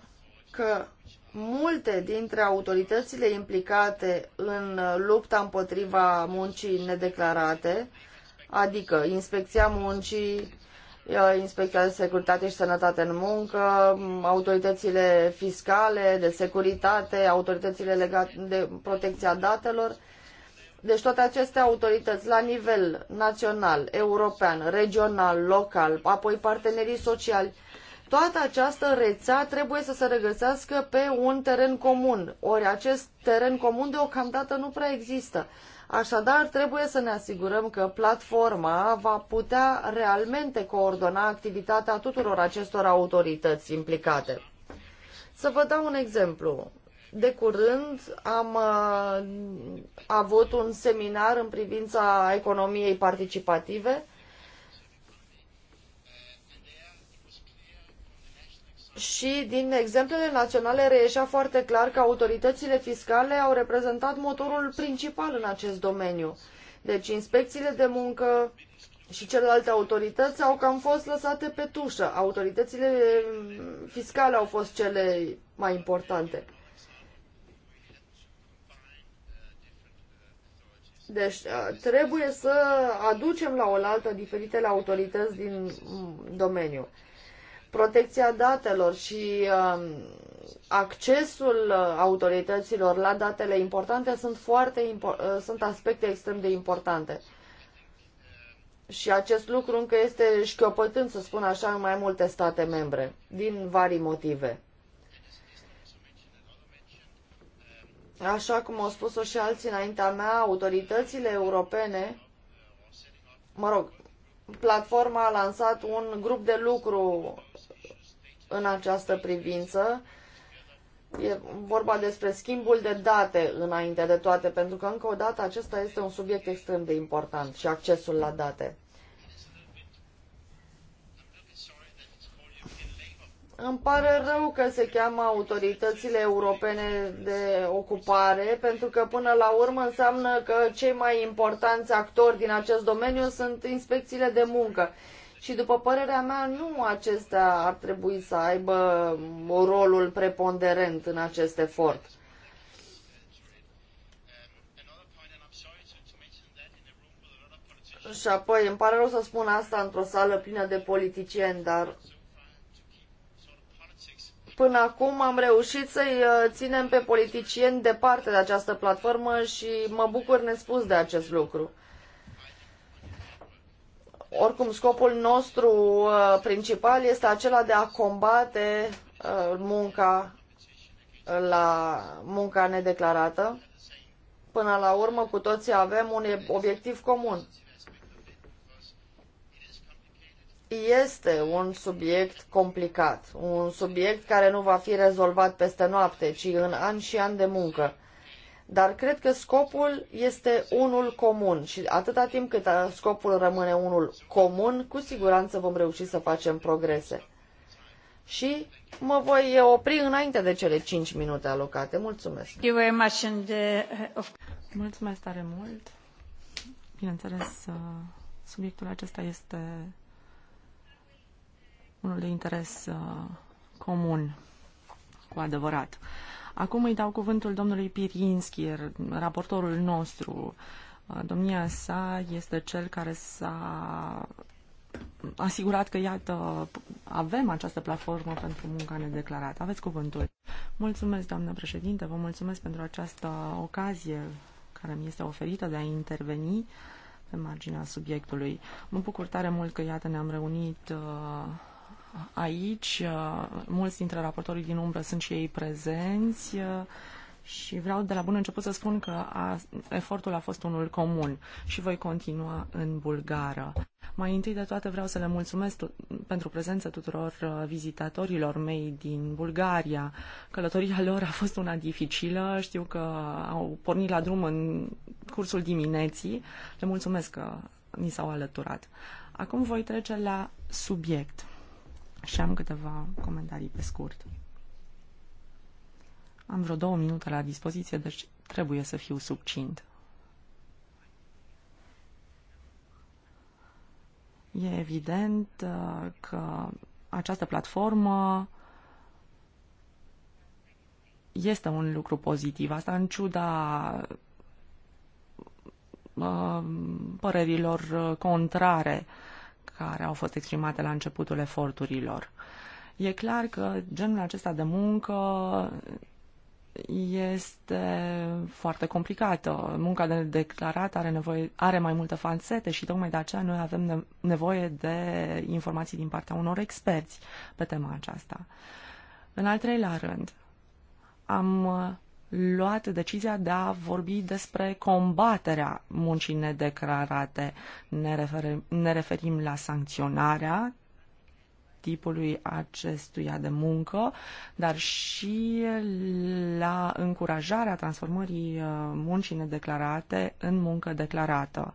că multe dintre autoritățile implicate în uh, lupta împotriva muncii nedeclarate, adică inspecția muncii, uh, Inspecția de Securitate și Sănătate în Muncă, autoritățile fiscale, de securitate, autoritățile legate de protecția datelor, deci toate aceste autorități la nivel național, european, regional, local, apoi partenerii sociali, toată această rețea trebuie să se regăsească pe un teren comun. Ori acest teren comun deocamdată nu prea există. Așadar, trebuie să ne asigurăm că platforma va putea realmente coordona activitatea tuturor acestor autorități implicate. Să vă dau un exemplu. De curând am uh, avut un seminar în privința economiei participative și din exemplele naționale reieșea foarte clar că autoritățile fiscale au reprezentat motorul principal în acest domeniu. Deci inspecțiile de muncă și celelalte autorități au cam fost lăsate pe tușă. Autoritățile fiscale au fost cele mai importante. Deci uh, trebuie să aducem la oaltă diferitele autorități din mm, domeniu. Protecția datelor și um, accesul uh, autorităților la datele importante sunt, foarte, uh, sunt aspecte extrem de importante. Și acest lucru încă este șchiopătând, să spun așa, în mai multe state membre, din vari motive. Așa cum au spus-o și alții înaintea mea, autoritățile europene, mă rog, platforma a lansat un grup de lucru în această privință. E vorba despre schimbul de date înainte de toate, pentru că, încă o dată, acesta este un subiect extrem de important și accesul la date. Îmi pare rău că se cheamă autoritățile europene de ocupare, pentru că până la urmă înseamnă că cei mai importanți actori din acest domeniu sunt inspecțiile de muncă. Și după părerea mea, nu acestea ar trebui să aibă rolul preponderent în acest efort. Și apoi, îmi pare rău să spun asta într-o sală plină de politicieni, dar Până acum am reușit să-i uh, ținem pe politicieni departe de această platformă și mă bucur nespus de acest lucru. Oricum, scopul nostru uh, principal este acela de a combate uh, munca la munca nedeclarată. Până la urmă, cu toții avem un obiectiv comun. este un subiect complicat, un subiect care nu va fi rezolvat peste noapte, ci în an și an de muncă. Dar cred că scopul este unul comun și atâta timp cât uh, scopul rămâne unul comun, cu siguranță vom reuși să facem progrese. Și mă voi opri înainte de cele 5 minute alocate. Mulțumesc! Uh, Mulțumesc tare mult! Bineînțeles, uh, subiectul acesta este unul de interes uh, comun, cu adevărat. Acum îi dau cuvântul domnului Pirinski, raportorul nostru. Uh, domnia sa este cel care s-a asigurat că, iată, avem această platformă pentru munca nedeclarată. Aveți cuvântul. Mulțumesc, doamnă președinte, vă mulțumesc pentru această ocazie care mi este oferită de a interveni pe marginea subiectului. Mă bucur tare mult că, iată, ne-am reunit uh, aici. Uh, mulți dintre raportorii din umbră sunt și ei prezenți uh, și vreau de la bun început să spun că a, efortul a fost unul comun și voi continua în bulgară. Mai întâi de toate vreau să le mulțumesc pentru prezența tuturor uh, vizitatorilor mei din Bulgaria. Călătoria lor a fost una dificilă, știu că au pornit la drum în cursul dimineții. Le mulțumesc că ni s-au alăturat. Acum voi trece la subiect și am câteva comentarii pe scurt. Am vreo două minute la dispoziție, deci trebuie să fiu succint. E evident uh, că această platformă este un lucru pozitiv. Asta în ciuda uh, părerilor contrare uh, care au fost exprimate la începutul eforturilor. E clar că genul acesta de muncă este foarte complicată. Munca de declarat are, nevoie, are mai multe fansete și tocmai de aceea noi avem nevoie de informații din partea unor experți pe tema aceasta. În al treilea rând, am luat decizia de a vorbi despre combaterea muncii nedeclarate. Ne, referim, ne referim la sancționarea tipului acestuia de muncă, dar și la încurajarea transformării uh, muncii nedeclarate în muncă declarată.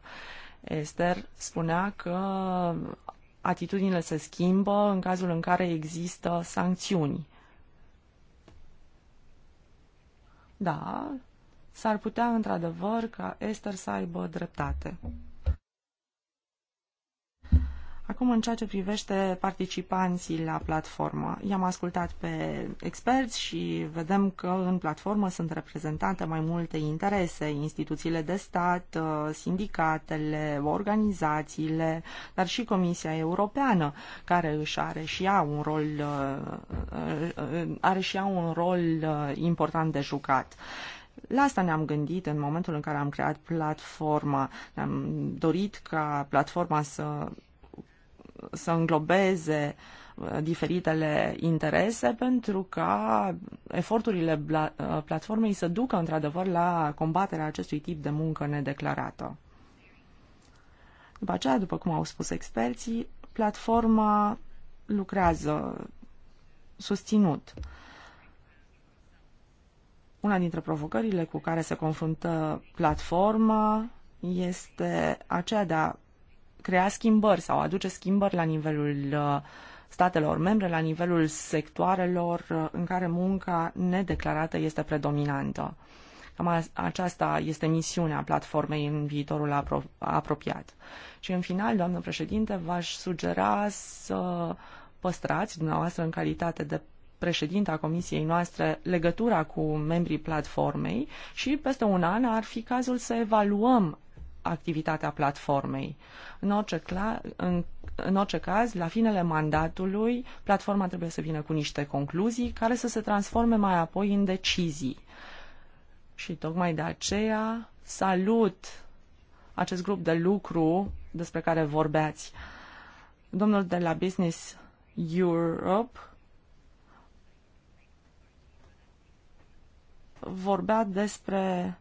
Esther spunea că atitudinile se schimbă în cazul în care există sancțiuni. Da, s-ar putea într-adevăr ca Esther să aibă dreptate. Acum, în ceea ce privește participanții la platformă, i-am ascultat pe experți și vedem că în platformă sunt reprezentate mai multe interese, instituțiile de stat, uh, sindicatele, organizațiile, dar și Comisia Europeană, care își are și ea un rol, uh, uh, are și ea un rol important de jucat. La asta ne-am gândit în momentul în care am creat platforma. Ne-am dorit ca platforma să să înglobeze uh, diferitele interese pentru ca eforturile uh, platformei să ducă într-adevăr la combaterea acestui tip de muncă nedeclarată. După aceea, după cum au spus experții, platforma lucrează susținut. Una dintre provocările cu care se confruntă platforma este aceea de a crea schimbări sau aduce schimbări la nivelul uh, statelor membre, la nivelul sectoarelor uh, în care munca nedeclarată este predominantă. Cam aceasta este misiunea platformei în viitorul apro apropiat. Și în final, doamnă președinte, v-aș sugera să păstrați dumneavoastră în calitate de președinta comisiei noastre legătura cu membrii platformei și peste un an ar fi cazul să evaluăm activitatea platformei. În orice, în, în orice caz, la finele mandatului, platforma trebuie să vină cu niște concluzii care să se transforme mai apoi în decizii. Și tocmai de aceea salut acest grup de lucru despre care vorbeați. Domnul de la Business Europe vorbea despre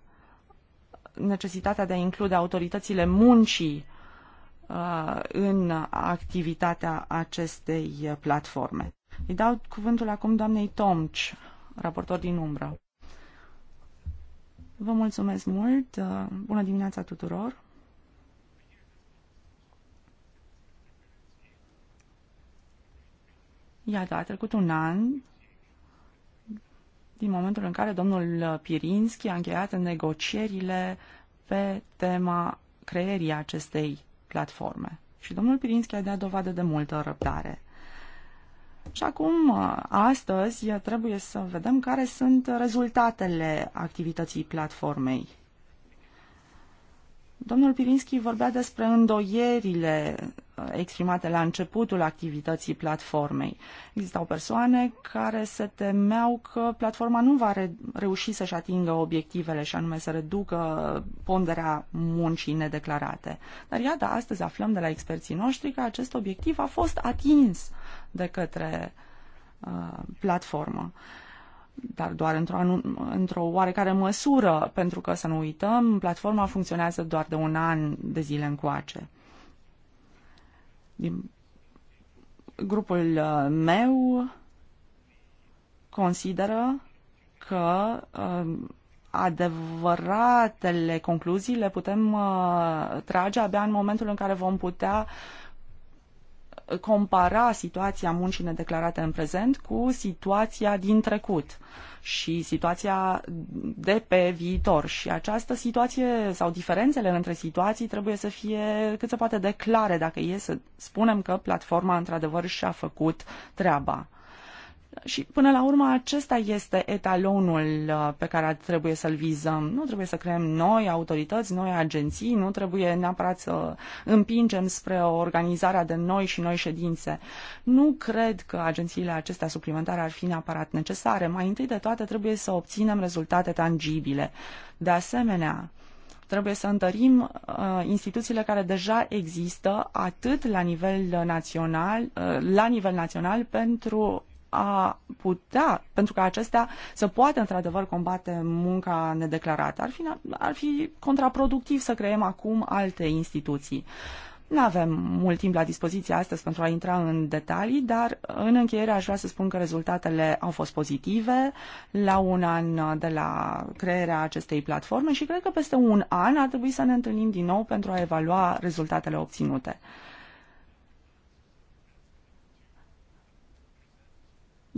necesitatea de a include autoritățile muncii uh, în activitatea acestei platforme. Îi dau cuvântul acum doamnei Tomci, raportor din umbră. Vă mulțumesc mult. Uh, bună dimineața tuturor. Iată, a trecut un an din momentul în care domnul Pirinski a încheiat negocierile pe tema creierii acestei platforme. Și domnul Pirinski a dat dovadă de multă răbdare. Și acum, uh, astăzi, trebuie să vedem care sunt rezultatele activității platformei. Domnul Pirinski vorbea despre îndoierile uh, exprimate la începutul activității platformei. Existau persoane care se temeau că platforma nu va re- reuși să-și atingă obiectivele și anume să reducă ponderea muncii nedeclarate. Dar iată, astăzi aflăm de la experții noștri că acest obiectiv a fost atins de către uh, platformă. Uh, dar doar într-o, într-o oarecare măsură, pentru că, să nu uităm, platforma funcționează doar de un an de zile încoace. Din grupul uh, meu consideră că uh, adevăratele concluzii le putem uh, trage abia în momentul în care vom putea uh, compara situația muncii nedeclarate în prezent cu situația din trecut și situația de pe viitor. Și această situație sau diferențele între situații trebuie să fie cât se poate de clare dacă e să spunem că platforma într-adevăr și-a făcut treaba. Și până la urmă acesta este etalonul uh, pe care trebuie să-l vizăm. Nu trebuie să creăm noi autorități, noi agenții, nu trebuie neapărat să împingem spre organizarea de noi și noi ședințe. Nu cred că agențiile acestea suplimentare ar fi neapărat necesare. Mai întâi de toate trebuie să obținem rezultate tangibile. De asemenea, trebuie să întărim uh, instituțiile care deja există atât la nivel național, uh, la nivel național pentru a putea, pentru că acestea să poată într-adevăr combate munca nedeclarată. Ar fi, ar fi contraproductiv să creăm acum alte instituții. Nu avem mult timp la dispoziție astăzi pentru a intra în detalii, dar în încheiere aș vrea să spun că rezultatele au fost pozitive la un an de la crearea acestei platforme și cred că peste un an ar trebui să ne întâlnim din nou pentru a evalua rezultatele obținute.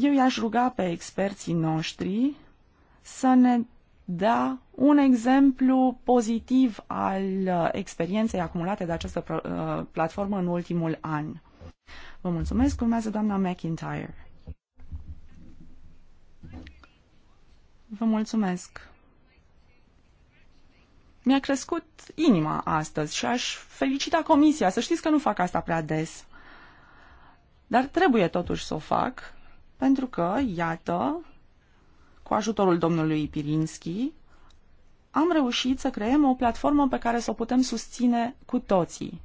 Eu i-aș ruga pe experții noștri să ne dea un exemplu pozitiv al uh, experienței acumulate de această uh, platformă în ultimul an. Vă mulțumesc, urmează doamna McIntyre. Vă mulțumesc. Mi-a crescut inima astăzi și aș felicita comisia. Să știți că nu fac asta prea des. Dar trebuie totuși să o fac pentru că, iată, cu ajutorul domnului Pirinski, am reușit să creăm o platformă pe care să o putem susține cu toții.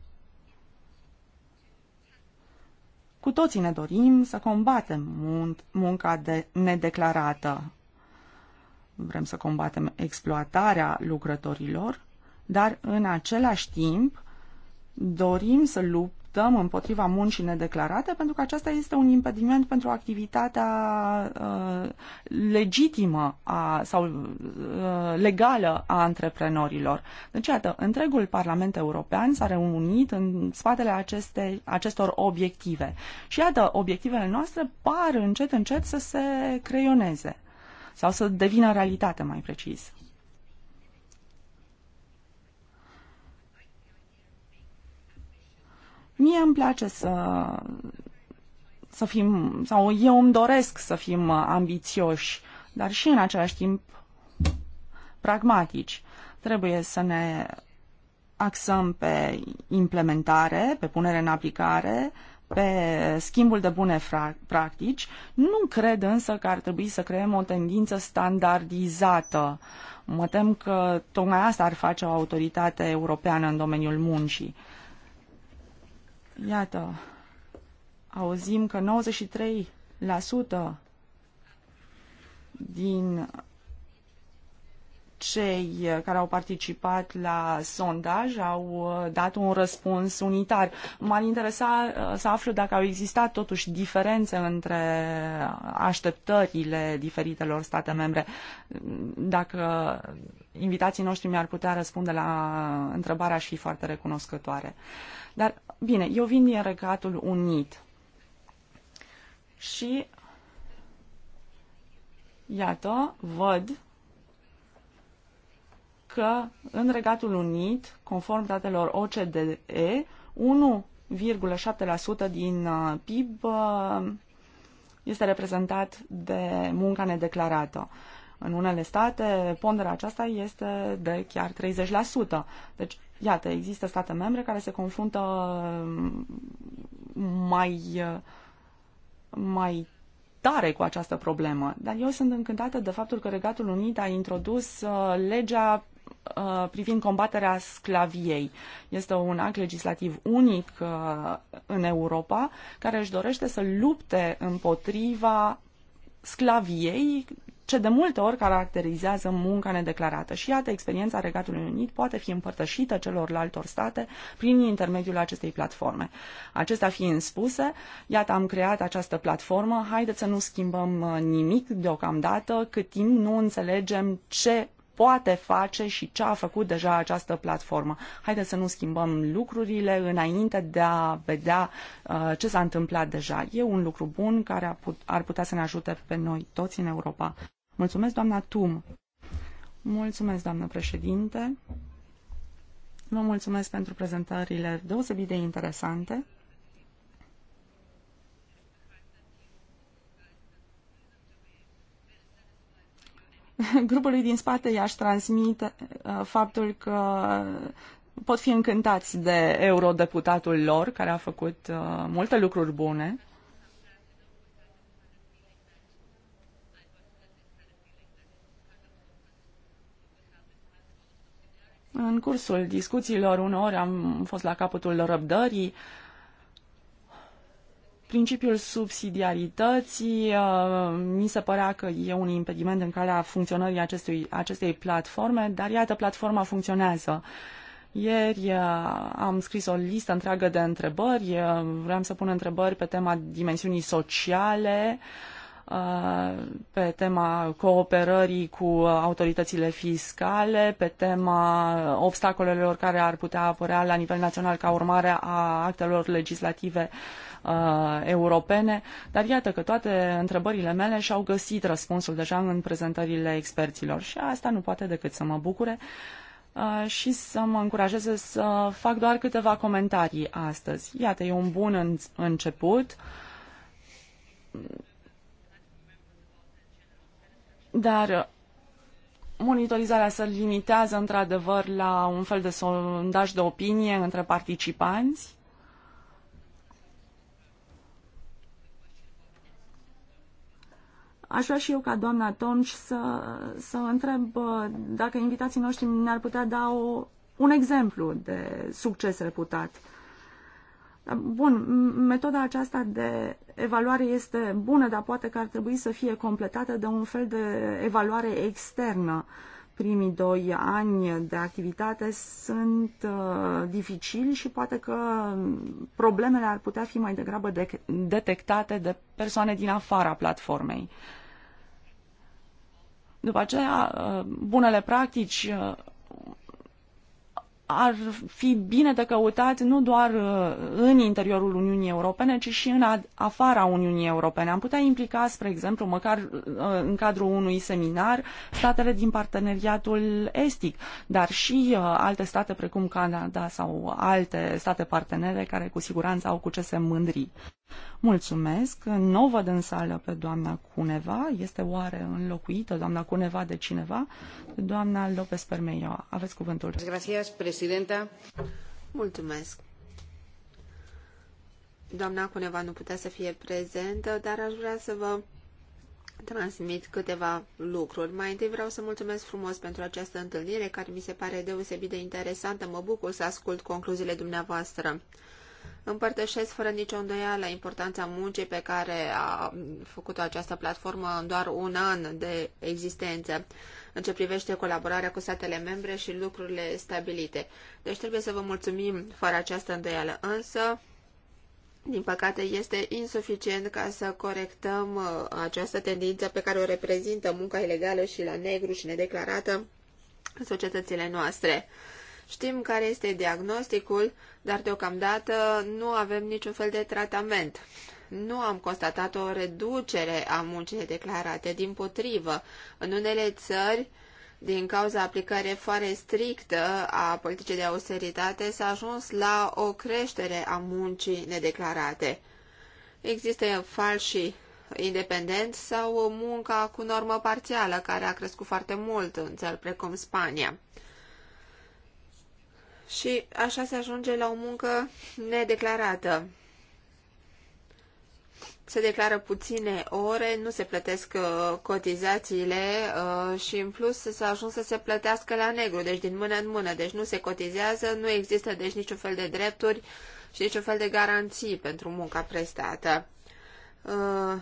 Cu toții ne dorim să combatem mun- munca de nedeclarată. Vrem să combatem exploatarea lucrătorilor, dar în același timp dorim să lupt luptăm împotriva muncii nedeclarate, pentru că aceasta este un impediment pentru activitatea uh, legitimă a, sau uh, legală a antreprenorilor. Deci, iată, întregul Parlament European s-a reunit în spatele aceste, acestor obiective. Și, iată, obiectivele noastre par încet, încet să se creioneze sau să devină realitate, mai precis. Mie îmi place să, să fim, sau eu îmi doresc să fim uh, ambițioși, dar și în același timp pragmatici. Trebuie să ne axăm pe implementare, pe punere în aplicare, pe schimbul de bune practici. Nu cred însă că ar trebui să creăm o tendință standardizată. Mă tem că tocmai asta ar face o autoritate europeană în domeniul muncii. Iată, auzim că 93% din cei care au participat la sondaj au uh, dat un răspuns unitar. M-ar interesa uh, să aflu dacă au existat totuși diferențe între așteptările diferitelor state membre. Dacă invitații noștri mi-ar putea răspunde la întrebare, aș fi foarte recunoscătoare. Uh, dar, bine, eu vin din Regatul Unit și, iată, văd că în Regatul Unit, conform datelor OCDE, 1,7% din uh, PIB uh, este reprezentat de munca nedeclarată. În unele state, ponderea aceasta este de chiar 30%. Deci Iată, există state membre care se confruntă mm, mai, mai tare cu această problemă, dar eu sunt încântată de faptul că Regatul Unit a introdus uh, legea uh, privind combaterea sclaviei. Este un act legislativ unic uh, în Europa care își dorește să lupte împotriva sclaviei ce de multe ori caracterizează munca nedeclarată. Și iată, experiența Regatului Unit poate fi împărtășită celorlaltor state prin intermediul acestei platforme. Acestea fiind spuse, iată, am creat această platformă, haideți să nu schimbăm uh, nimic deocamdată, cât timp nu înțelegem ce poate face și ce a făcut deja această platformă. Haideți să nu schimbăm lucrurile înainte de a vedea uh, ce s-a întâmplat deja. E un lucru bun care ar putea să ne ajute pe noi toți în Europa. Mulțumesc, doamna Tum. Mulțumesc, doamnă președinte. Vă mulțumesc pentru prezentările deosebit de interesante. grupului din spate i-aș transmite uh, faptul că pot fi încântați de eurodeputatul lor, care a făcut uh, multe lucruri bune. În cursul discuțiilor uneori am fost la capătul răbdării, Principiul subsidiarității uh, mi se părea că e un impediment în calea funcționării acestui, acestei platforme, dar iată, platforma funcționează. Ieri uh, am scris o listă întreagă de întrebări. Uh, vreau să pun întrebări pe tema dimensiunii sociale, pe tema cooperării cu autoritățile fiscale, pe tema obstacolelor care ar putea apărea la nivel național ca urmare a actelor legislative uh, uh, europene, dar iată că toate întrebările mele și-au găsit răspunsul deja în prezentările experților și asta nu poate decât să mă bucure uh, și să mă încurajeze să fac doar câteva comentarii astăzi. Iată, e un bun în început. Dar uh, monitorizarea se limitează într-adevăr la un fel de sondaj de opinie între participanți Aș vrea și eu ca doamna Tomci să, să întreb uh, dacă invitații noștri ne-ar putea da o, un exemplu de succes reputat. Bun, metoda aceasta de evaluare este bună, dar poate că ar trebui să fie completată de un fel de evaluare externă. Primii doi ani de activitate sunt uh, dificili și poate că problemele ar putea fi mai degrabă de- detectate de persoane din afara platformei. Uh, după aceea, uh, bunele practici uh, ar fi bine de căutat nu doar uh, în interiorul Uniunii Europene, ci și în afara Uniunii Europene. Am putea implica, spre exemplu, măcar în cadrul unui seminar, statele din parteneriatul estic, dar și alte state precum Canada sau alte state partenere care cu siguranță au cu ce se mândri. Mulțumesc. Nu văd în sală pe doamna Cuneva. Este oare înlocuită doamna Cuneva de cineva? Doamna Lopez Permeio, aveți cuvântul. Gracias, presidenta. Mulțumesc. Doamna Cuneva nu putea să fie prezentă, dar aș vrea să vă transmit câteva lucruri. Mai întâi vreau să mulțumesc frumos pentru această întâlnire care mi se pare deosebit de interesantă. Mă bucur să ascult concluziile dumneavoastră. Împărtășesc fără nicio îndoială importanța muncii pe care a făcut-o această platformă în doar un an de existență în ce privește colaborarea cu statele membre și lucrurile stabilite. Deci trebuie să vă mulțumim fără această îndoială, însă, din păcate, este insuficient ca să corectăm uh, această tendință pe care o reprezintă munca ilegală și la negru și nedeclarată în societățile noastre. Știm care este diagnosticul, dar deocamdată nu avem niciun fel de tratament. Nu am constatat o reducere a muncii declarate, din potrivă. În unele țări, din cauza aplicării foarte strictă a politicii de austeritate, s-a ajuns la o creștere a muncii nedeclarate. Există falși independenți sau munca cu normă parțială, care a crescut foarte mult în țări precum Spania și așa se ajunge la o muncă nedeclarată. Se declară puține ore, nu se plătesc uh, cotizațiile uh, și în plus s-a ajuns să se plătească la negru, deci din mână în mână, deci nu se cotizează, nu există deci niciun fel de drepturi și niciun fel de garanții pentru munca prestată uh,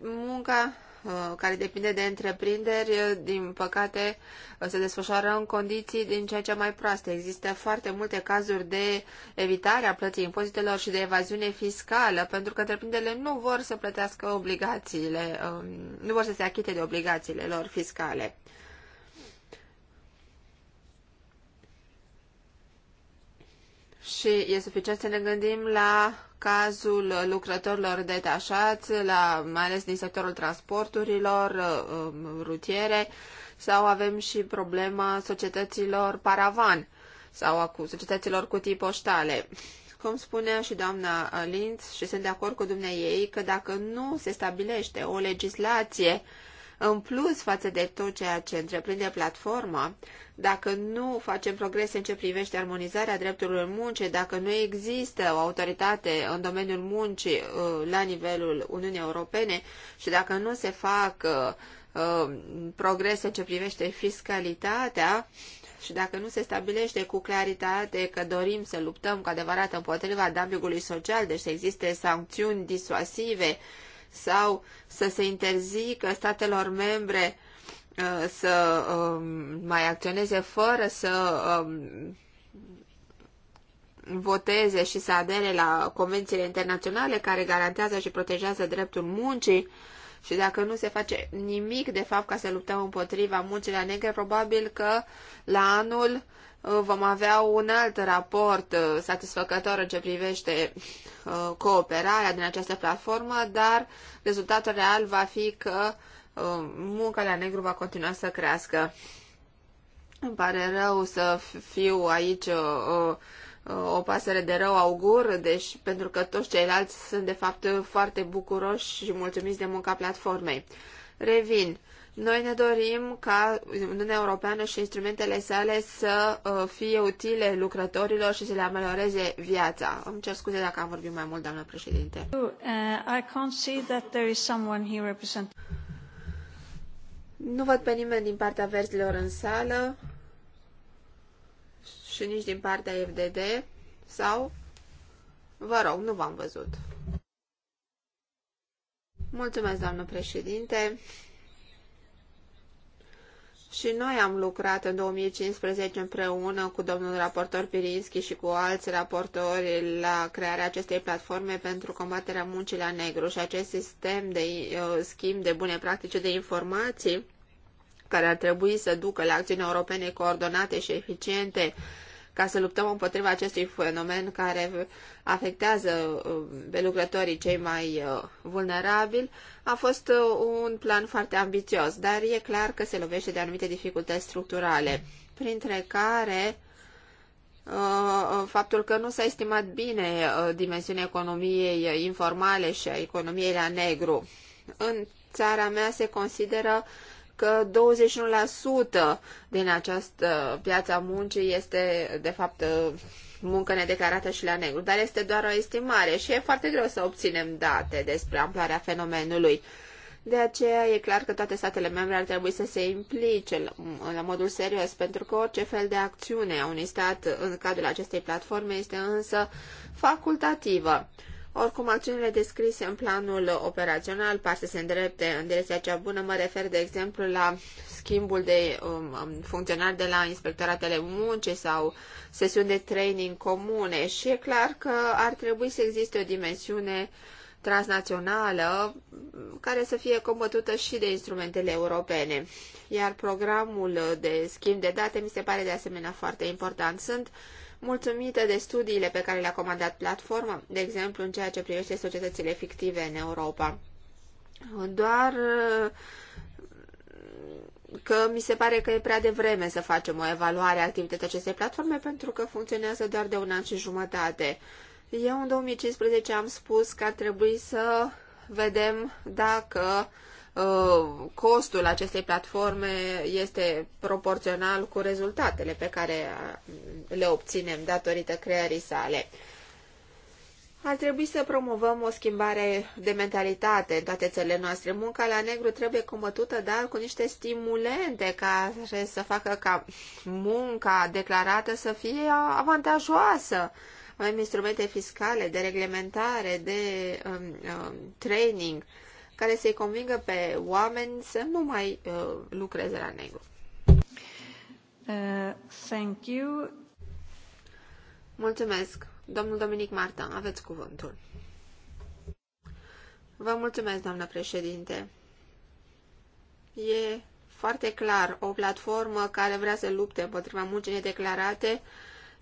munca Uh, care depinde de întreprinderi, uh, din păcate, uh, se desfășoară în condiții din ceea ce mai proaste. Există foarte multe cazuri de evitare a plății impozitelor și de evaziune fiscală, pentru că întreprinderile nu vor să plătească obligațiile, um, nu vor să se achite de obligațiile lor fiscale. și e suficient să ne gândim la cazul lucrătorilor detașați, la, mai ales din sectorul transporturilor uh, um, rutiere, sau avem și problema societăților paravan sau a societăților tip poștale. Cum spunea și doamna Linz, și sunt de acord cu ei, că dacă nu se stabilește o legislație uh, în plus, față de tot ceea ce întreprinde platforma, dacă nu facem progrese în ce privește armonizarea drepturilor muncii, dacă nu există o autoritate în domeniul muncii uh, la nivelul Uniunii Europene și dacă nu se fac uh, uh, progrese în ce privește fiscalitatea, și dacă nu se stabilește cu claritate că dorim să luptăm cu adevărat împotriva dumpingului social, deci să existe sancțiuni disuasive sau să se interzică statelor membre uh, să um, mai acționeze fără să um, voteze și să adere la convențiile internaționale care garantează și protejează dreptul muncii și dacă nu se face nimic de fapt ca să luptăm împotriva muncii la negre, probabil că la anul Uh, vom avea un alt raport uh, satisfăcător în ce privește uh, cooperarea din această platformă, dar rezultatul real va fi că munca la negru va continua să crească. Îmi pare rău să fiu aici o, o pasăre de rău augur, deci pentru că toți ceilalți sunt de fapt foarte bucuroși și mulțumiți de munca platformei. Revin noi ne dorim ca Uniunea Europeană și instrumentele sale să uh, fie utile lucrătorilor și să le amelioreze viața. Îmi cer scuze dacă am vorbit mai mult, doamnă președinte. Oh, uh, nu văd pe nimeni din partea verzilor în sală și nici din partea FDD sau... Vă rog, nu v-am văzut. Mulțumesc, doamnă președinte. Și noi am lucrat în 2015 împreună cu domnul raportor Pirinski și cu alți raportori la crearea acestei platforme pentru combaterea muncii la negru și acest sistem de uh, schimb de bune practici de informații care ar trebui să ducă la acțiuni europene coordonate și eficiente ca să luptăm împotriva acestui fenomen care afectează uh, pe lucrătorii cei mai uh, vulnerabili, a fost uh, un plan foarte ambițios, dar e clar că se lovește de anumite dificultăți structurale, printre care faptul că nu s-a estimat bine dimensiunea economiei informale și a economiei la negru. În țara mea se consideră că 21% din această piață a muncii este, de fapt, muncă nedeclarată și la negru, dar este doar o estimare și e foarte greu să obținem date despre amplarea fenomenului. De aceea e clar că toate statele membre ar trebui să se implice la modul serios, pentru că orice fel de acțiune a unui stat în cadrul acestei platforme este însă facultativă. Oricum, acțiunile descrise în planul operațional par să se îndrepte în direcția cea bună. Mă refer, de exemplu, la schimbul de um, um, funcționari de la inspectoratele muncii sau sesiuni de training comune și e clar că ar trebui să existe o dimensiune transnațională care să fie combătută și de instrumentele europene. Iar programul de schimb de date mi se pare de asemenea foarte important. Sunt mulțumită de studiile pe care le-a comandat platforma, de exemplu în ceea ce privește societățile fictive în Europa. Doar uh, că mi se pare că e prea devreme să facem o evaluare a activității acestei platforme pentru că funcționează doar de un an și jumătate. Eu în 2015 am spus că ar trebui să vedem dacă uh, Uh, costul acestei platforme este proporțional cu rezultatele pe care uh, le obținem datorită creării sale. Ar trebui să promovăm o schimbare de mentalitate în toate țările noastre. Munca la negru trebuie combătută, dar cu niște stimulente care să facă ca munca declarată să fie avantajoasă. Avem instrumente fiscale, de reglementare, de um, um, training care să-i convingă pe oameni să nu mai uh, lucreze la negru. Uh, thank you. Mulțumesc. Domnul Dominic Marta, aveți cuvântul. Vă mulțumesc, doamnă președinte. E foarte clar o platformă care vrea să lupte împotriva muncii nedeclarate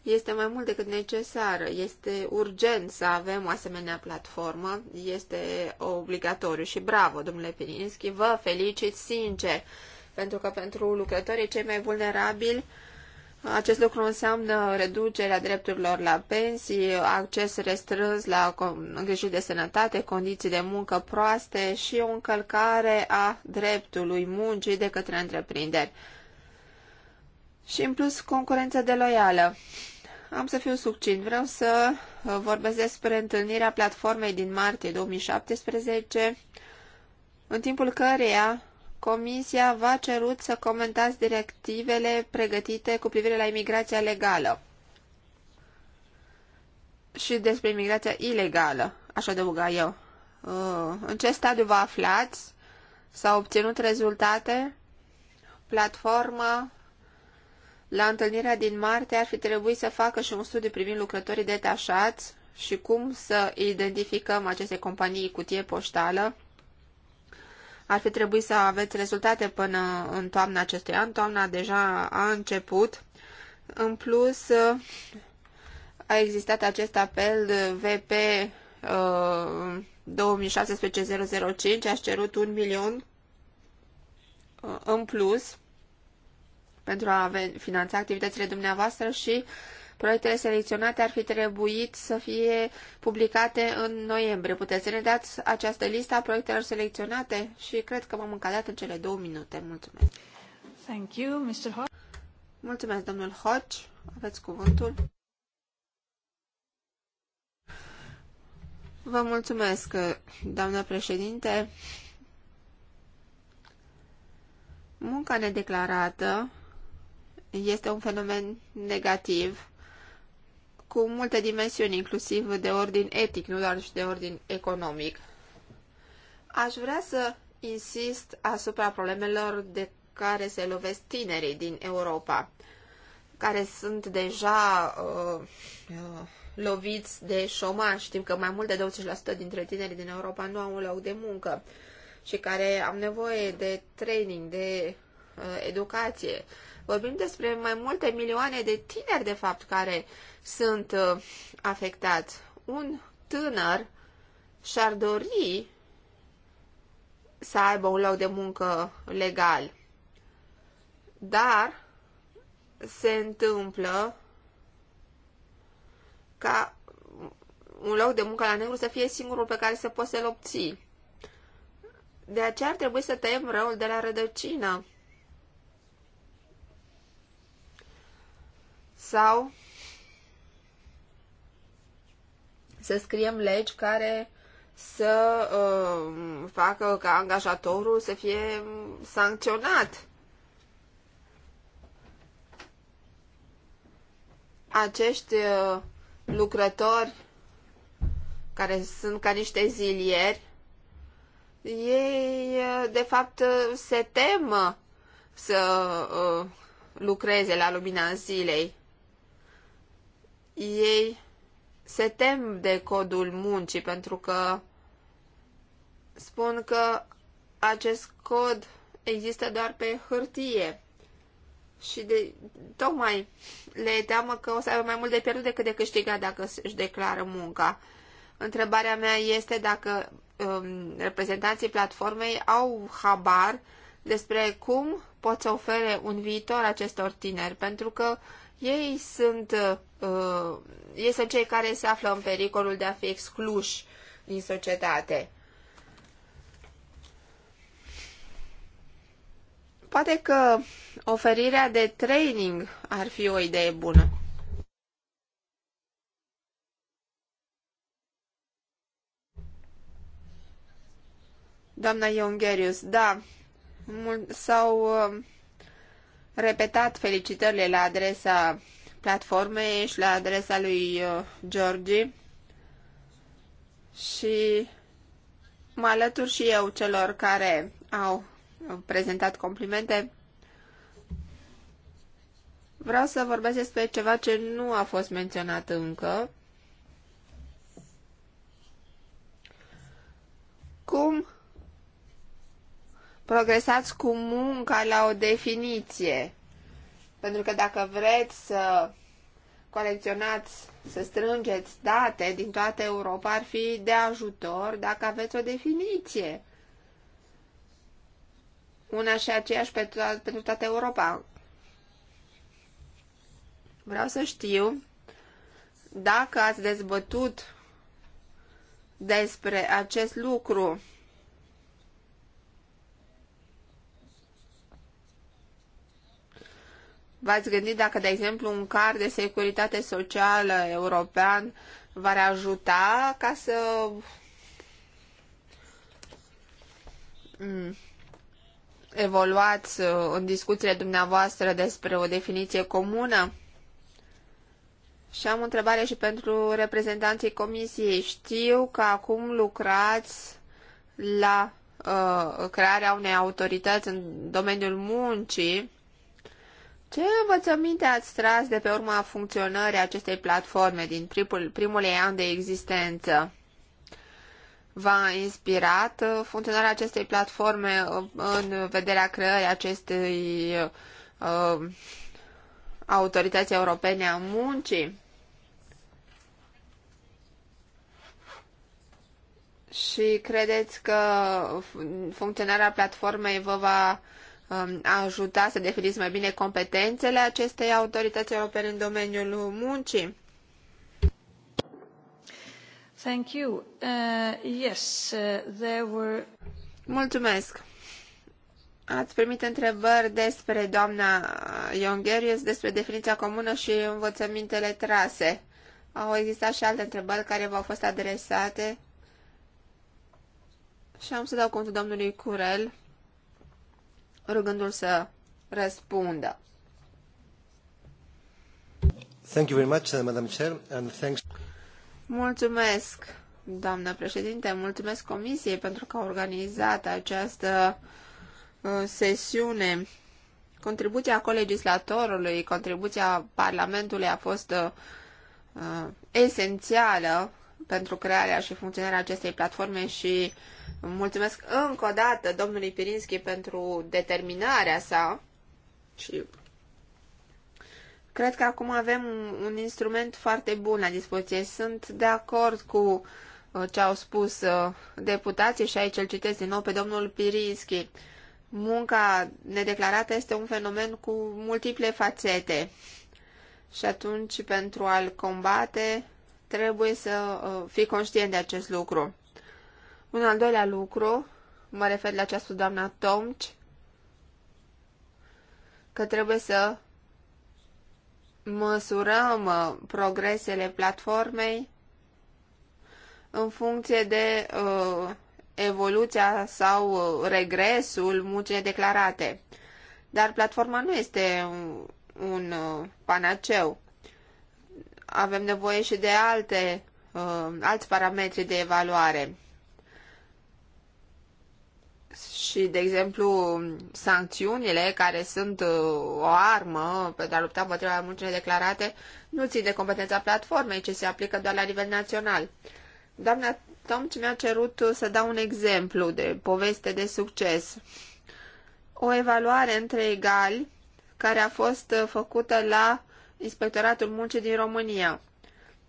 este mai mult decât necesară. Este urgent să avem o asemenea platformă, este obligatoriu și bravo, domnule Pirinski, vă felicit sincer, pentru că pentru lucrătorii cei mai vulnerabili acest lucru înseamnă reducerea drepturilor la pensii, acces restrâns la îngrijiri de sănătate, condiții de muncă proaste și o încălcare a dreptului muncii de către întreprinderi. Și în plus, concurență deloială am să fiu succint. Vreau să uh, vorbesc despre întâlnirea platformei din martie 2017, în timpul căreia Comisia v-a cerut să comentați directivele pregătite cu privire la imigrația legală și despre imigrația ilegală, aș adăuga eu. Uh, în ce stadiu vă aflați? S-au obținut rezultate? Platforma la întâlnirea din martie ar fi trebuit să facă și un studiu privind lucrătorii detașați și cum să identificăm aceste companii cutie poștală. Ar fi trebuit să aveți rezultate până în toamna acestui an. Toamna deja a început. În plus, a existat acest apel VP 2016-005, aș cerut un milion uh, în plus pentru a finanța activitățile dumneavoastră și proiectele selecționate ar fi trebuit să fie publicate în noiembrie. Puteți să ne dați această listă a proiectelor selecționate? Și cred că m-am încadrat în cele două minute. Mulțumesc. Thank you, Mr. Hodge. Mulțumesc, domnul Hodge. Aveți cuvântul. Vă mulțumesc, doamnă președinte. Munca nedeclarată este un fenomen negativ cu multe dimensiuni, inclusiv de ordin etic, nu doar și de ordin economic. Aș vrea să insist asupra problemelor de care se lovesc tinerii din Europa, care sunt deja uh, uh loviți de șomaj. Știm că mai mult de 20% dintre tinerii din Europa nu au un loc de muncă și care au nevoie de training, de uh, educație. Uh, Vorbim despre mai multe milioane de tineri, de fapt, care sunt uh, afectați. Un tânăr și-ar dori să aibă un loc de muncă legal. Dar se întâmplă ca un loc de muncă la negru să fie singurul pe care să poți să-l obții. De aceea ar trebui să tăiem răul de la rădăcină. sau să scriem legi care să uh, facă ca angajatorul să fie sancționat. Acești uh, lucrători care sunt ca niște zilieri, ei uh, de fapt uh, se tem să uh, lucreze la lumina zilei ei se tem de codul muncii pentru că spun că acest cod există doar pe hârtie și de, tocmai le teamă că o să aibă mai mult de pierdut decât de câștigat dacă își declară munca. Întrebarea mea este dacă um, reprezentanții platformei au habar despre cum pot să ofere un viitor acestor tineri, pentru că uh, ei sunt, uh, ei sunt cei care se află în pericolul de a fi excluși din societate. Poate că oferirea de training ar fi o idee bună. Doamna Iongerius, da, sau uh, repetat felicitările la adresa platformei și la adresa lui uh, Georgi și mă alătur și eu celor care au prezentat complimente. Vreau să vorbesc despre ceva ce nu a fost menționat încă. Cum progresați cu munca la o definiție. Pentru că dacă vreți să colecționați, să strângeți date din toată Europa, ar fi de ajutor dacă aveți o definiție. Una și aceeași pentru, pentru toată Europa. Vreau să știu dacă ați dezbătut despre acest lucru V-ați gândit dacă, de exemplu, un card de securitate socială european v-ar ajuta ca să... Mm, evoluați uh, în discuțiile dumneavoastră despre o definiție comună? Și am o întrebare și pentru reprezentanții comisiei. Știu că acum lucrați la uh, crearea unei autorități în domeniul muncii ce învățăminte ați tras de pe urma funcționării acestei platforme din primul, primul ei an de existență? V-a inspirat uh, funcționarea acestei platforme uh, în vederea creării acestei uh, autorități europene a muncii? Și credeți că funcționarea platformei vă va uh, Um, ajuta să definiți mai bine competențele acestei autorități europene în domeniul muncii? Thank you. Uh, yes, uh, there were... Mulțumesc. Ați primit întrebări despre doamna Iongerius, despre definiția comună și învățămintele trase. Au existat și alte întrebări care v-au fost adresate. Și am să dau cuvântul domnului Curel rugându-l să răspundă. Thank you very much, uh, Madam Chair, and thanks... Mulțumesc, doamnă președinte, mulțumesc Comisiei pentru că a organizat această uh, sesiune. Contribuția colegislatorului, contribuția Parlamentului a fost uh, uh esențială pentru crearea și funcționarea acestei platforme și mulțumesc încă o dată domnului Pirinski pentru determinarea sa și cred că acum avem un, instrument foarte bun la dispoziție. Sunt de acord cu uh, ce au spus uh, deputații și aici îl citesc din nou pe domnul Pirinski. Munca nedeclarată este un fenomen cu multiple fațete. Și atunci, pentru a-l combate, Trebuie să uh, fii conștient de acest lucru. Un al doilea lucru, mă refer la această doamna Tomci, că trebuie să măsurăm uh, progresele platformei în funcție de uh, evoluția sau uh, regresul muncii declarate. Dar platforma nu este un, un panaceu. Avem nevoie și de alte, uh, alți parametri de evaluare. Și, de exemplu, sancțiunile care sunt uh, o armă pentru a lupta împotriva muncii declarate nu țin de competența platformei, ci se aplică doar la nivel național. Doamna Tomci mi-a cerut să dau un exemplu de poveste de succes. O evaluare între egali care a fost uh, făcută la Inspectoratul Muncii din România.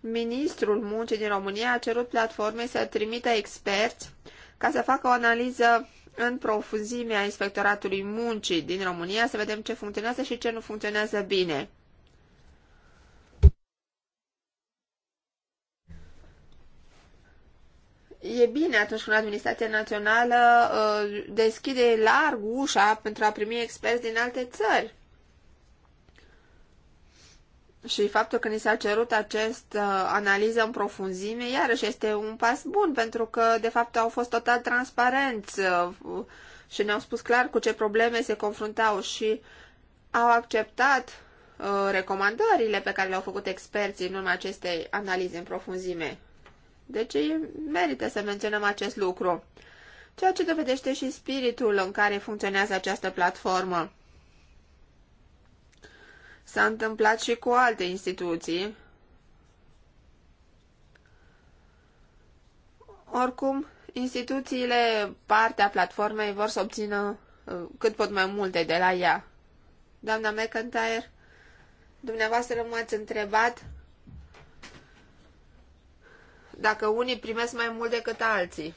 Ministrul Muncii din România a cerut platformei să trimită experți ca să facă o analiză în profunzime a Inspectoratului Muncii din România să vedem ce funcționează și ce nu funcționează bine. E bine atunci când administrația națională uh, deschide larg ușa pentru a primi experți din alte țări și faptul că ni s-a cerut această uh, analiză în profunzime, iarăși este un pas bun, pentru că, de fapt, au fost total transparenți uh, și ne-au spus clar cu ce probleme se confruntau și au acceptat uh, recomandările pe care le-au făcut experții în urma acestei analize în profunzime. Deci merită să menționăm acest lucru, ceea ce dovedește și spiritul în care funcționează această platformă. S-a întâmplat și cu alte instituții. Oricum, instituțiile, partea platformei, vor să obțină uh, cât pot mai multe de la ea. Doamna McIntyre, dumneavoastră m-ați întrebat dacă unii primesc mai mult decât alții.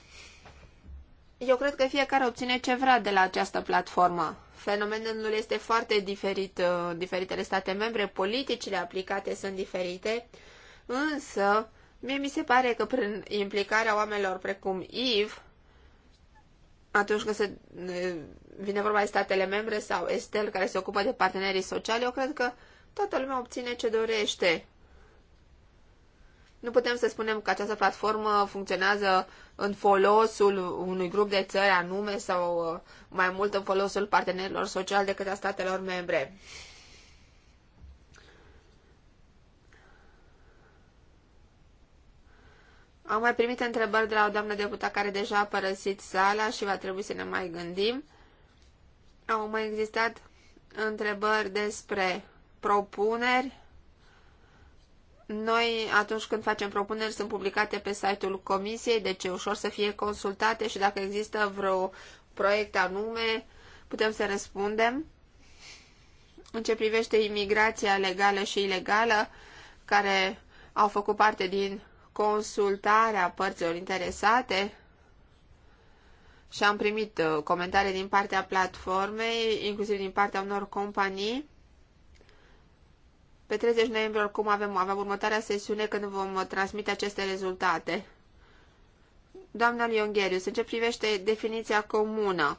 Eu cred că fiecare obține ce vrea de la această platformă. Fenomenul este foarte diferit în uh, diferitele state membre, politicile aplicate sunt diferite, însă mie mi se pare că prin implicarea oamenilor precum IV, atunci când se uh, vine vorba de statele membre sau Estel care se ocupă de partenerii sociale, eu cred că toată lumea obține ce dorește nu putem să spunem că această platformă funcționează în folosul unui grup de țări anume sau uh, mai mult în folosul partenerilor sociali decât a statelor membre. Am mai primit întrebări de la o doamnă deputată care deja a părăsit sala și va trebui să ne mai gândim. Au mai existat întrebări despre propuneri noi, atunci când facem propuneri, sunt publicate pe site-ul comisiei, deci e ușor să fie consultate și dacă există vreo proiect anume, putem să răspundem. În ce privește imigrația legală și ilegală, care au făcut parte din consultarea părților interesate și am primit uh, comentarii din partea platformei, inclusiv din partea unor companii, pe 30 noiembrie, oricum, avem, avem următoarea sesiune când vom transmite aceste rezultate. Doamna Liongherius, în ce privește definiția comună,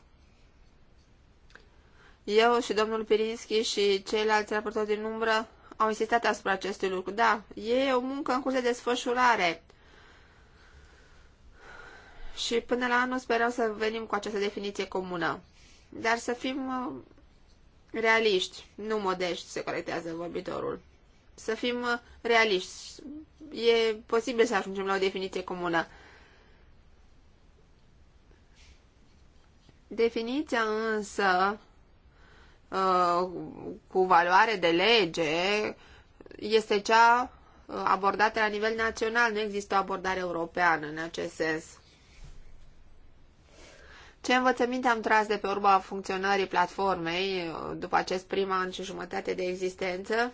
eu și domnul Pirinski și ceilalți raportori din umbră au insistat asupra acestui lucru. Da, e o muncă în curs de desfășurare. Și până la anul sperăm să venim cu această definiție comună. Dar să fim realiști, nu modești, se corectează vorbitorul. Să fim uh, realiști. E posibil să ajungem la o definiție comună. Definiția însă uh, cu valoare de lege este cea uh, abordată la nivel național. Nu există o abordare europeană în acest sens. Ce învățăminte am tras de pe urma funcționării platformei după acest prim an și jumătate de existență?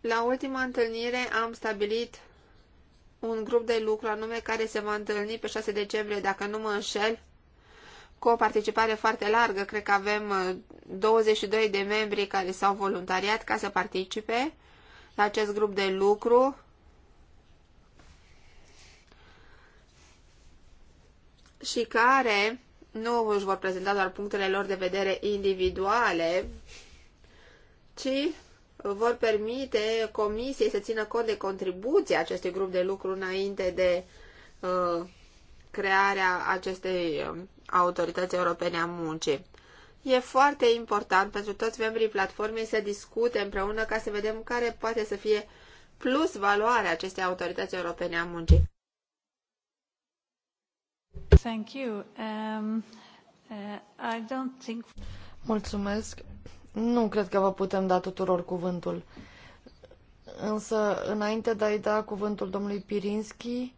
La ultima întâlnire am stabilit un grup de lucru anume care se va întâlni pe 6 decembrie, dacă nu mă înșel, cu o participare foarte largă. Cred că avem 22 uh, de membri care s-au voluntariat ca să participe la acest grup de lucru și care nu își vor prezenta doar punctele lor de vedere individuale, ci vor permite comisiei să țină cont de contribuția acestui grup de lucru înainte de uh, crearea acestei um, autorități europene a muncii. E foarte important pentru toți membrii platformei să discute împreună ca să vedem care poate să fie plus valoarea acestei autorități europene a muncii. Um, uh, Mulțumesc. Nu cred că vă putem da tuturor cuvântul. Însă, înainte de a-i da cuvântul domnului Pirinski,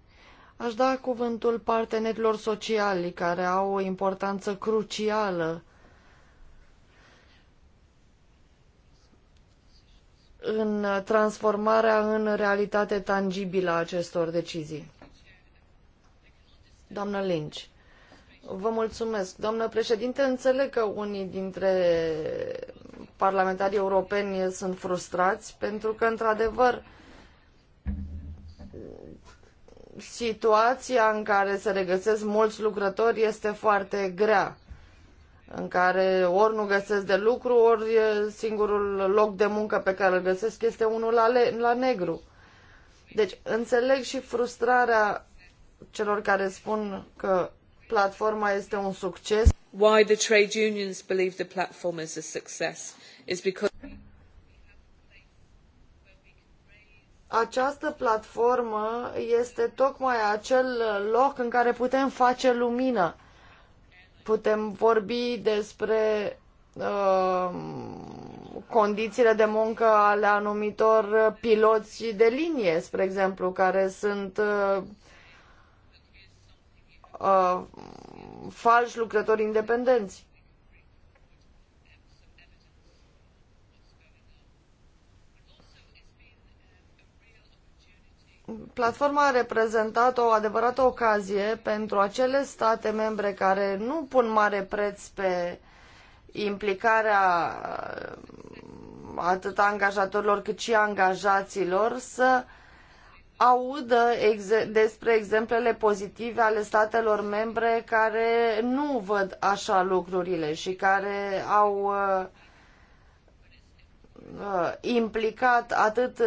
aș da cuvântul partenerilor sociali care au o importanță crucială în transformarea în realitate tangibilă a acestor decizii. Doamnă Lynch, vă mulțumesc. Doamnă președinte, înțeleg că unii dintre parlamentarii europeni sunt frustrați pentru că, într-adevăr, situația în care se regăsesc mulți lucrători este foarte grea în care ori nu găsesc de lucru, ori singurul loc de muncă pe care îl găsesc este unul la, la negru. Deci înțeleg și frustrarea celor care spun că platforma este un succes. Why the trade unions believe the platform is a success is because Această platformă este tocmai acel loc în care putem face lumină. Putem vorbi despre um, condițiile de muncă ale anumitor piloți de linie, spre exemplu, care sunt uh, uh, falși lucrători independenți. Platforma a reprezentat o adevărată ocazie pentru acele state membre care nu pun mare preț pe implicarea atât a angajatorilor cât și a angajaților să uh, audă despre exemplele pozitive ale statelor membre care nu văd așa lucrurile și care au uh, uh, implicat atât uh,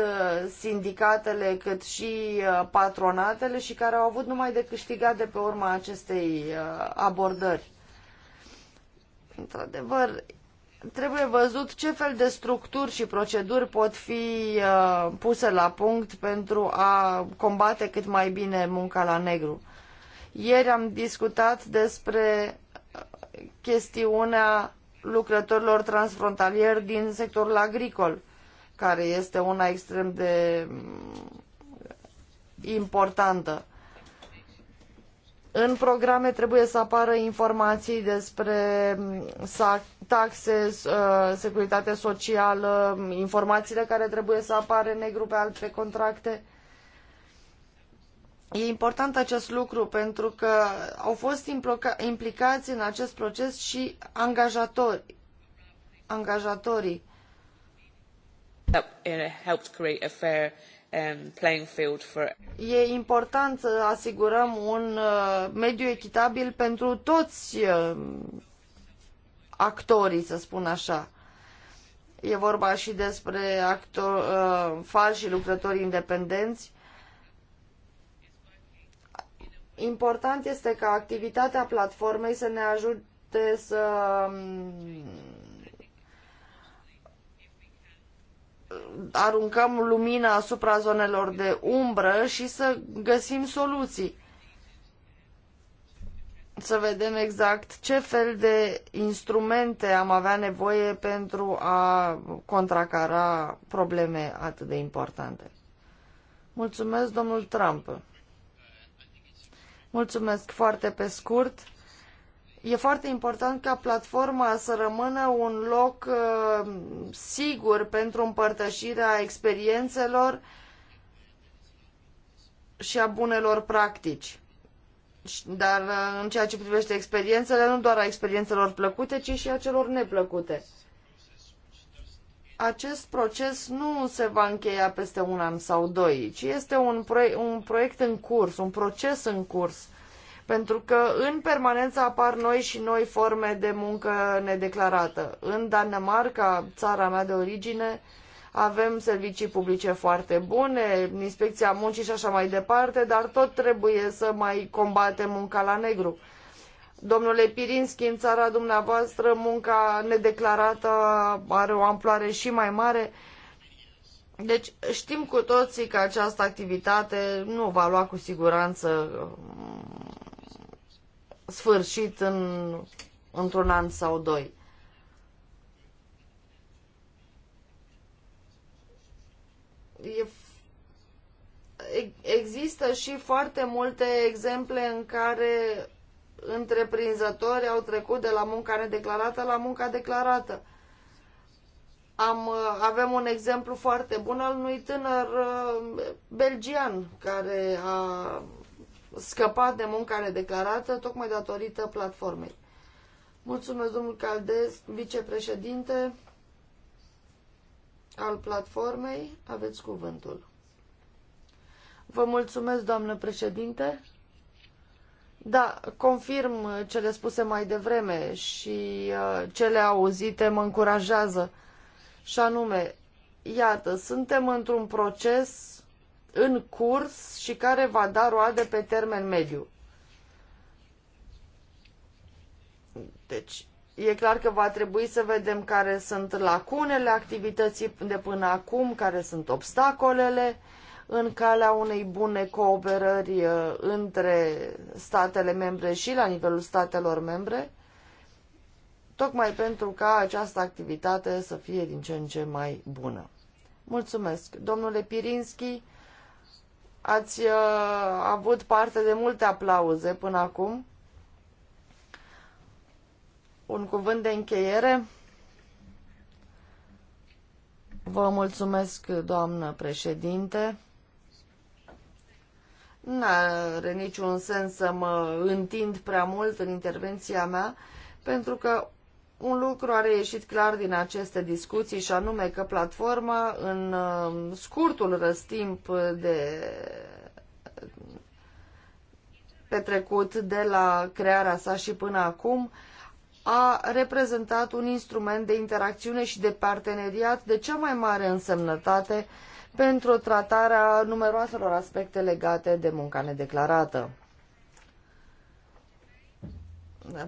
sindicatele cât și patronatele și care au avut numai de câștigat de pe urma acestei abordări. Într-adevăr, trebuie văzut ce fel de structuri și proceduri pot fi uh, puse la punct pentru a combate cât mai bine munca la negru. Ieri am discutat despre uh, chestiunea lucrătorilor transfrontalieri din sectorul agricol, care este una extrem de mm, importantă. În programe trebuie să apară informații despre mm, taxe, uh, securitate socială, informațiile care trebuie să apară negru pe alb pe contracte. E important acest lucru pentru că au fost implicați în acest proces și angajatori, angajatorii. helped create a fair Um, playing field for... E important să asigurăm un uh, mediu echitabil pentru toți uh, actorii, să spun așa. E vorba și despre actor, uh, fal și lucrători independenți. Important este ca activitatea platformei să ne ajute să um, aruncăm lumina asupra zonelor de umbră și să găsim soluții. Să vedem exact ce fel de instrumente am avea nevoie pentru a contracara probleme atât de importante. Mulțumesc, domnul Trump. Mulțumesc foarte pe scurt. E foarte important ca platforma să rămână un loc uh, sigur pentru împărtășirea experiențelor și a bunelor practici. Dar uh, în ceea ce privește experiențele, nu doar a experiențelor plăcute, ci și a celor neplăcute. Acest proces nu se va încheia peste un an sau doi, ci este un, un proiect în curs, un proces în curs pentru că în permanență apar noi și noi forme de muncă nedeclarată. În Danemarca, țara mea de origine, avem servicii publice foarte bune, inspecția muncii și așa mai departe, dar tot trebuie să mai combatem munca la negru. Domnule Pirinski, în țara dumneavoastră munca nedeclarată are o amploare și mai mare. Deci știm cu toții că această activitate nu va lua cu siguranță sfârșit în, într-un an sau doi. E există și foarte multe exemple în care întreprinzători au trecut de la munca nedeclarată la munca declarată. Am, uh, avem un exemplu foarte bun al unui tânăr uh, belgian care a scăpat de munca nedeclarată tocmai datorită platformei. Mulțumesc, domnul Caldez, vicepreședinte al platformei. Aveți cuvântul. Vă mulțumesc, doamnă președinte. Da, confirm cele spuse mai devreme și uh, cele auzite mă încurajează. Și anume, iată, suntem într-un proces în curs și care va da roade pe termen mediu. Deci, e clar că va trebui să vedem care sunt lacunele activității de până acum, care sunt obstacolele în calea unei bune cooperări uh, între statele membre și la nivelul statelor membre, tocmai pentru ca această activitate să fie din ce în ce mai bună. Mulțumesc. Domnule Pirinski, Ați uh, avut parte de multe aplauze până acum. Un cuvânt de încheiere. Vă mulțumesc, doamnă președinte. Nu are niciun sens să mă întind prea mult în intervenția mea, pentru că un lucru a reieșit clar din aceste discuții și anume că platforma în um, scurtul răstimp de petrecut de la crearea sa și până acum a reprezentat un instrument de interacțiune și de parteneriat de cea mai mare însemnătate pentru tratarea numeroaselor aspecte legate de munca nedeclarată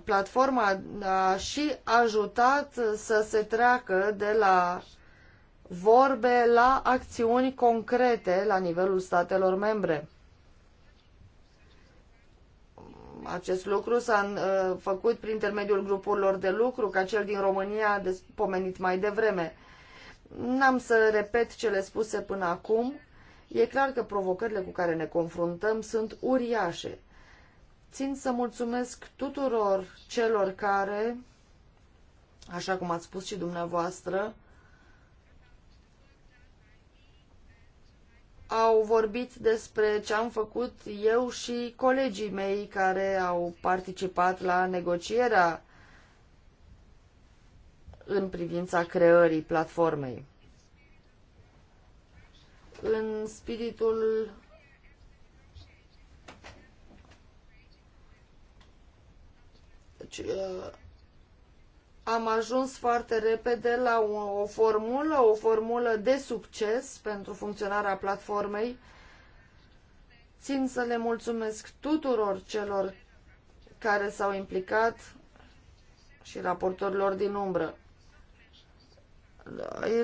platforma a și ajutat să se treacă de la vorbe la acțiuni concrete la nivelul statelor membre. Acest lucru s-a uh, făcut prin intermediul grupurilor de lucru, ca cel din România pomenit mai devreme. N-am să repet cele spuse până acum. E clar că provocările cu care ne confruntăm sunt uriașe Țin să mulțumesc tuturor celor care, așa cum ați spus și dumneavoastră, au vorbit despre ce am făcut eu și colegii mei care au participat la negocierea în privința creării platformei. În spiritul Deci, uh, am ajuns foarte repede la o, o formulă, o formulă de succes pentru funcționarea platformei. Țin să le mulțumesc tuturor celor care s-au implicat și raportorilor din umbră.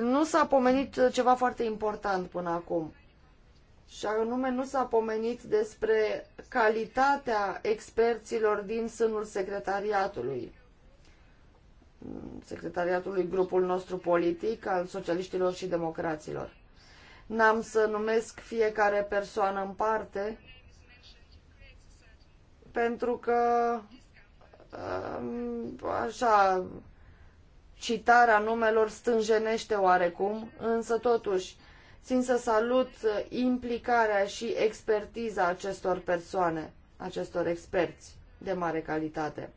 Nu s-a pomenit ceva foarte important până acum și anume nu s-a pomenit despre calitatea experților din sânul secretariatului secretariatului grupul nostru politic al socialiștilor și democraților. N-am să numesc fiecare persoană în parte, pentru că um, așa citarea numelor stânjenește oarecum, însă totuși Țin să salut uh, implicarea și expertiza acestor persoane, acestor experți de mare calitate.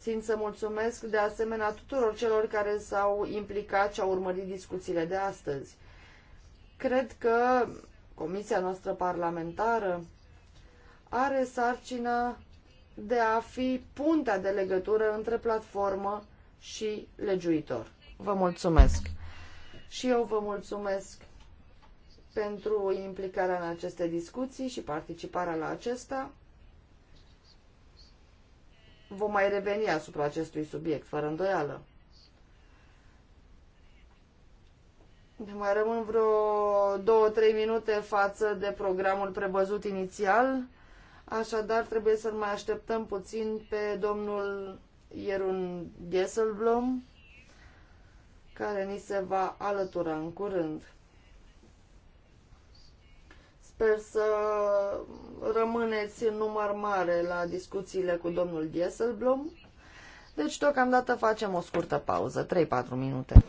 Țin să mulțumesc de asemenea tuturor celor care s-au implicat și au urmărit discuțiile de astăzi. Cred că Comisia noastră parlamentară are sarcina de a fi puntea de legătură între platformă și legiuitor. Vă mulțumesc! Și eu vă mulțumesc pentru implicarea în aceste discuții și participarea la acesta. Vom mai reveni asupra acestui subiect, fără îndoială. Mai rămân vreo două-trei minute față de programul prevăzut inițial, așadar trebuie să mai așteptăm puțin pe domnul Ierun Gesselblom care ni se va alătura în curând. Sper să rămâneți în număr mare la discuțiile cu domnul Dieselblom. Deci, deocamdată facem o scurtă pauză, 3-4 minute.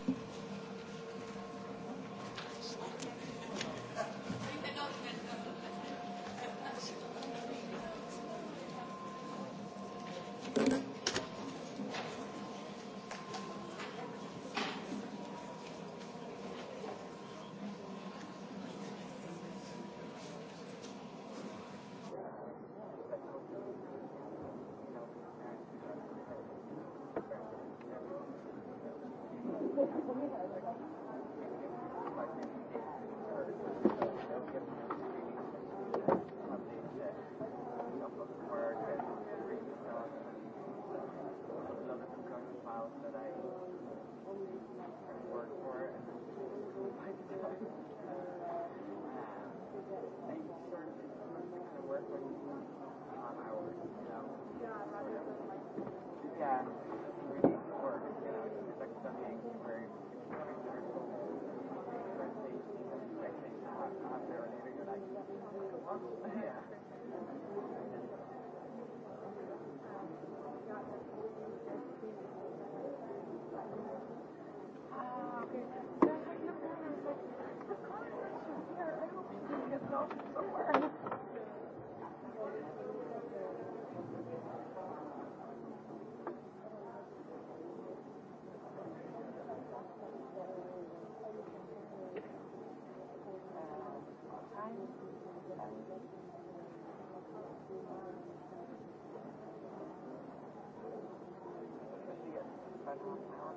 bedroom now,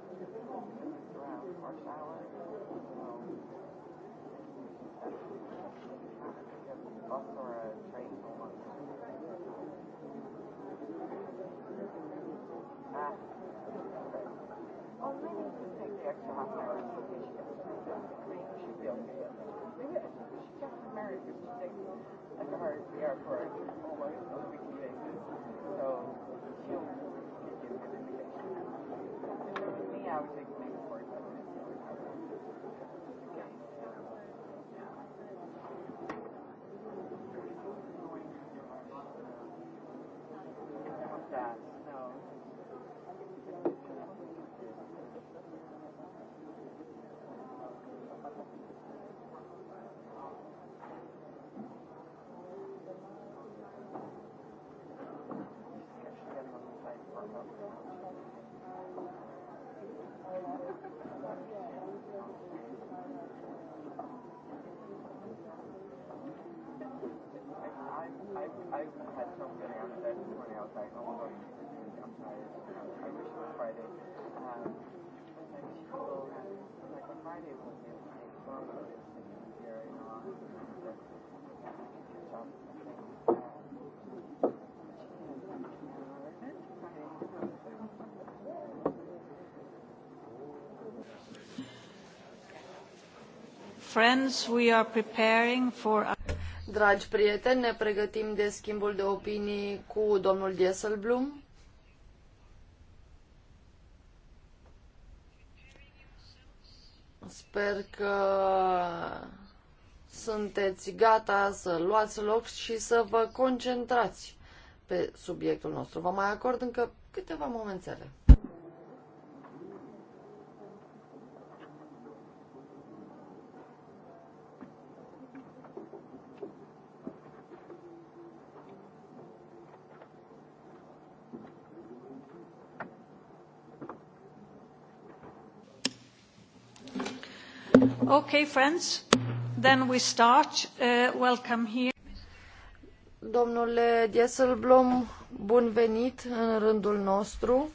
around our shower. So, bus or a train or one. Ah. Oh, maybe just take the extra half hour and see if she gets through she should be okay. Maybe I should, she got married because she takes, I got her at the airport. Dragi prieteni, ne pregătim de schimbul de opinii cu domnul Dieselblum. Sper că sunteți gata să luați loc și să vă concentrați pe subiectul nostru. Vă mai acord încă câteva momentele. Okay, friends, then we start. Uh, welcome here. Domnule Dieselblom, bun venit în rândul nostru.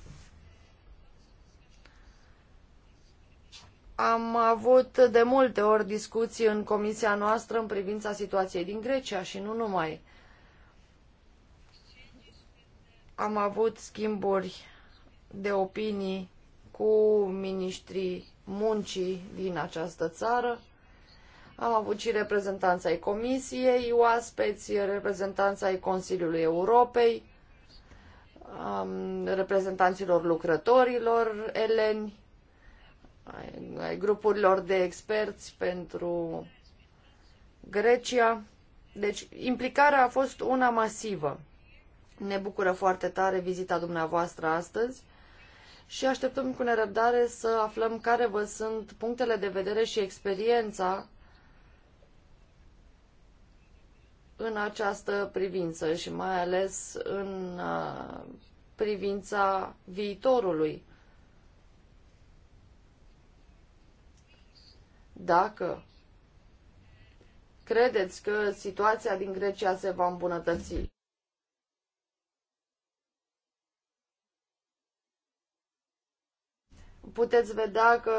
Am avut de multe ori discuții în comisia noastră în privința situației din Grecia și nu numai. Am avut schimburi de opinii cu ministrii muncii din această țară. Am avut și reprezentanța ai Comisiei, oaspeți, reprezentanța ai Consiliului Europei, reprezentanților lucrătorilor eleni, ai grupurilor de experți pentru Grecia. Deci implicarea a fost una masivă. Ne bucură foarte tare vizita dumneavoastră astăzi și așteptăm cu nerăbdare să aflăm care vă sunt punctele de vedere și experiența în această privință și mai ales în uh, privința viitorului. Dacă credeți că situația din Grecia se va îmbunătăți. puteți vedea că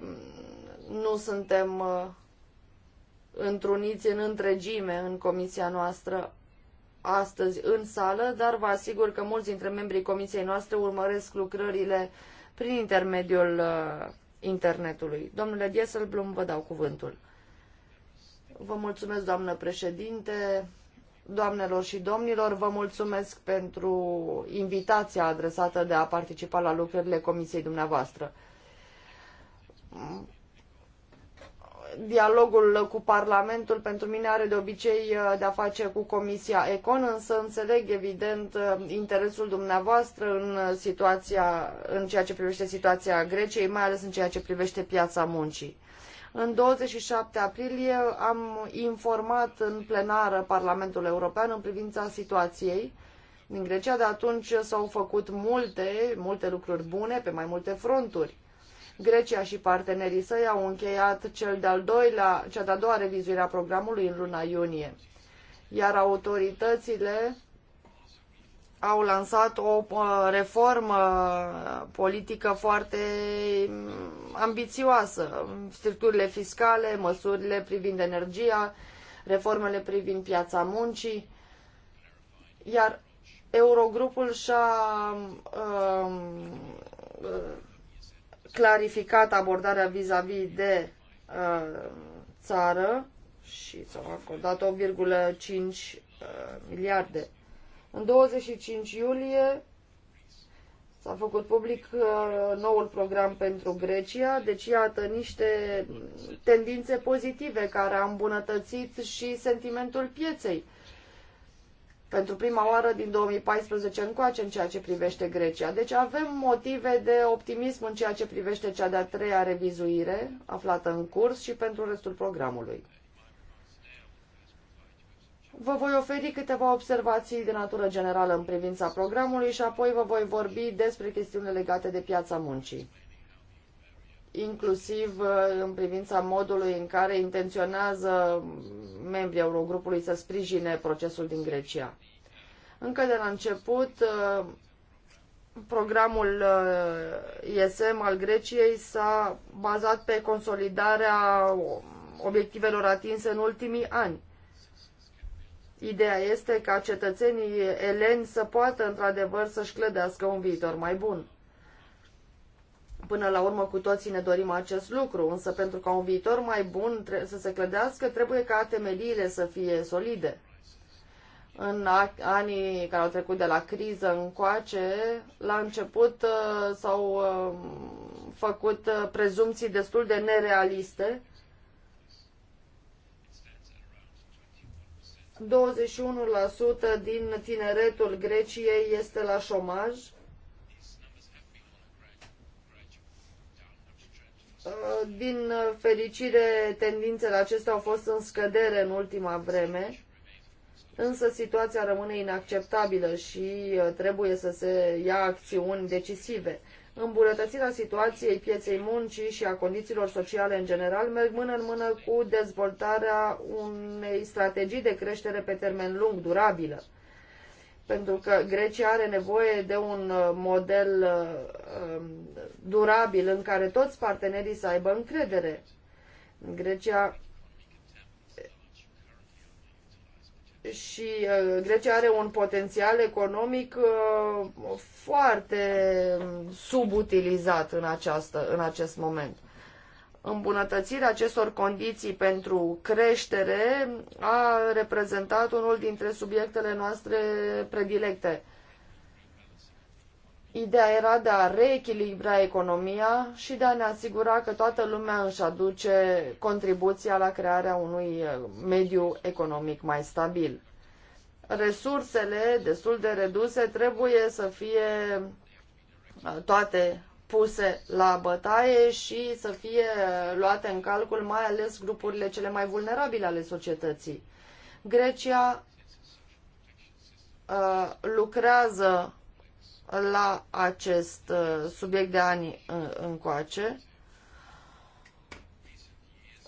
mm, nu suntem uh, întruniți în întregime în comisia noastră astăzi în sală, dar vă asigur că mulți dintre membrii comisiei noastre urmăresc lucrările prin intermediul uh, internetului. Domnule Dieselblum, vă dau cuvântul. Vă mulțumesc, doamnă președinte. Doamnelor și domnilor, vă mulțumesc pentru invitația adresată de a participa la lucrările comisiei dumneavoastră. Dialogul cu Parlamentul pentru mine are de obicei uh, de a face cu Comisia Econ, însă înțeleg evident uh, interesul dumneavoastră în, situația, în ceea ce privește situația Greciei, mai ales în ceea ce privește piața muncii în 27 aprilie am informat în plenară Parlamentul European în privința situației din Grecia. De atunci s-au făcut multe, multe lucruri bune pe mai multe fronturi. Grecia și partenerii săi au încheiat cel de-al doilea, cea de-a doua revizuire a programului în luna iunie, iar autoritățile au lansat o uh, reformă politică foarte mm, ambițioasă. Structurile fiscale, măsurile privind energia, reformele privind piața muncii, iar Eurogrupul și-a um, uh, clarificat abordarea vis-a-vis -vis de uh, țară și s-au acordat 8,5 uh, miliarde în 25 iulie s-a făcut public uh, noul program pentru Grecia, deci iată niște tendințe pozitive care a îmbunătățit și sentimentul pieței pentru prima oară din 2014 încoace în ceea ce privește Grecia. Deci avem motive de optimism în ceea ce privește cea de-a treia revizuire aflată în curs și pentru restul programului. Vă voi oferi câteva observații de natură generală în privința programului și apoi vă voi vorbi despre chestiunile legate de piața muncii, inclusiv uh, în privința modului în care intenționează membrii Eurogrupului să sprijine procesul din Grecia. Încă de la început, uh, programul ESM uh, al Greciei s-a bazat pe consolidarea obiectivelor atinse în ultimii ani Ideea este ca cetățenii eleni să poată într-adevăr să-și clădească un viitor mai bun. Până la urmă cu toții ne dorim acest lucru, însă pentru ca un viitor mai bun să se clădească trebuie ca temeliile să fie solide. În anii care au trecut de la criză încoace, la început uh, s-au uh, făcut uh, prezumții destul de nerealiste, 21% din tineretul Greciei este la șomaj. Din fericire, tendințele acestea au fost în scădere în ultima vreme, însă situația rămâne inacceptabilă și trebuie să se ia acțiuni decisive. Îmbunătățirea situației pieței muncii și a condițiilor sociale în general merg mână în mână cu dezvoltarea unei strategii de creștere pe termen lung, durabilă. Pentru că Grecia are nevoie de un uh, model uh, um, durabil în care toți partenerii să aibă încredere. Grecia și uh, Grecia are un potențial economic uh, foarte subutilizat în, această, în acest moment. Îmbunătățirea acestor condiții pentru creștere a reprezentat unul dintre subiectele noastre predilecte Ideea era de a reechilibra economia și de a ne asigura că toată lumea își aduce contribuția la crearea unui uh, mediu economic mai stabil. Resursele destul de reduse trebuie să fie uh, toate puse la bătaie și să fie uh, luate în calcul mai ales grupurile cele mai vulnerabile ale societății. Grecia uh, lucrează la acest uh, subiect de ani uh, încoace.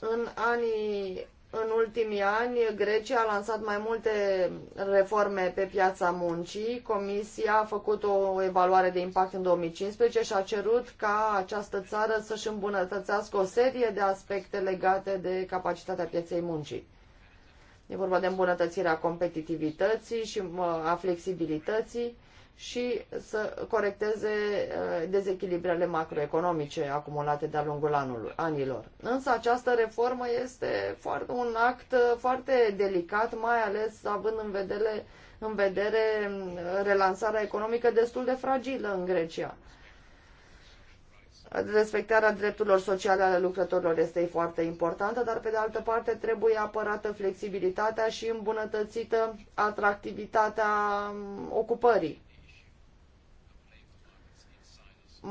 În anii în ultimii ani, Grecia a lansat mai multe reforme pe piața muncii. Comisia a făcut o evaluare de impact în 2015 și a cerut ca această țară să-și îmbunătățească o serie de aspecte legate de capacitatea pieței muncii. E vorba de îmbunătățirea competitivității și a flexibilității, și să corecteze uh, dezechilibrele macroeconomice acumulate de-a lungul anului, anilor. Însă această reformă este foarte, un act uh, foarte delicat, mai ales având în vedere, în vedere uh, relansarea economică destul de fragilă în Grecia. Respectarea drepturilor sociale ale lucrătorilor este foarte importantă, dar pe de altă parte trebuie apărată flexibilitatea și îmbunătățită atractivitatea um, ocupării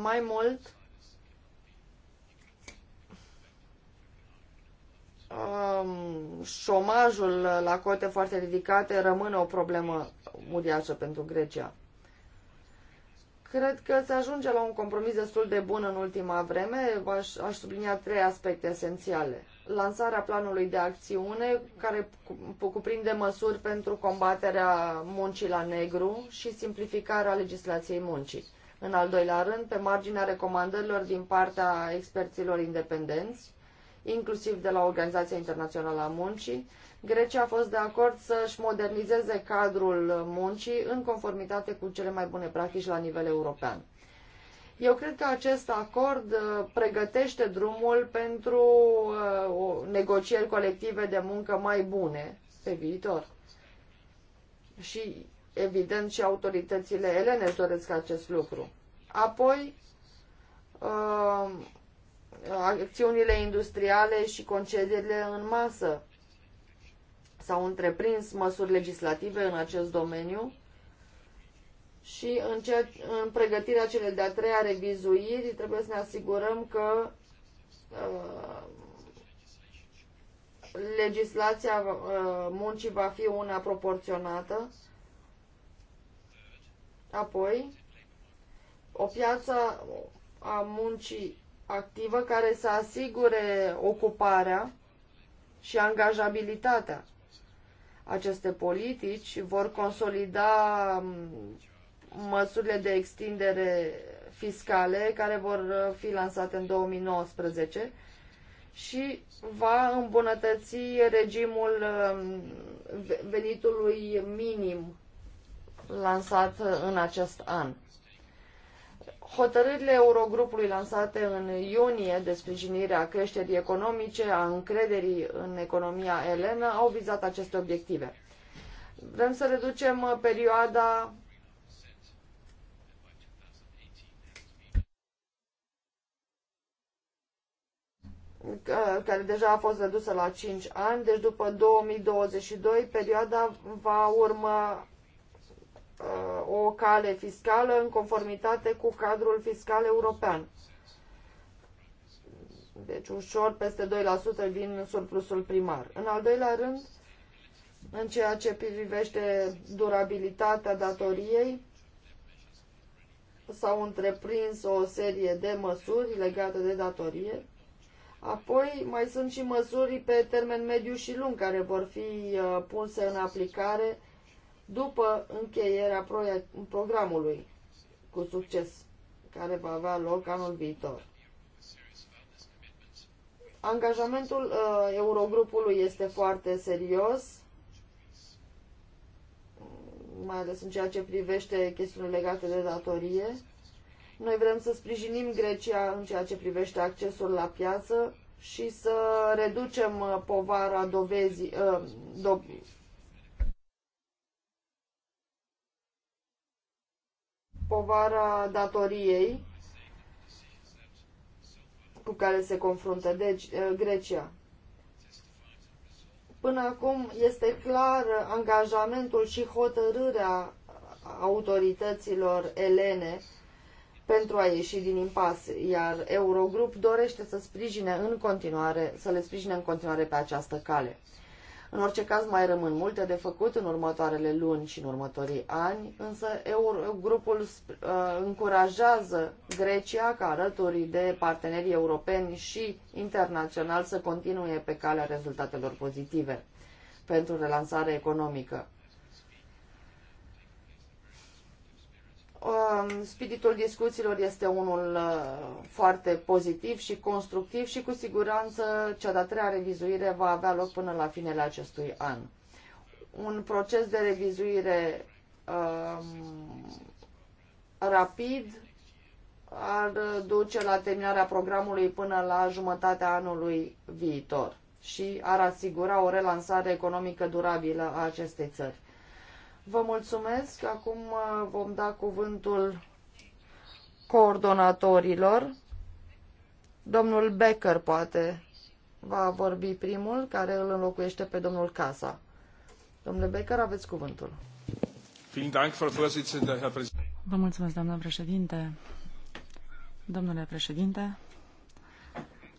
mai mult, um, șomajul la cote foarte ridicate rămâne o problemă uriașă pentru Grecia. Cred că se ajunge la un compromis destul de bun în ultima vreme. Aș, aș sublinia trei aspecte esențiale. Lansarea planului de acțiune, care cuprinde măsuri pentru combaterea muncii la negru și simplificarea legislației muncii. În al doilea rând, pe marginea recomandărilor din partea experților independenți, inclusiv de la Organizația Internațională a Muncii, Grecia a fost de acord să-și modernizeze cadrul muncii în conformitate cu cele mai bune practici la nivel european. Eu cred că acest acord uh, pregătește drumul pentru uh, negocieri colective de muncă mai bune pe viitor. Și Evident și autoritățile elene își doresc acest lucru. Apoi, uh, acțiunile industriale și concedierile în masă. S-au întreprins măsuri legislative în acest domeniu și în, ce, în pregătirea cele de-a treia revizuiri trebuie să ne asigurăm că uh, legislația uh, muncii va fi una proporționată Apoi, o piață a muncii activă care să asigure ocuparea și angajabilitatea. Aceste politici vor consolida măsurile de extindere fiscale care vor fi lansate în 2019 și va îmbunătăți regimul venitului minim lansat în acest an. Hotărârile Eurogrupului lansate în iunie de sprijinirea creșterii economice, a încrederii în economia elenă, au vizat aceste obiective. Vrem să reducem perioada care deja a fost redusă la 5 ani, deci după 2022 perioada va urma o cale fiscală în conformitate cu cadrul fiscal european. Deci ușor peste 2% din surplusul primar. În al doilea rând, în ceea ce privește durabilitatea datoriei, s-au întreprins o serie de măsuri legate de datorie. Apoi mai sunt și măsuri pe termen mediu și lung care vor fi uh, puse în aplicare după încheierea programului cu succes care va avea loc anul viitor. Angajamentul uh, Eurogrupului este foarte serios, mai ales în ceea ce privește chestiuni legate de datorie. Noi vrem să sprijinim Grecia în ceea ce privește accesul la piață și să reducem uh, povara dovezii, uh, do, povara datoriei cu care se confruntă deci, Grecia. Până acum este clar angajamentul și hotărârea autorităților elene pentru a ieși din impas, iar Eurogrup dorește să sprijine în continuare, să le sprijine în continuare pe această cale. În orice caz, mai rămân multe de făcut în următoarele luni și în următorii ani, însă grupul uh, încurajează Grecia, ca alături de partenerii europeni și internațional, să continue pe calea rezultatelor pozitive pentru relansare economică. Um, spiritul discuțiilor este unul uh, foarte pozitiv și constructiv și cu siguranță cea de-a treia revizuire va avea loc până la finele acestui an. Un proces de revizuire um, rapid ar duce la terminarea programului până la jumătatea anului viitor și ar asigura o relansare economică durabilă a acestei țări. Vă mulțumesc. Acum uh, vom da cuvântul coordonatorilor. Domnul Becker poate va vorbi primul, care îl înlocuiește pe domnul Casa. Domnule Becker, aveți cuvântul. Vă mulțumesc, doamnă președinte. Domnule președinte,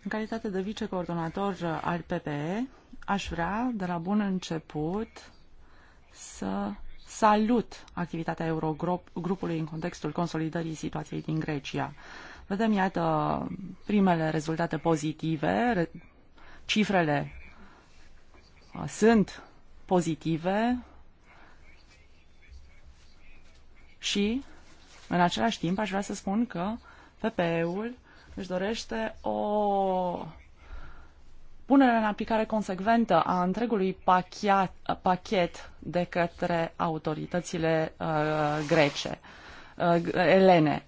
în calitate de vicecoordonator al PPE, aș vrea de la bun început să salut activitatea Eurogrupului în contextul consolidării situației din Grecia. Vedem, iată, primele rezultate pozitive, cifrele uh, sunt pozitive și, în același timp, aș vrea să spun că PPE-ul își dorește o punerea în aplicare consecventă a întregului pachet, pachet de către autoritățile uh, grece, uh, elene.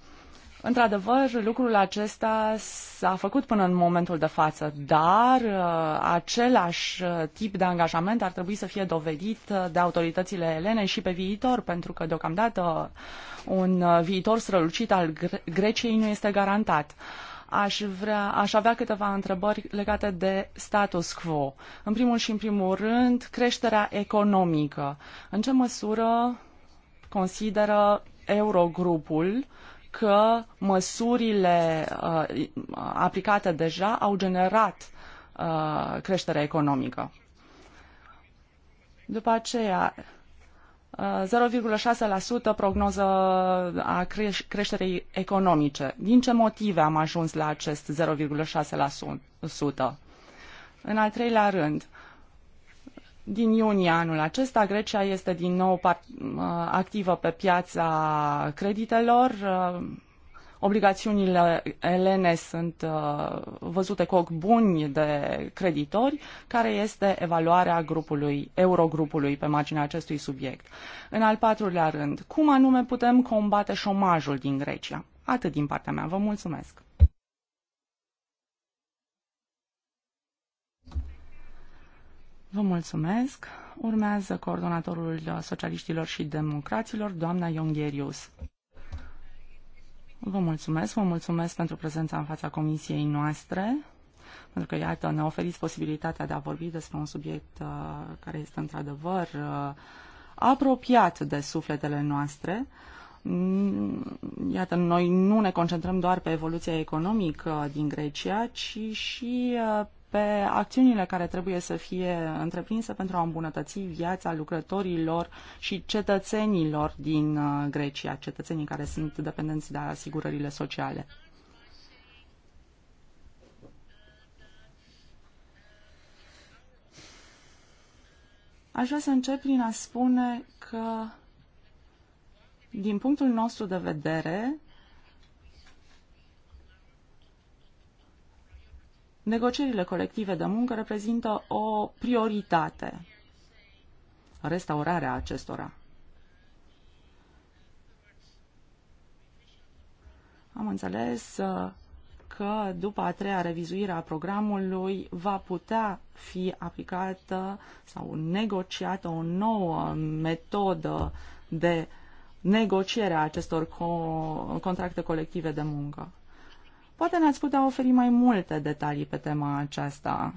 Într-adevăr, lucrul acesta s-a făcut până în momentul de față, dar uh, același uh, tip de angajament ar trebui să fie dovedit uh, de autoritățile elene și pe viitor, pentru că deocamdată un uh, viitor strălucit al Greciei nu este garantat. Uh, aș, vrea, aș avea câteva întrebări legate de status quo. În primul și în primul rând, creșterea economică. În ce măsură consideră Eurogrupul că măsurile uh, aplicate deja au generat uh, creșterea economică? După aceea, 0,6% prognoză a creșterii economice. Din ce motive am ajuns la acest 0,6%? În al treilea rând, din iunie anul acesta, Grecia este din nou uh, activă pe piața creditelor. Uh, obligațiunile elene sunt uh, văzute cu ochi buni de creditori, care este evaluarea grupului, eurogrupului pe marginea acestui subiect. În al patrulea rând, cum anume putem combate șomajul din Grecia? Atât din partea mea. Vă mulțumesc! Vă mulțumesc. Urmează coordonatorul socialiștilor și democraților, doamna Iongherius. Vă mulțumesc, vă mulțumesc pentru prezența în fața comisiei noastre, pentru că, iată, ne oferiți posibilitatea de a vorbi despre un subiect uh, care este, într-adevăr, uh, apropiat de sufletele noastre. Mm, iată, noi nu ne concentrăm doar pe evoluția economică din Grecia, ci și uh, pe acțiunile care trebuie să fie întreprinse pentru a îmbunătăți viața lucrătorilor și cetățenilor din uh, Grecia, cetățenii care sunt dependenți de asigurările sociale. Aș vrea să încep prin a spune că, din punctul nostru de vedere, Negocierile colective de muncă reprezintă o prioritate. Restaurarea acestora. Am înțeles uh, că după a treia revizuire a programului va putea fi aplicată sau negociată o nouă metodă de negociere a acestor co- contracte colective de muncă. Poate ne-ați putea oferi mai multe detalii pe tema aceasta.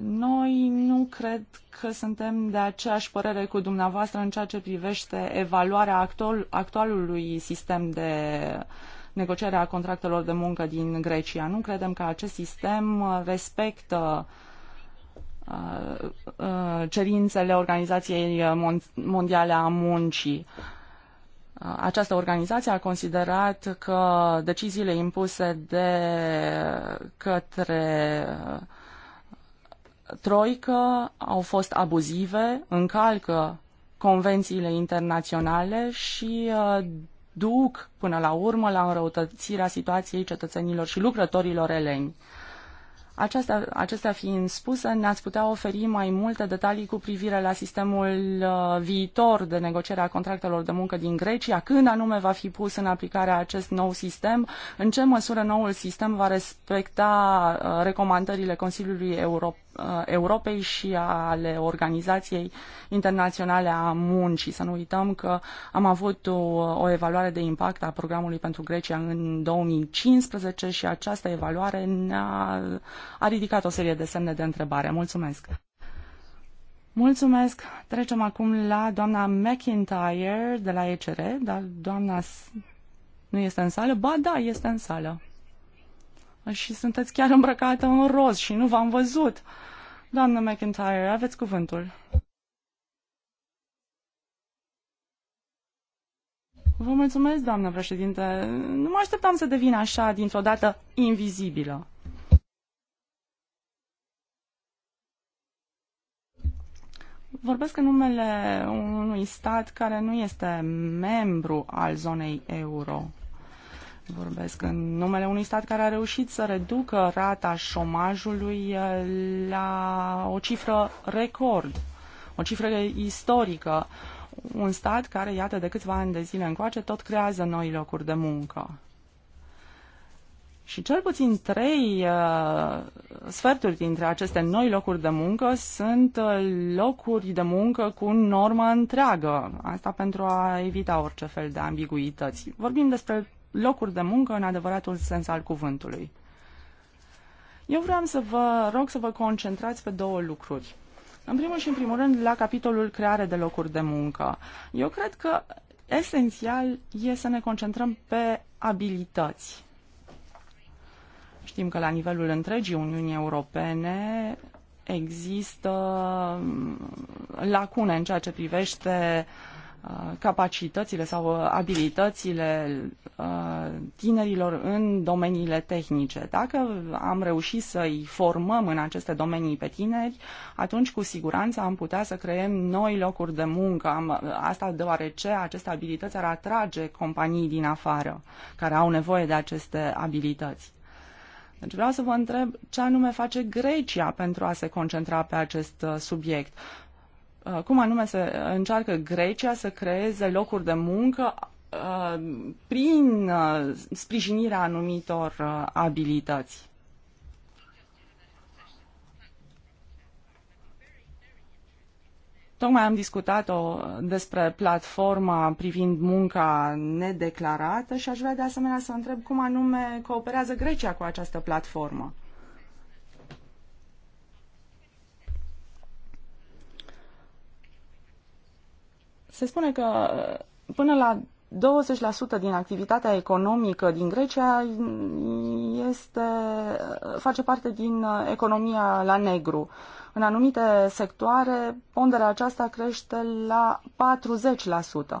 Noi nu cred că suntem de aceeași părere cu dumneavoastră în ceea ce privește evaluarea actual, actualului sistem de negociere a contractelor de muncă din Grecia. Nu credem că acest sistem respectă uh, Uh, cerințele Organizației Mondiale a Muncii. Uh, această organizație a considerat că deciziile impuse de către uh, Troică au fost abuzive, încalcă convențiile internaționale și duc până la urmă la înrăutățirea situației cetățenilor și lucrătorilor eleni. Aceasta, acestea fiind spuse, ne-ați putea oferi mai multe detalii cu privire la sistemul uh, viitor de negociere a contractelor de muncă din Grecia, când anume va fi pus în aplicare acest nou sistem, în ce măsură noul sistem va respecta uh, recomandările Consiliului Europei Uh, Europei și ale Organizației Internaționale a Muncii. Să nu uităm că am avut o, o evaluare de impact a programului pentru Grecia în 2015 și această evaluare ne-a a ridicat o serie de semne de întrebare. Mulțumesc! Mulțumesc! Trecem acum la doamna McIntyre de la ECR, dar doamna nu este în sală? Ba da, este în sală și sunteți chiar îmbrăcată în roz și nu v-am văzut. Doamnă McIntyre, aveți cuvântul. Vă mulțumesc, doamnă președinte. Nu mă așteptam să devin așa, dintr-o dată, invizibilă. Vorbesc în numele unui stat care nu este membru al zonei euro. Vorbesc în numele unui stat care a reușit să reducă rata șomajului uh, la o cifră record, o cifră istorică. Un stat care, iată, de câțiva ani de zile încoace, tot creează noi locuri de muncă. Și cel puțin trei uh, sferturi dintre aceste noi locuri de muncă sunt uh, locuri de muncă cu normă întreagă. Asta pentru a evita orice fel de ambiguități. Vorbim despre locuri de muncă în adevăratul sens al cuvântului. Eu vreau să vă rog să vă concentrați pe două lucruri. În primul și în primul rând, la capitolul creare de locuri de muncă. Eu cred că esențial e să ne concentrăm pe abilități. Știm că la nivelul întregii Uniunii Europene există lacune în ceea ce privește uh, capacitățile sau uh, abilitățile uh, tinerilor în domeniile tehnice. Dacă am reușit să-i formăm în aceste domenii pe tineri, atunci cu siguranță am putea să creăm noi locuri de muncă. asta deoarece aceste abilități ar atrage companii din afară care au nevoie de aceste abilități. Deci vreau să vă întreb ce anume face Grecia pentru a se concentra pe acest uh, subiect. Uh, cum anume se încearcă Grecia să creeze locuri de muncă uh, prin uh, sprijinirea anumitor abilități. Tocmai am discutat-o despre platforma privind munca nedeclarată și aș vrea de asemenea să întreb cum anume cooperează Grecia cu această platformă. Se spune că uh, până la 20% din activitatea economică din Grecia este, uh, face parte din uh, economia la negru. În anumite sectoare, ponderea aceasta crește la 40%.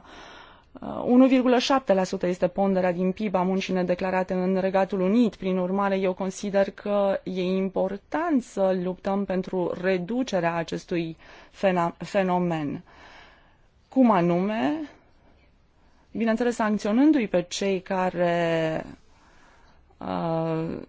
1,7% este ponderea din PIB a muncii nedeclarate în Regatul Unit. Prin urmare, eu consider că e important să luptăm pentru reducerea acestui fenomen. Cum anume? Bineînțeles, sancționându-i pe cei care uh,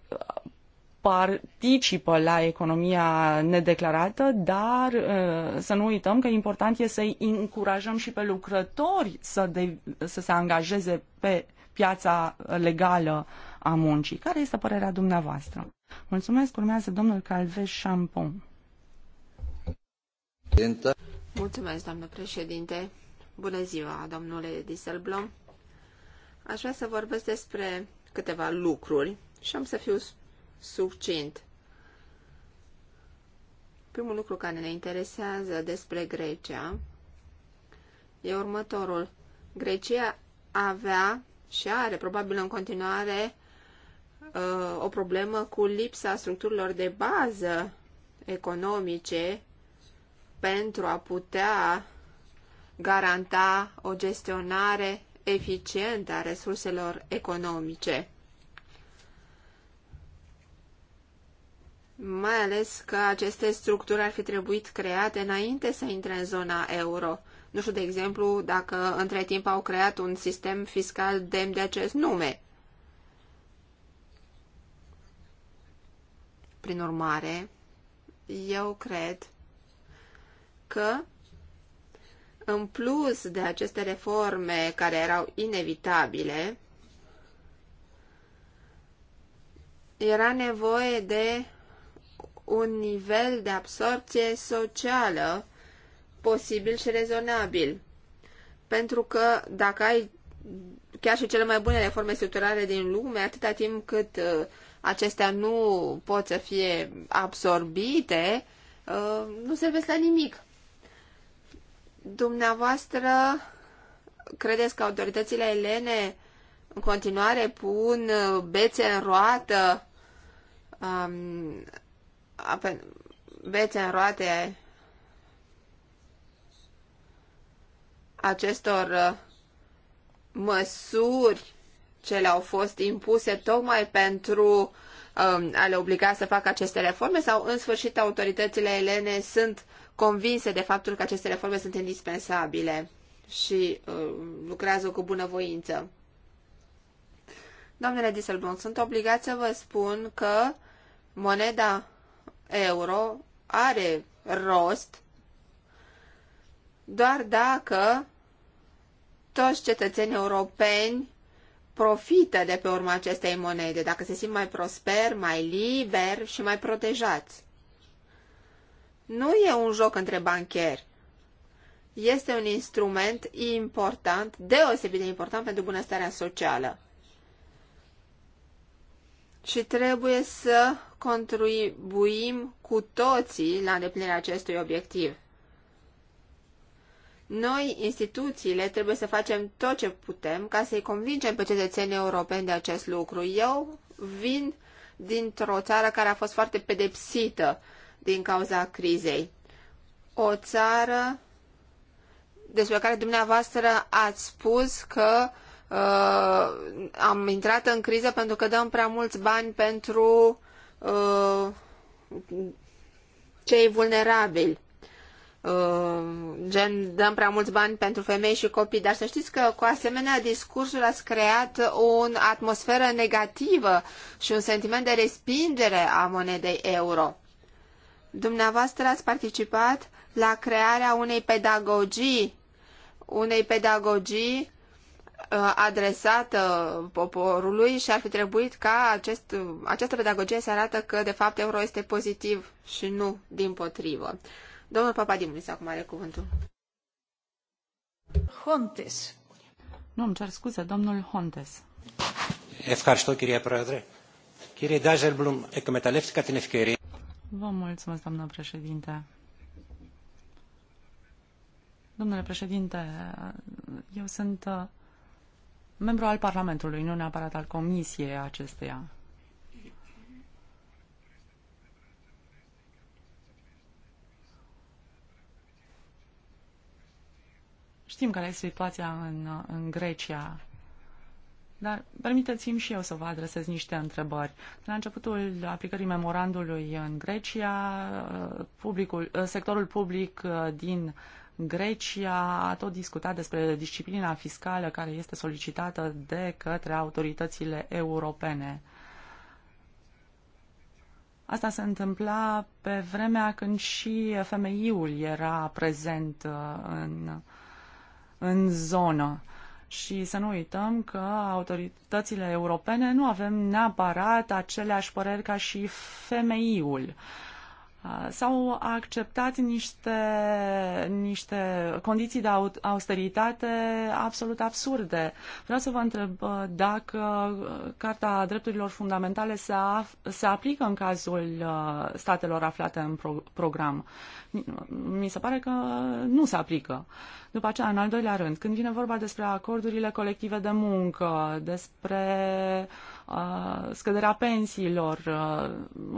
participă la economia nedeclarată, dar uh, să nu uităm că important este să-i încurajăm și pe lucrători să, de, să se angajeze pe piața legală a muncii. Care este părerea dumneavoastră? Mulțumesc, urmează domnul Calveș Șampon. Mulțumesc, doamnă președinte. Bună ziua, domnule Dieselblom. Aș vrea să vorbesc despre câteva lucruri și am să fiu succint. Primul lucru care ne interesează despre Grecia e următorul. Grecia avea și are probabil în continuare uh, o problemă cu lipsa structurilor de bază economice pentru a putea garanta o gestionare eficientă a resurselor economice. Mai ales că aceste structuri ar fi trebuit create înainte să intre în zona euro. Nu știu, de exemplu, dacă între timp au creat un sistem fiscal demn de acest nume. Prin urmare, eu cred că, în plus de aceste reforme care erau inevitabile, era nevoie de un nivel de absorpție socială posibil și rezonabil. Pentru că dacă ai chiar și cele mai bune reforme structurale din lume, atâta timp cât uh, acestea nu pot să fie absorbite, uh, nu servesc la nimic. Dumneavoastră credeți că autoritățile elene în continuare pun uh, bețe în roată um, bețe în roate acestor uh, măsuri ce le-au fost impuse tocmai pentru um, a le obliga să facă aceste reforme sau în sfârșit autoritățile elene sunt convinse de faptul că aceste reforme sunt indispensabile și uh, lucrează cu bunăvoință. Domnule Disselblom, sunt obligat să vă spun că moneda euro are rost doar dacă toți cetățenii europeni profită de pe urma acestei monede, dacă se simt mai prosper, mai liber și mai protejați. Nu e un joc între bancheri. Este un instrument important, deosebit de important pentru bunăstarea socială. Și trebuie să contribuim cu toții la îndeplinirea acestui obiectiv. Noi, instituțiile, trebuie să facem tot ce putem ca să-i convingem pe cetățenii europeni de acest lucru. Eu vin dintr-o țară care a fost foarte pedepsită din cauza crizei. O țară despre care dumneavoastră ați spus că uh, am intrat în criză pentru că dăm prea mulți bani pentru uh, cei vulnerabili. Uh, gen, dăm prea mulți bani pentru femei și copii, dar să știți că cu asemenea discursul ați creat o atmosferă negativă și un sentiment de respingere a monedei euro. Dumneavoastră ați participat la crearea unei pedagogii, unei pedagogii uh, adresată poporului și ar fi trebuit ca acest, această pedagogie să arată că, de fapt, euro este pozitiv și nu din potrivă. Domnul Papadimulis acum are cuvântul. Hontes. Nu, îmi cer scuze, domnul Hontes. Ευχαριστώ, κυρία Πρόεδρε. Κύριε Ντάζελμπλουμ, εκμεταλλεύτηκα την ευκαιρία. Vă mulțumesc, doamnă președinte. Domnule președinte, eu sunt uh, membru al Parlamentului, nu neapărat al Comisiei acesteia. Știm care este situația în, în Grecia dar permiteți-mi și eu să vă adresez niște întrebări. La începutul aplicării memorandului în Grecia, publicul, sectorul public din Grecia a tot discutat despre disciplina fiscală care este solicitată de către autoritățile europene. Asta se întâmpla pe vremea când și FMI-ul era prezent uh, în, în zonă. Și să nu uităm că autoritățile europene nu avem neapărat aceleași păreri ca și femeiul. Uh, Uh, sau a acceptat niște, niște condiții de austeritate absolut absurde. Vreau să vă întreb uh, dacă uh, Carta Drepturilor Fundamentale se, af- se aplică în cazul statelor aflate în pro- program. Mi se pare că nu se aplică. După aceea, în al doilea rând, când vine vorba despre acordurile colective de muncă, despre uh, scăderea pensiilor.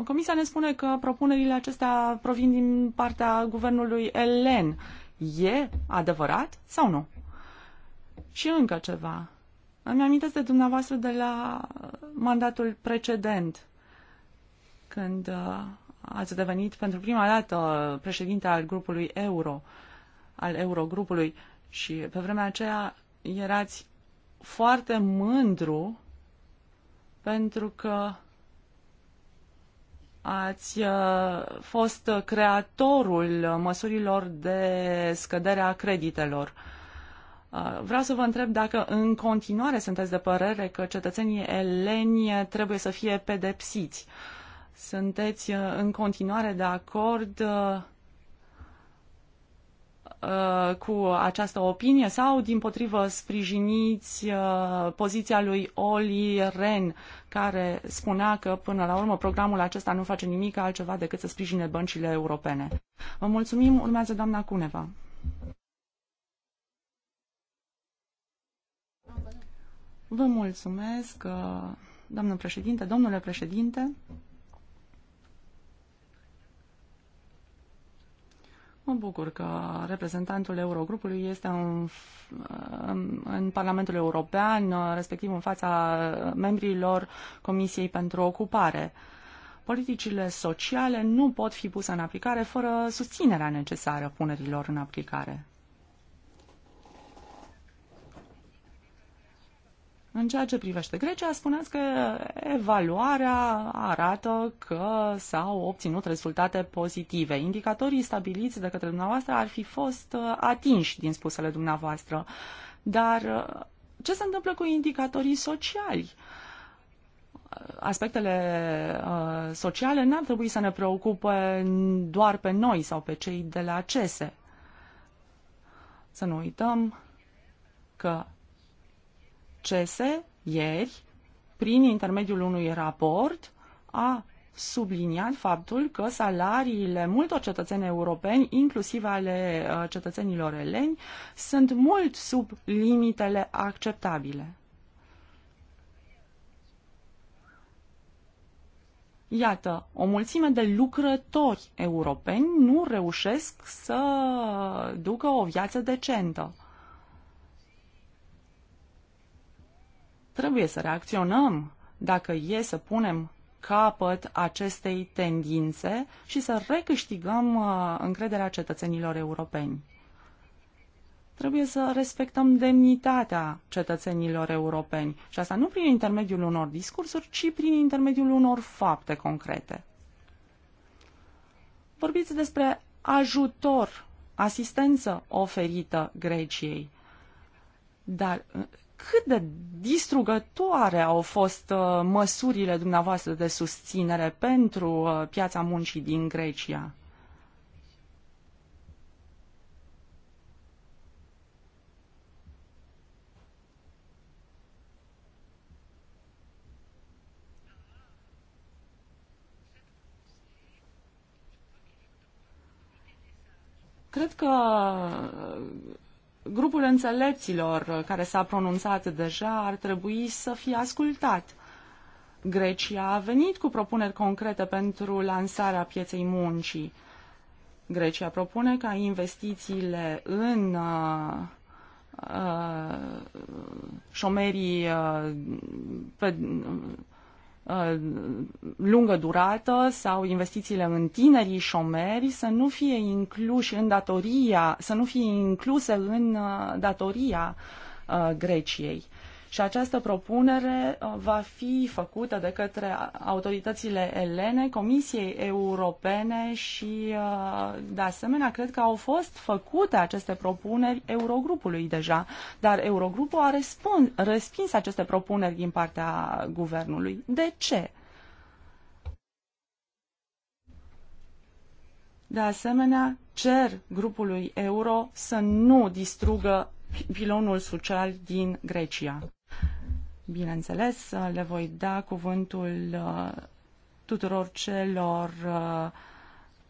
Comisia ne spune că propunerile acestea provin din partea guvernului elen. E adevărat sau nu? Și încă ceva. Îmi amintesc de dumneavoastră de la mandatul precedent, când ați devenit pentru prima dată președinte al grupului euro, al eurogrupului și pe vremea aceea erați foarte mândru pentru că ați uh, fost creatorul măsurilor de scădere a creditelor. Uh, vreau să vă întreb dacă în continuare sunteți de părere că cetățenii eleni trebuie să fie pedepsiți. Sunteți uh, în continuare de acord Uh, cu această opinie sau, din potrivă, sprijiniți uh, poziția lui Oli Ren, care spunea că, până la urmă, programul acesta nu face nimic altceva decât să sprijine băncile europene. Vă mulțumim. Urmează doamna Cuneva. Vă mulțumesc, uh, doamnă președinte, domnule președinte. Mă bucur că reprezentantul Eurogrupului este în, în Parlamentul European, respectiv în fața membrilor Comisiei pentru Ocupare. Politicile sociale nu pot fi puse în aplicare fără susținerea necesară punerilor în aplicare. În ceea ce privește Grecia, spuneți că evaluarea arată că s-au obținut rezultate pozitive. Indicatorii stabiliți de către dumneavoastră ar fi fost uh, atinși din spusele dumneavoastră. Dar uh, ce se întâmplă cu indicatorii sociali? Uh, aspectele uh, sociale n-ar trebui să ne preocupe doar pe noi sau pe cei de la CESE. Să nu uităm că CESE ieri, prin intermediul unui raport, a subliniat faptul că salariile multor cetățeni europeni, inclusiv ale uh, cetățenilor eleni, sunt mult sub limitele acceptabile. Iată, o mulțime de lucrători europeni nu reușesc să ducă o viață decentă. Trebuie să reacționăm dacă e să punem capăt acestei tendințe și să recâștigăm uh, încrederea cetățenilor europeni. Trebuie să respectăm demnitatea cetățenilor europeni și asta nu prin intermediul unor discursuri, ci prin intermediul unor fapte concrete. Vorbiți despre ajutor, asistență oferită Greciei. Dar uh, cât de distrugătoare au fost uh, măsurile dumneavoastră de susținere pentru uh, piața muncii din Grecia. Cred că grupul înțelepților care s-a pronunțat deja ar trebui să fie ascultat. Grecia a venit cu propuneri concrete pentru lansarea pieței muncii. Grecia propune ca investițiile în uh, uh, șomerii uh, pe, Uh, lungă durată sau investițiile în tinerii șomeri să nu fie incluși în datoria, să nu fie incluse în uh, datoria uh, Greciei. Și această propunere uh, va fi făcută de către autoritățile elene, Comisiei Europene și, uh, de asemenea, cred că au fost făcute aceste propuneri Eurogrupului deja, dar Eurogrupul a răspuns, respins aceste propuneri din partea guvernului. De ce? De asemenea, cer grupului euro să nu distrugă pilonul social din Grecia. Bineînțeles, le voi da cuvântul uh, tuturor celor uh,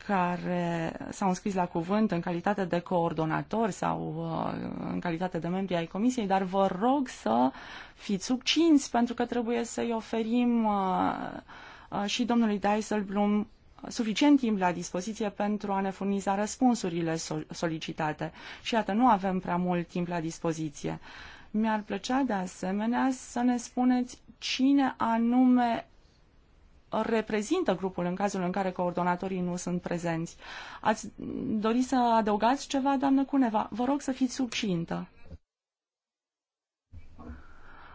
care s-au înscris la cuvânt în calitate de coordonator sau uh, în calitate de membri ai comisiei, dar vă rog să fiți succinți pentru că trebuie să-i oferim și domnului Dijsselbloem suficient timp la dispoziție pentru a ne furniza răspunsurile solicitate. Și iată, nu avem prea mult timp la dispoziție. Uh, mi-ar plăcea de asemenea să ne spuneți cine anume reprezintă grupul în cazul în care coordonatorii nu sunt prezenți. Ați dori să adăugați ceva, doamnă Cuneva? Vă rog să fiți subcintă.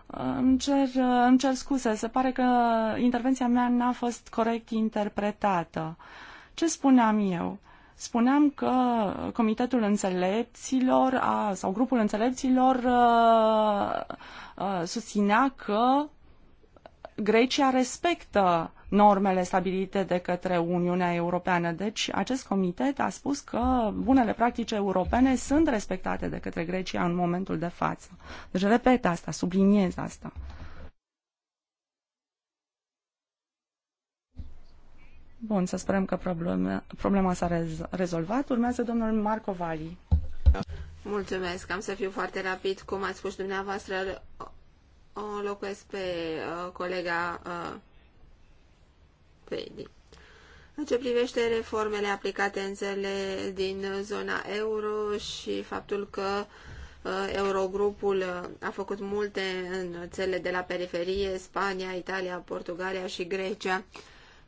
Îmi cer, îmi cer scuze, se pare că intervenția mea n-a fost corect interpretată. Ce spuneam eu? Spuneam că Comitetul Înțelepților a, sau Grupul Înțelepților a, uh, a, uh, susținea că Grecia respectă normele stabilite de către Uniunea Europeană. Deci acest comitet a spus că bunele practici europene sunt respectate de către Grecia în momentul de față. Deci repet asta, subliniez asta. Bun, să sperăm că problema s-a rez, rezolvat. Urmează domnul Marco Vali. Mulțumesc, am să fiu foarte rapid. Cum ați spus dumneavoastră, o locuiesc pe uh, colega uh, Pedi. În ce privește reformele aplicate în țările din zona euro și faptul că uh, Eurogrupul uh, a făcut multe în țările de la periferie, Spania, Italia, Portugalia și Grecia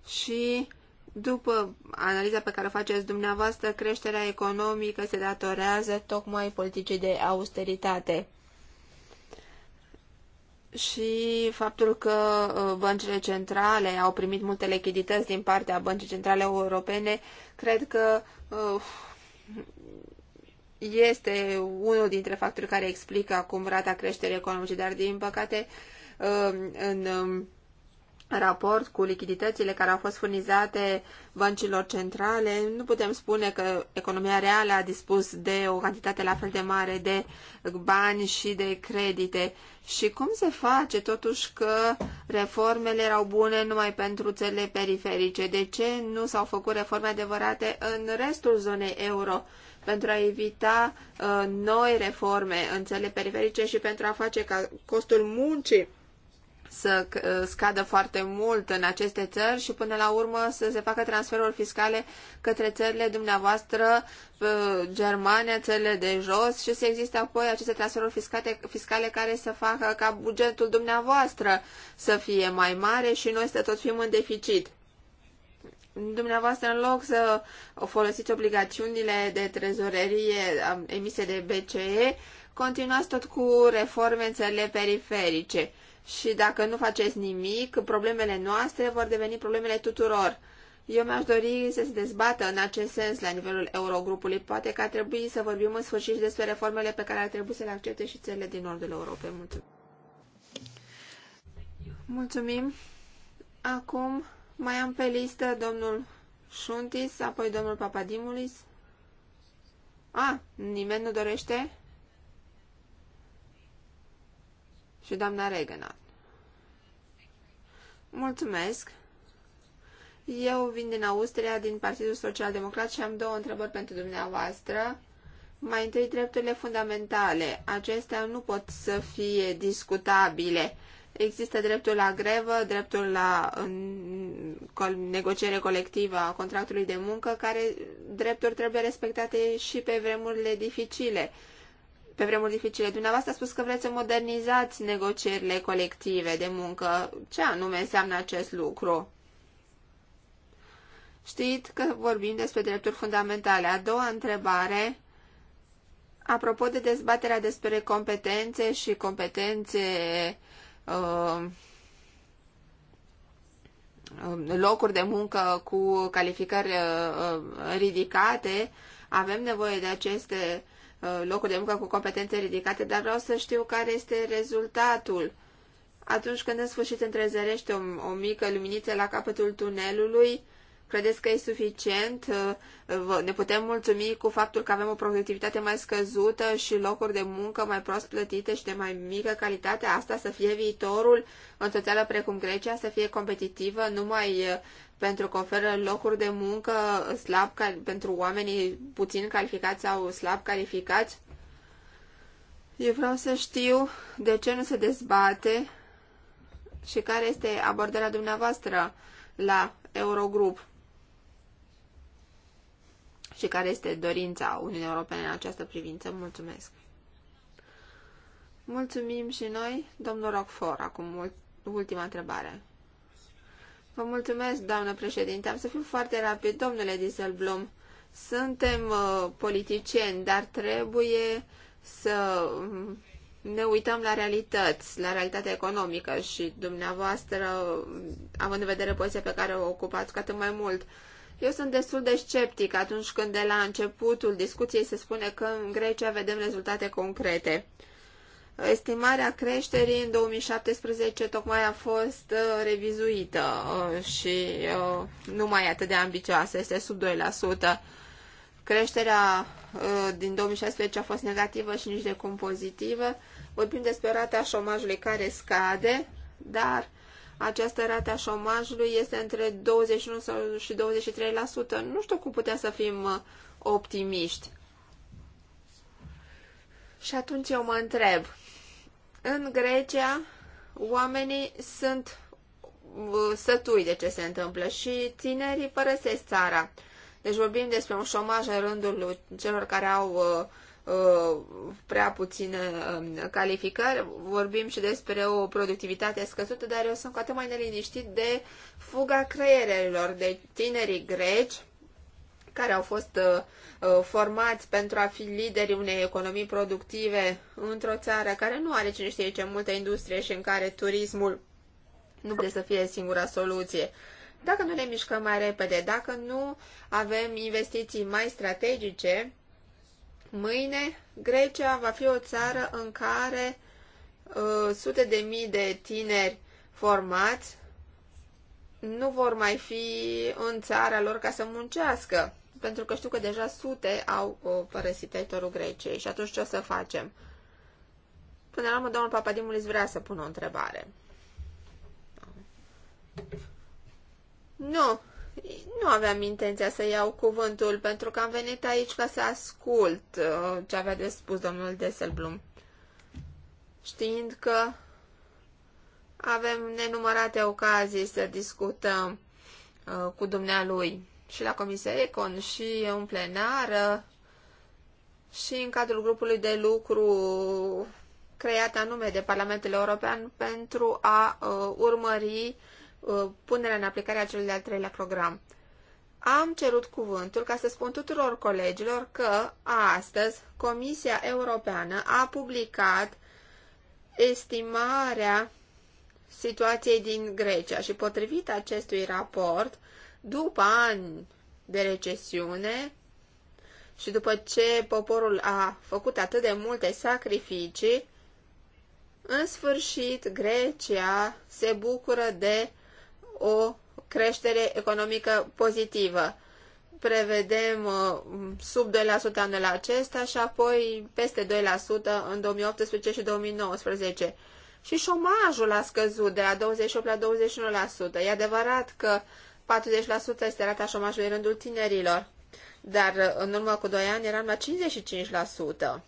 și după analiza pe care o faceți dumneavoastră, creșterea economică se datorează tocmai politicii de austeritate și faptul că uh, băncile centrale au primit multe lichidități din partea băncii centrale europene, cred că uh, este unul dintre factorii care explică acum rata creșterii economice, dar din păcate uh, în um, raport cu lichiditățile care au fost furnizate băncilor centrale, nu putem spune că economia reală a dispus de o cantitate la fel de mare de bani și de credite. Și cum se face totuși că reformele erau bune numai pentru țările periferice? De ce nu s-au făcut reforme adevărate în restul zonei euro? pentru a evita uh, noi reforme în cele periferice și pentru a face ca costul muncii să uh, scadă foarte mult în aceste țări și până la urmă să se facă transferuri fiscale către țările dumneavoastră, uh, Germania, țările de jos și să existe apoi aceste transferuri fiscale, fiscale care să facă ca bugetul dumneavoastră să fie mai mare și noi să tot fim în deficit. Dumneavoastră, în loc să folosiți obligațiunile de trezorerie emise de BCE, continuați tot cu reforme în țările periferice și dacă nu faceți nimic, problemele noastre vor deveni problemele tuturor. Eu mi-aș dori să se dezbată în acest sens la nivelul Eurogrupului. Poate că ar trebui să vorbim în sfârșit și despre reformele pe care ar trebui să le accepte și țările din nordul Europei. Mulțumim! Mulțumim! Acum mai am pe listă domnul Șuntis, apoi domnul Papadimulis. A, nimeni nu dorește? și doamna Regenat. Mulțumesc! Eu vin din Austria, din Partidul Social Democrat și am două întrebări pentru dumneavoastră. Mai întâi, drepturile fundamentale. Acestea nu pot să fie discutabile. Există dreptul la grevă, dreptul la negociere colectivă a contractului de muncă, care drepturi trebuie respectate și pe vremurile dificile pe vremuri dificile. Dumneavoastră a spus că vreți să modernizați negocierile colective de muncă. Ce anume înseamnă acest lucru? Știți că vorbim despre drepturi fundamentale. A doua întrebare, apropo de dezbaterea despre competențe și competențe uh, locuri de muncă cu calificări uh, ridicate, avem nevoie de aceste uh, Uh, locuri de muncă cu competențe ridicate, dar vreau să știu care este rezultatul. Atunci când în sfârșit întrezărește o, o mică luminiță la capătul tunelului, Credeți că e suficient? Uh, ne putem mulțumi cu faptul că avem o productivitate mai scăzută și locuri de muncă mai prost plătite și de mai mică calitate? Asta să fie viitorul într-o țară precum Grecia, să fie competitivă numai uh, pentru că oferă locuri de muncă slab pentru oamenii puțin calificați sau slab calificați? Eu vreau să știu de ce nu se dezbate și care este abordarea dumneavoastră la Eurogrup și care este dorința Uniunii Europene în această privință. Mulțumesc! Mulțumim și noi, domnul Rockford, acum ultima întrebare. Vă mulțumesc, doamnă președinte. Am să fiu foarte rapid, domnule Dieselblom. Suntem uh, politicieni, dar trebuie să mm, ne uităm la realități, la realitatea economică și dumneavoastră, având în vedere poziția pe care o ocupați, cu atât mai mult. Uh, eu sunt destul de sceptic atunci când de la începutul discuției se spune că în Grecia vedem rezultate concrete. Estimarea creșterii în 2017 tocmai a fost uh, revizuită uh, și uh, nu mai atât de ambicioasă, este sub 2%. Creșterea din 2016 a fost negativă și nici de cum pozitivă. Vorbim despre rata șomajului care scade, dar această rată a șomajului este între 21 și 23%. Nu știu cum putea să fim uh, optimiști. Și atunci eu mă întreb, în Grecia oamenii sunt uh, sătui de ce se întâmplă și tinerii părăsesc țara. Deci vorbim despre un șomaj în rândul celor care au uh, Uh, prea puține um, calificări, vorbim și despre o productivitate scăzută, dar eu sunt cu atât mai neliniștit de fuga creierelor, de tinerii greci care au fost uh, uh, formați pentru a fi liderii unei economii productive într-o țară care nu are cine știe ce multă industrie și în care turismul nu poate să fie singura soluție dacă nu ne mișcăm mai repede, dacă nu avem investiții mai strategice, Mâine, Grecia va fi o țară în care uh, sute de mii de tineri formați nu vor mai fi în țara lor ca să muncească, pentru că știu că deja sute au uh, părăsit teritoriul Greciei și atunci ce o să facem? Până la urmă, domnul Papadimulis vrea să pună o întrebare. Nu, nu aveam intenția să iau cuvântul, pentru că am venit aici ca să ascult uh, ce avea de spus domnul Deselblum. Știind că avem nenumărate ocazii să discutăm uh, cu dumnealui și la Comisia Econ și în plenară și în cadrul grupului de lucru creat anume de Parlamentul European pentru a uh, urmări uh, Uh, punerea în aplicare a celui de-al treilea program. Am cerut cuvântul ca să spun tuturor colegilor că astăzi Comisia Europeană a publicat estimarea situației din Grecia și potrivit acestui raport, după ani de recesiune și după ce poporul a făcut atât de multe sacrificii, în sfârșit Grecia se bucură de o creștere economică pozitivă. Prevedem uh, sub 2% anul acesta și apoi peste 2% în 2018 și 2019. Și șomajul a scăzut de la 28 la 21%. E adevărat că 40% este rata șomajului în rândul tinerilor, dar uh, în urmă cu 2 ani eram la 55%.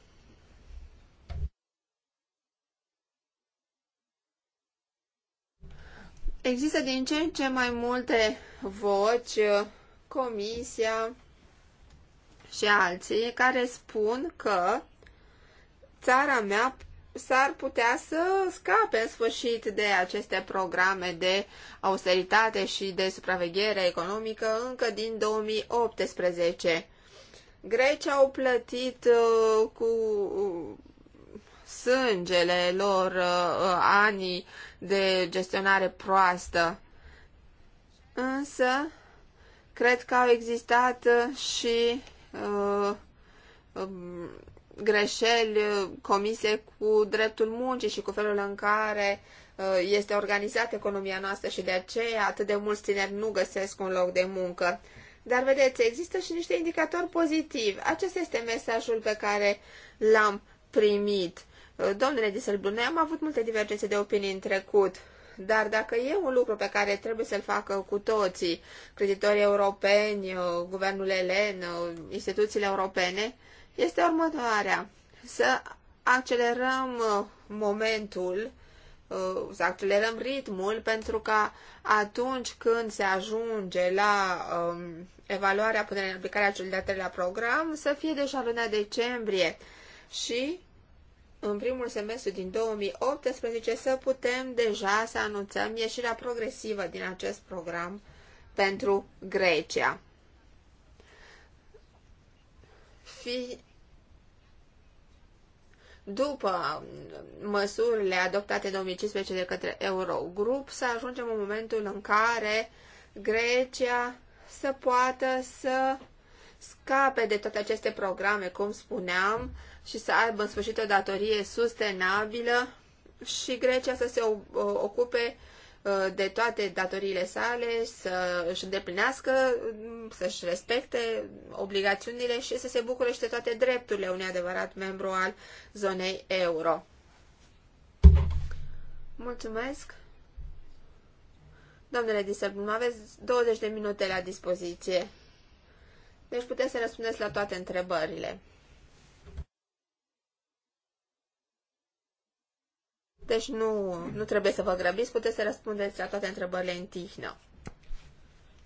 Există din ce în ce mai multe voci, comisia și alții, care spun că țara mea s-ar putea să scape în sfârșit de aceste programe de austeritate și de supraveghere economică încă din 2018. Grecia au plătit uh, cu sângele lor uh, anii de gestionare proastă. Însă, cred că au existat uh, și uh, um, uh, greșeli comise cu dreptul muncii și cu felul în care uh, este organizată economia noastră și de aceea atât de mulți tineri nu găsesc un loc de muncă. Dar vedeți, există și niște indicatori pozitivi. Acesta este mesajul pe care l-am primit. Domnule Diselblum, noi am avut multe divergențe de opinii în trecut, dar dacă e un lucru pe care trebuie să-l facă cu toții, creditorii europeni, uh, guvernul elen, uh, instituțiile europene, este următoarea. Să accelerăm uh, momentul, să accelerăm ritmul pentru că atunci când se ajunge la um, evaluarea punerea în aplicare a celui de la treilea program să fie deja luna decembrie și în primul semestru din 2018 să putem deja să anunțăm ieșirea progresivă din acest program pentru Grecia. Fi după măsurile adoptate în 2015 de către Eurogrup, să ajungem în momentul în care Grecia să poată să scape de toate aceste programe, cum spuneam, și să aibă în sfârșit o datorie sustenabilă și Grecia să se ocupe uh, de toate datoriile sale, să își îndeplinească, să-și respecte obligațiunile și să se bucure și de toate drepturile unui adevărat membru al zonei euro. Mulțumesc! Domnule Diserbun, aveți 20 de minute la dispoziție. Deci puteți să răspundeți la toate întrebările. Deci nu, nu trebuie să vă grăbiți, puteți să răspundeți la toate întrebările în tihnă.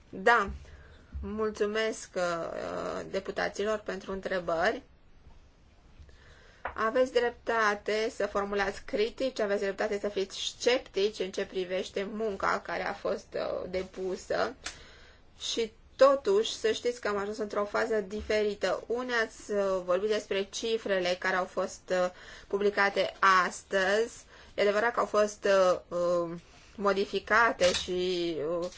Da, mulțumesc uh, deputaților pentru întrebări. Aveți dreptate să formulați critici, aveți dreptate să fiți sceptici în ce privește munca care a fost uh, depusă și Totuși, să știți că am ajuns într-o fază diferită. Unii ați uh, vorbit despre cifrele care au fost publicate astăzi E adevărat că au fost uh, uh, modificate și uh,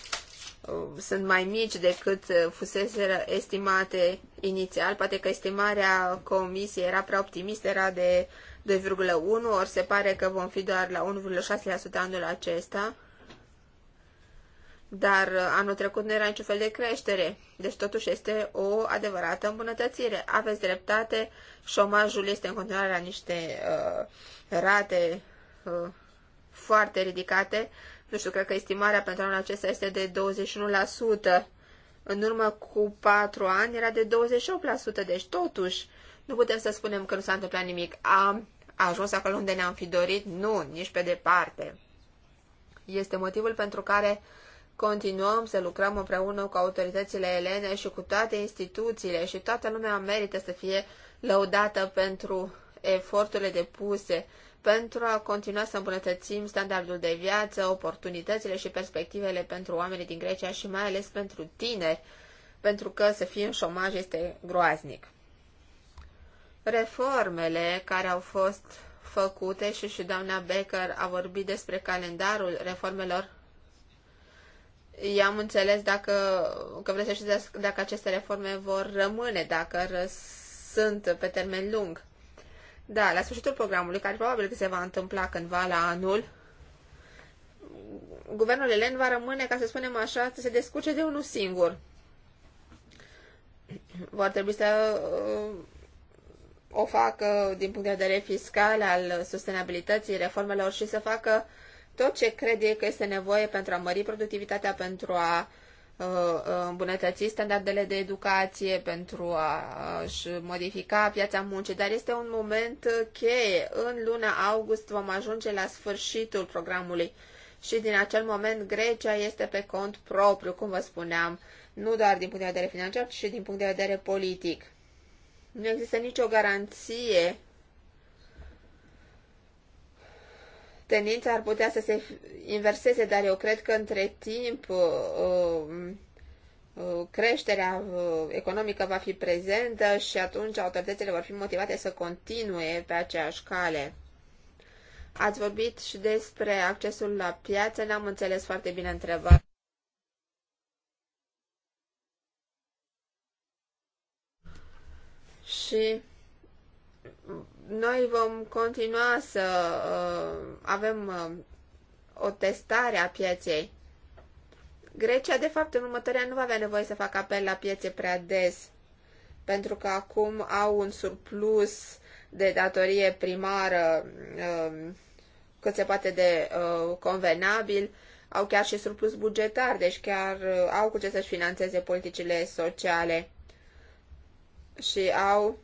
uh, sunt mai mici decât uh, fusese estimate inițial. Poate că estimarea comisiei era prea optimistă, era de 2,1, ori se pare că vom fi doar la 1,6% anul acesta. Dar uh, anul trecut nu era niciun fel de creștere, deci totuși este o adevărată îmbunătățire. Aveți dreptate, șomajul este în continuare la niște uh, rate Uh, foarte ridicate. Nu știu, cred că estimarea pentru anul acesta este de 21%. În urmă cu 4 ani era de 28%, deci totuși nu putem să spunem că nu s-a întâmplat nimic. Am ajuns acolo unde ne-am fi dorit? Nu, nici pe departe. Este motivul pentru care continuăm să lucrăm împreună cu autoritățile elene și cu toate instituțiile și toată lumea merită să fie lăudată pentru eforturile depuse pentru a continua să îmbunătățim standardul de viață, oportunitățile și perspectivele pentru oamenii din Grecia și mai ales pentru tineri, pentru că să fie în șomaj este groaznic. Reformele care au fost făcute și și doamna Becker a vorbit despre calendarul reformelor. I-am înțeles dacă, că vreți să știți dacă aceste reforme vor rămâne, dacă sunt pe termen lung. Da, la sfârșitul programului, care probabil că se va întâmpla cândva la anul, guvernul elen va rămâne, ca să spunem așa, să se descurce de unul singur. Va trebui să uh, o facă din punct de vedere fiscal, al sustenabilității, reformelor și să facă tot ce crede că este nevoie pentru a mări productivitatea, pentru a Uh, îmbunătăți standardele de educație, pentru a-și modifica piața muncii, dar este un moment cheie. În luna august vom ajunge la sfârșitul programului și din acel moment Grecia este pe cont propriu, cum vă spuneam, nu doar din punct de vedere financiar, ci și din punct de vedere politic. Nu există nicio garanție tendința ar putea să se inverseze, dar eu cred că între timp uh, um, uh, creșterea uh, economică va fi prezentă și atunci autoritățile vor fi motivate să continue pe aceeași cale. Ați vorbit și despre accesul la piață, n-am înțeles foarte bine întrebarea. Și noi vom continua să uh, avem uh, o testare a pieței. Grecia, de fapt, în următoarea nu va avea nevoie să facă apel la piețe prea des, pentru că acum au un surplus de datorie primară uh, cât se poate de uh, convenabil, au chiar și surplus bugetar, deci chiar uh, au cu ce să-și financeze politicile sociale și au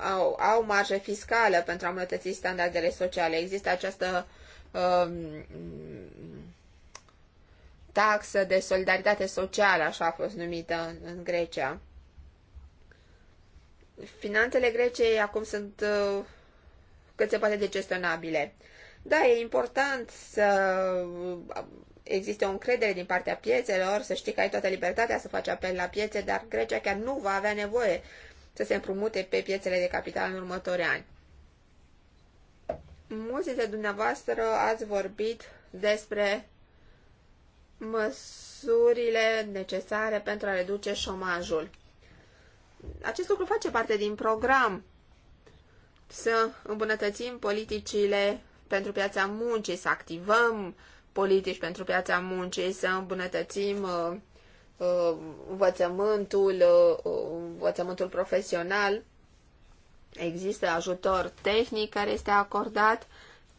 au, au marjă fiscală pentru a îmbunătăți standardele sociale. Există această uh, taxă de solidaritate socială, așa a fost numită în, în Grecia. Finanțele Greciei acum sunt uh, cât se poate de gestionabile. Da, e important să uh, existe o încredere din partea piețelor, să știi că ai toată libertatea să faci apel la piețe, dar Grecia chiar nu va avea nevoie să se împrumute pe piețele de capital în următorii ani. Mulți dintre dumneavoastră ați vorbit despre măsurile necesare pentru a reduce șomajul. Acest lucru face parte din program să îmbunătățim politicile pentru piața muncii, să activăm politici pentru piața muncii, să îmbunătățim uh, Uh, învățământul, uh, uh, învățământul profesional. Există ajutor tehnic care este acordat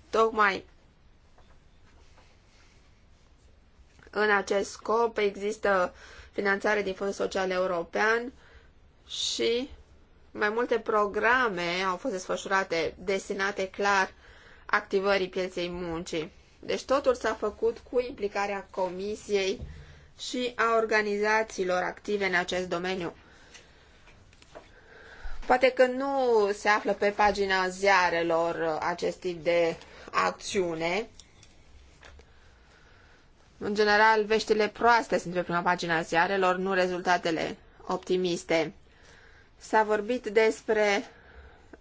tocmai în acest scop. Există finanțare din Fondul Social European și mai multe programe au fost desfășurate destinate clar activării pieței muncii. Deci totul s-a făcut cu implicarea Comisiei și a organizațiilor active în acest domeniu. Poate că nu se află pe pagina ziarelor acest tip de acțiune. În general, veștile proaste sunt pe prima pagina ziarelor, nu rezultatele optimiste. S-a vorbit despre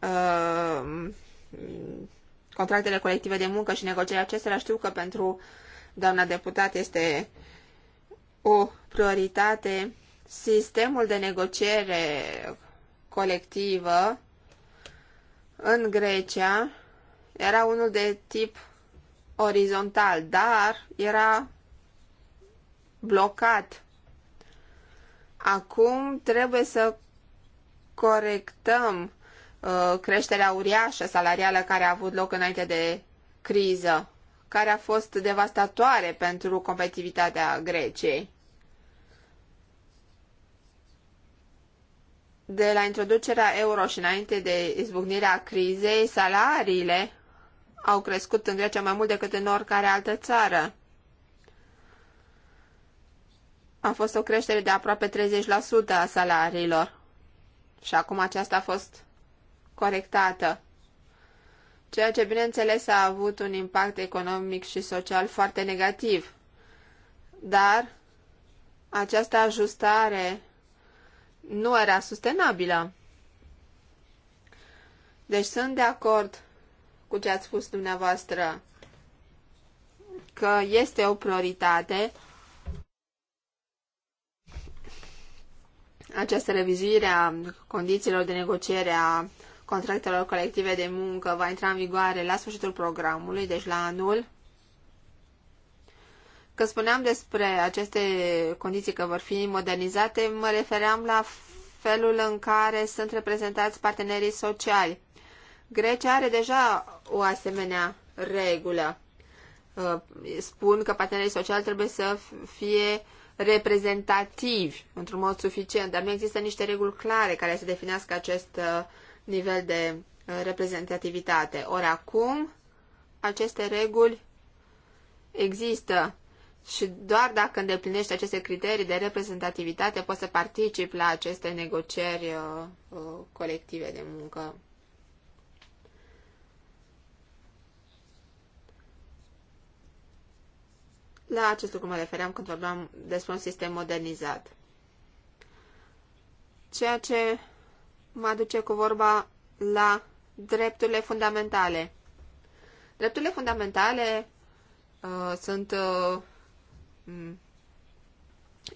uh, contractele colective de muncă și negocierea acestora. Știu că pentru doamna deputat este o prioritate sistemul de negociere colectivă în Grecia era unul de tip orizontal, dar era blocat. Acum trebuie să corectăm uh, creșterea uriașă salarială care a avut loc înainte de criză, care a fost devastatoare pentru competitivitatea Greciei. de la introducerea euro și înainte de izbucnirea crizei, salariile au crescut în Grecia mai mult decât în oricare altă țară. A fost o creștere de aproape 30% a salariilor și acum aceasta a fost corectată, ceea ce, bineînțeles, a avut un impact economic și social foarte negativ. Dar această ajustare nu era sustenabilă. Deci sunt de acord cu ce ați spus dumneavoastră că este o prioritate această revizuire a condițiilor de negociere a contractelor colective de muncă va intra în vigoare la sfârșitul programului, deci la anul. Că spuneam despre aceste condiții că vor fi modernizate, mă refeream la felul în care sunt reprezentați partenerii sociali. Grecia are deja o asemenea regulă. Uh, spun că partenerii sociali trebuie să fie reprezentativi într-un mod suficient, dar nu există niște reguli clare care să definească acest uh, nivel de uh, reprezentativitate. Ori acum, aceste reguli există și doar dacă îndeplinești aceste criterii de reprezentativitate poți să participi la aceste negocieri uh, uh, colective de muncă. La acest lucru mă refeream când vorbeam despre un sistem modernizat. Ceea ce mă aduce cu vorba la drepturile fundamentale. Drepturile fundamentale uh, sunt uh,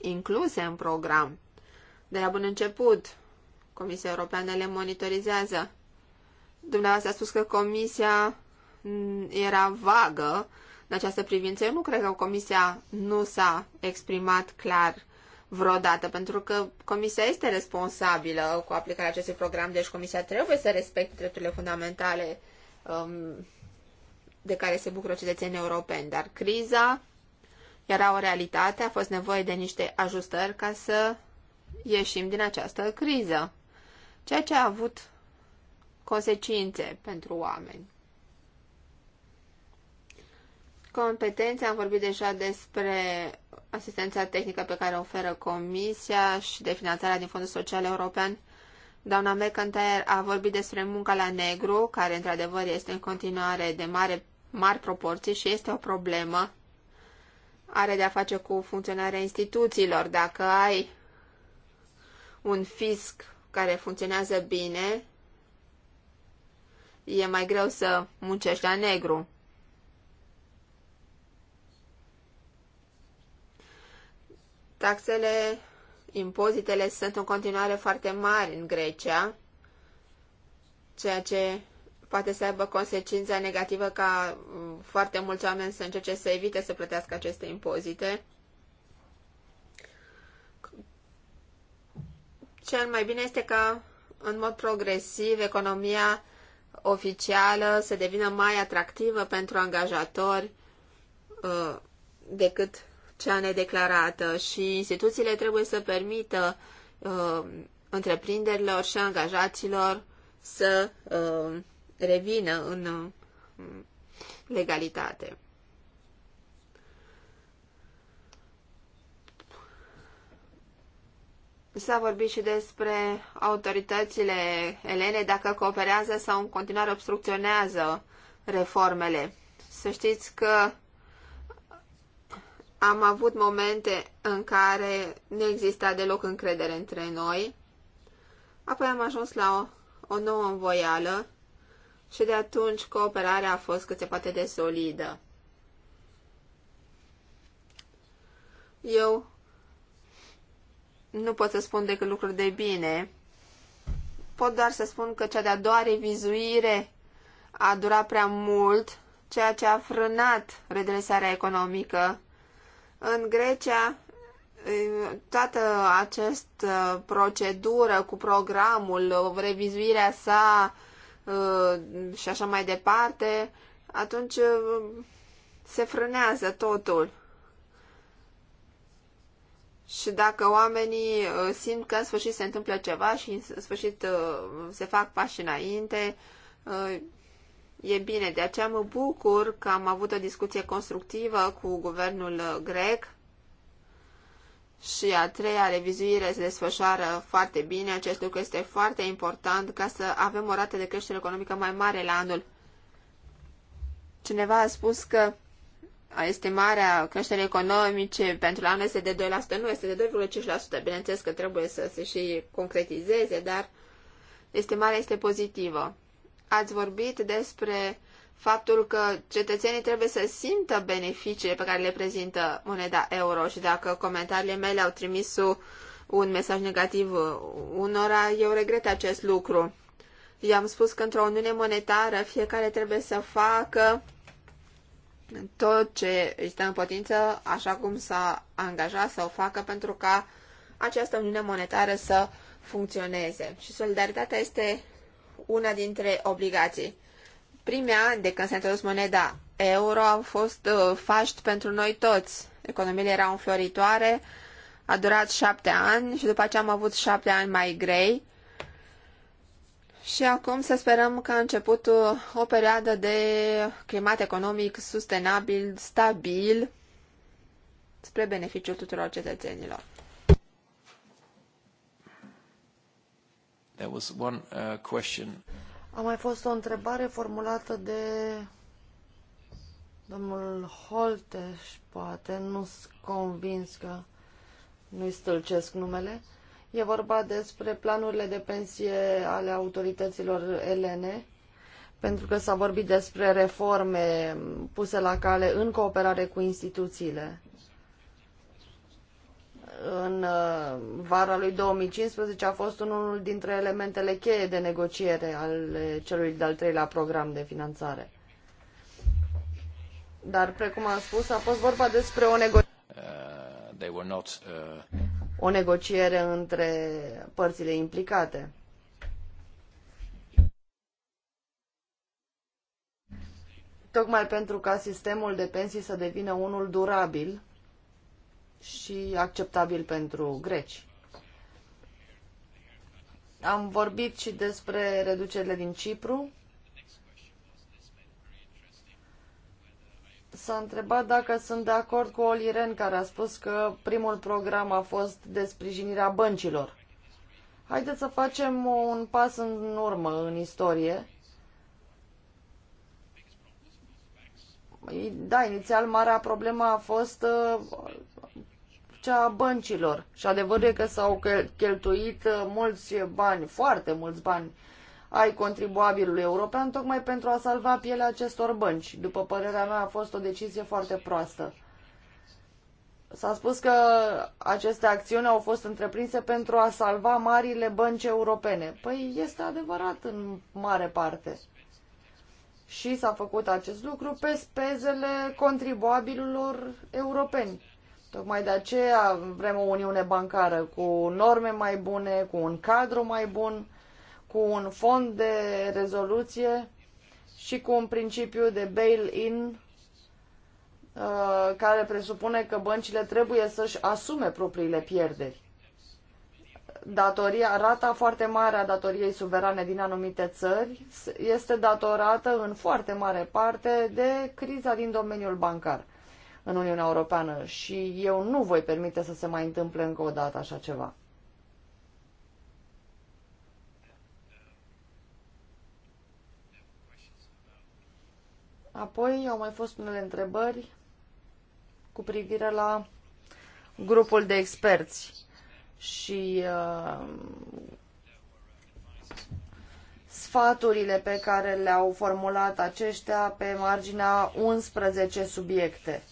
incluse în program. De la bun început, Comisia Europeană le monitorizează. Dumneavoastră a spus că Comisia mm, era vagă în această privință. Eu nu cred că Comisia nu s-a exprimat clar vreodată, pentru că Comisia este responsabilă cu aplicarea acestui program, deci Comisia trebuie să respecte drepturile fundamentale um, de care se bucură cetățenii europeni. Dar criza era o realitate, a fost nevoie de niște ajustări ca să ieșim din această criză, ceea ce a avut consecințe pentru oameni. Competențe, am vorbit deja despre asistența tehnică pe care o oferă Comisia și de finanțarea din Fondul Social European. Doamna McIntyre a vorbit despre munca la negru, care într-adevăr este în continuare de mare, mari proporții și este o problemă are de-a face cu funcționarea instituțiilor. Dacă ai un fisc care funcționează bine, e mai greu să muncești la negru. Taxele, impozitele sunt în continuare foarte mari în Grecia, ceea ce poate să aibă consecința negativă ca mm, foarte mulți oameni să încerce să evite să plătească aceste impozite. Cel mai bine este ca, în mod progresiv, economia oficială să devină mai atractivă pentru angajatori uh, decât cea nedeclarată și instituțiile trebuie să permită uh, întreprinderilor și angajaților să uh, revină în uh, legalitate. S-a vorbit și despre autoritățile elene, dacă cooperează sau în continuare obstrucționează reformele. Să știți că am avut momente în care nu exista deloc încredere între noi, apoi am ajuns la o, o nouă învoială și de atunci cooperarea a fost cât se poate de solidă. Eu nu pot să spun decât lucruri de bine. Pot doar să spun că cea de-a doua revizuire a durat prea mult, ceea ce a frânat redresarea economică. În Grecia, toată această procedură cu programul, revizuirea sa, Uh, și așa mai departe, atunci uh, se frânează totul. Și dacă oamenii uh, simt că în sfârșit se întâmplă ceva și în sfârșit se fac pași înainte, e bine. De aceea mă bucur că am avut o discuție constructivă cu guvernul grec și a treia revizuire se desfășoară foarte bine. Acest lucru este foarte important ca să avem o rată de creștere economică mai mare la anul. Cineva a spus că estimarea creșterii economice pentru anul este de 2%, nu este de 2,5%. Bineînțeles că trebuie să se și concretizeze, dar estimarea este pozitivă. Ați vorbit despre faptul că cetățenii trebuie să simtă beneficiile pe care le prezintă moneda euro și dacă comentariile mele au trimis un mesaj negativ unora, eu regret acest lucru. I-am spus că într-o uniune monetară fiecare trebuie să facă tot ce îi stă în potință, așa cum s-a angajat să o facă pentru ca această uniune monetară să funcționeze. Și solidaritatea este una dintre obligații primii ani de când s-a introdus moneda euro au fost uh, faști pentru noi toți. Economiile erau înfloritoare, a durat șapte ani și după aceea am avut șapte ani mai grei. Și acum să sperăm că a început uh, o perioadă de climat economic sustenabil, stabil, spre beneficiul tuturor cetățenilor. There was one uh, question. A mai fost o întrebare formulată de domnul Holteș, poate, nu sunt convins că nu-i stâlcesc numele. E vorba despre planurile de pensie ale autorităților elene, pentru că s-a vorbit despre reforme puse la cale în cooperare cu instituțiile în uh, vara lui 2015 a fost unul dintre elementele cheie de negociere al celui de-al treilea program de finanțare. Dar, precum am spus, a fost vorba despre o negociere. Uh, not, uh... O negociere între părțile implicate. Tocmai pentru ca sistemul de pensii să devină unul durabil, și acceptabil pentru greci. Am vorbit și despre reducerile din Cipru. S-a întrebat dacă sunt de acord cu Oliren, care a spus că primul program a fost de sprijinirea băncilor. Haideți să facem un pas în urmă în istorie. Da, inițial marea problemă a fost uh, cea a băncilor. Și adevărul e că s-au cheltuit uh, mulți bani, foarte mulți bani, ai contribuabilului european tocmai pentru a salva pielea acestor bănci. După părerea mea a fost o decizie foarte proastă. S-a spus că aceste acțiuni au fost întreprinse pentru a salva marile bănci europene. Păi este adevărat în mare parte. Și s-a făcut acest lucru pe spezele contribuabililor europeni. Tocmai de aceea vrem o uniune bancară cu norme mai bune, cu un cadru mai bun, cu un fond de rezoluție și cu un principiu de bail-in uh, care presupune că băncile trebuie să-și asume propriile pierderi. Datoria, rata foarte mare a datoriei suverane din anumite țări este datorată în foarte mare parte de criza din domeniul bancar în Uniunea Europeană și eu nu voi permite să se mai întâmple încă o dată așa ceva. Apoi au mai fost unele întrebări cu privire la grupul de experți și uh, sfaturile pe care le-au formulat aceștia pe marginea 11 subiecte.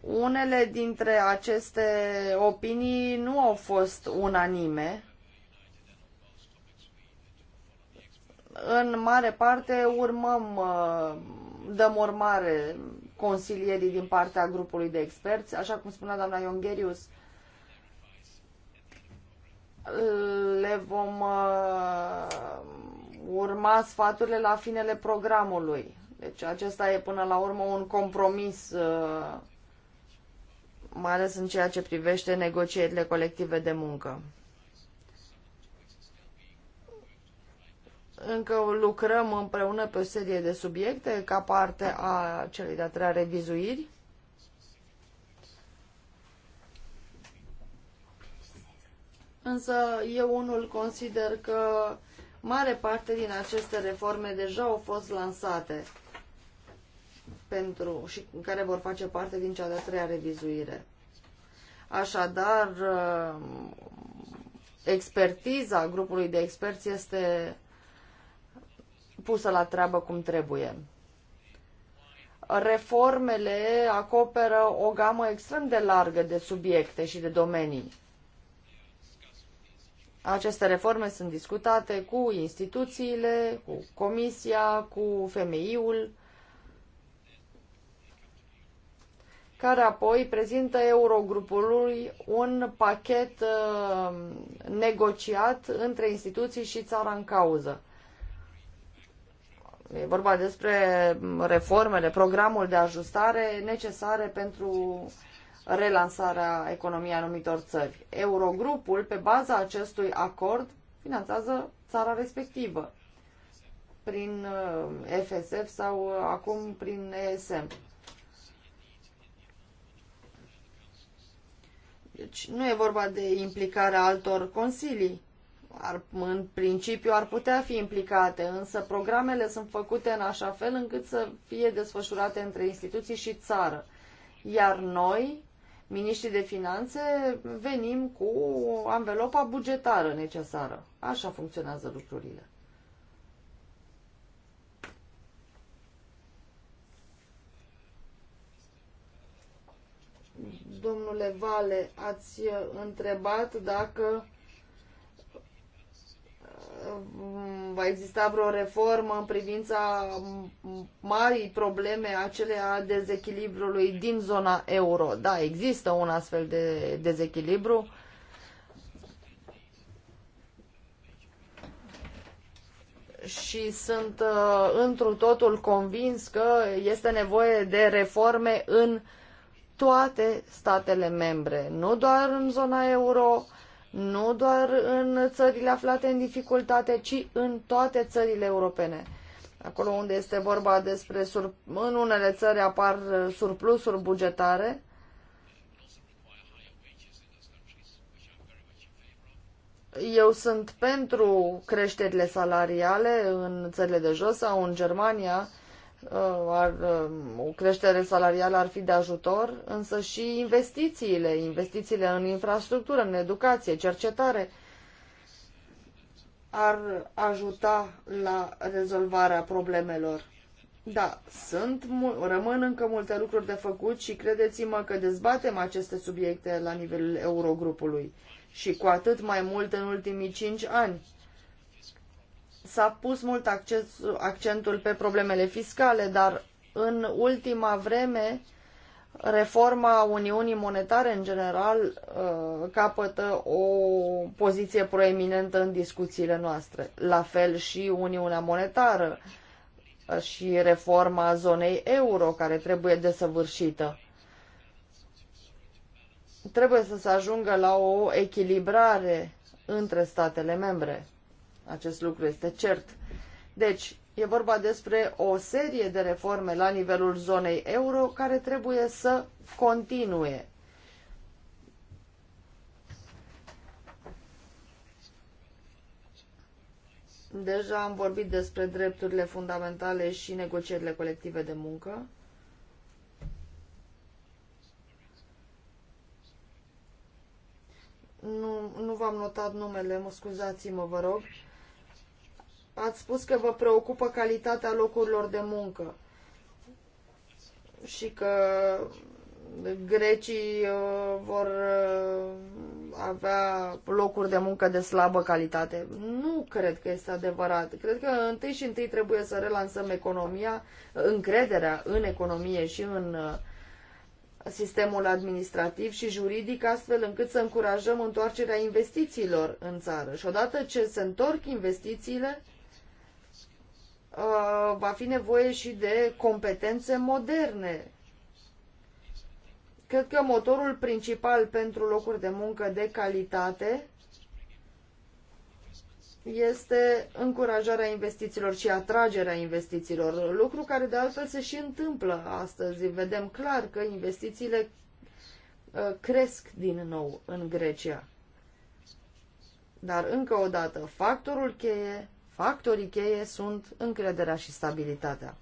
Unele dintre aceste opinii nu au fost unanime. În mare parte urmăm, uh, dăm urmare consilierii din partea grupului de experți, așa cum spunea doamna Iongherius, le vom uh, urma sfaturile la finele programului. Deci acesta e până la urmă un compromis uh, mai ales în ceea ce privește negocierile colective de muncă. Încă lucrăm împreună pe o serie de subiecte ca parte a celei de-a treia revizuiri. Însă eu unul consider că mare parte din aceste reforme deja au fost lansate pentru, și care vor face parte din cea de-a treia revizuire. Așadar, uh, expertiza grupului de experți este pusă la treabă cum trebuie. Reformele acoperă o gamă extrem de largă de subiecte și de domenii. Aceste reforme sunt discutate cu instituțiile, cu comisia, cu femeiul care apoi prezintă Eurogrupului un pachet uh, negociat între instituții și țara în cauză. E vorba despre reformele, programul de ajustare necesare pentru relansarea economiei anumitor țări. Eurogrupul, pe baza acestui acord, finanțează țara respectivă prin FSF uh, sau uh, acum prin ESM. Deci nu e vorba de implicarea altor consilii. Ar, în principiu ar putea fi implicate, însă programele sunt făcute în așa fel încât să fie desfășurate între instituții și țară. Iar noi, miniștrii de finanțe, venim cu anvelopa bugetară necesară. Așa funcționează lucrurile. domnule Vale, ați uh, întrebat dacă uh, va exista vreo reformă în privința marii probleme acelea a dezechilibrului din zona euro. Da, există un astfel de dezechilibru. și sunt uh, întru totul convins că este nevoie de reforme în uh, toate statele membre, nu doar în zona euro, nu doar în țările aflate în dificultate, ci în toate țările europene. Acolo unde este vorba despre, sur... în unele țări apar surplusuri bugetare, Eu sunt pentru creșterile salariale în țările de jos sau în Germania, Uh, ar, um, o creștere salarială ar fi de ajutor, însă și investițiile, investițiile în infrastructură, în educație, cercetare, ar ajuta la rezolvarea problemelor. Da, sunt, rămân încă multe lucruri de făcut și credeți-mă că dezbatem aceste subiecte la nivelul Eurogrupului și cu atât mai mult în ultimii cinci ani S-a pus mult acces, accentul pe problemele fiscale, dar în ultima vreme reforma Uniunii Monetare în general uh, capătă o poziție proeminentă în discuțiile noastre. La fel și Uniunea Monetară uh, și reforma zonei euro care trebuie desăvârșită. Trebuie să se ajungă la o echilibrare între statele membre. Acest lucru este cert. Deci, e vorba despre o serie de reforme la nivelul zonei euro care trebuie să continue. Deja am vorbit despre drepturile fundamentale și negocierile colective de muncă. Nu, nu v-am notat numele, mă scuzați-mă, vă rog ați spus că vă preocupă calitatea locurilor de muncă și că grecii uh, vor uh, avea locuri de muncă de slabă calitate. Nu cred că este adevărat. Cred că întâi și întâi trebuie să relansăm economia, încrederea în economie și în uh, sistemul administrativ și juridic, astfel încât să încurajăm întoarcerea investițiilor în țară. Și odată ce se întorc investițiile, Uh, va fi nevoie și de competențe moderne. Cred că motorul principal pentru locuri de muncă de calitate este încurajarea investițiilor și atragerea investițiilor, lucru care de altfel se și întâmplă astăzi. Vedem clar că investițiile uh, cresc din nou în Grecia. Dar încă o dată, factorul cheie Factorii cheie sunt încrederea și stabilitatea.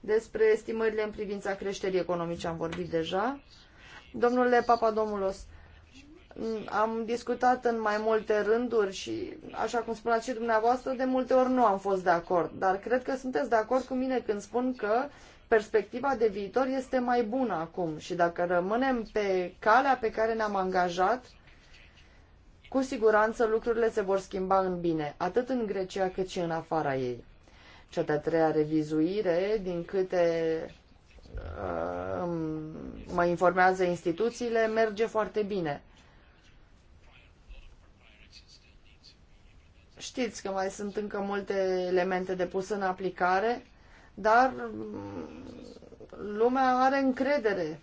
Despre estimările în privința creșterii economice am vorbit deja. Domnule Papadomulos, am discutat în mai multe rânduri și, așa cum spuneați și dumneavoastră, de multe ori nu am fost de acord, dar cred că sunteți de acord cu mine când spun că perspectiva de viitor este mai bună acum și dacă rămânem pe calea pe care ne-am angajat, cu siguranță lucrurile se vor schimba în bine, atât în Grecia cât și în afara ei. Cea de-a treia revizuire, din câte uh, mă informează instituțiile, merge foarte bine. Știți că mai sunt încă multe elemente de pus în aplicare, dar mm, lumea are încredere.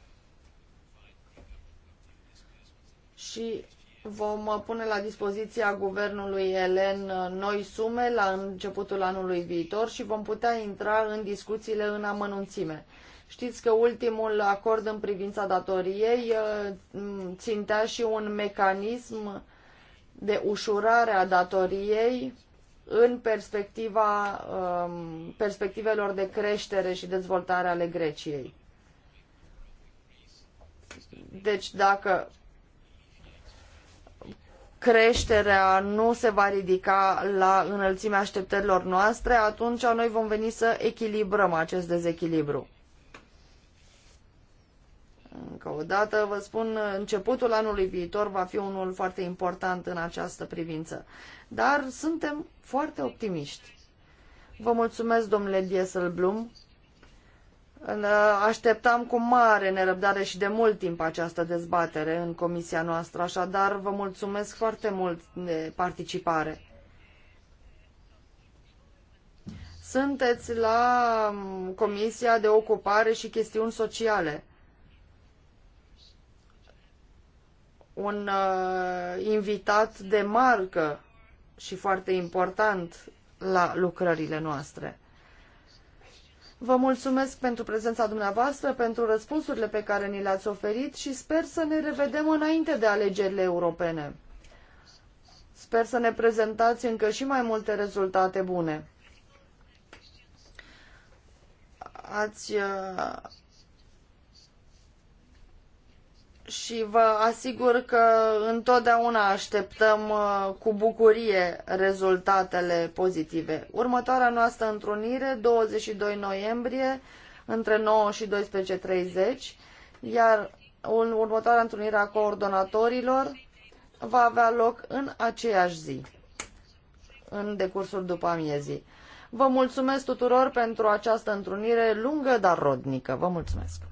Și vom uh, pune la dispoziția guvernului elen uh, noi sume la începutul anului viitor și vom putea intra în discuțiile în amănunțime. Știți că ultimul acord în privința datoriei uh, țintea și un mecanism de ușurare a datoriei în perspectiva um, perspectivelor de creștere și dezvoltare ale Greciei. Deci dacă creșterea nu se va ridica la înălțimea așteptărilor noastre, atunci noi vom veni să echilibrăm acest dezechilibru. Încă o dată vă spun, începutul anului viitor va fi unul foarte important în această privință. Dar suntem foarte optimiști. Vă mulțumesc, domnule Dieselblum. Ă, așteptam cu mare nerăbdare și de mult timp această dezbatere în comisia noastră, așadar vă mulțumesc foarte mult de participare. Sunteți la Comisia de Ocupare și Chestiuni Sociale. Un uh, invitat de marcă și foarte important la lucrările noastre. Vă mulțumesc pentru prezența dumneavoastră, pentru răspunsurile pe care ni le-ați oferit și sper să ne revedem înainte de alegerile europene. Sper să ne prezentați încă și mai multe rezultate bune. Ați uh, și vă asigur că întotdeauna așteptăm uh, cu bucurie rezultatele pozitive. Următoarea noastră întrunire, 22 noiembrie, între 9 și 12.30, iar următoarea întrunire a coordonatorilor va avea loc în aceeași zi, în decursul după amiezii. Vă mulțumesc tuturor pentru această întrunire lungă, dar rodnică. Vă mulțumesc!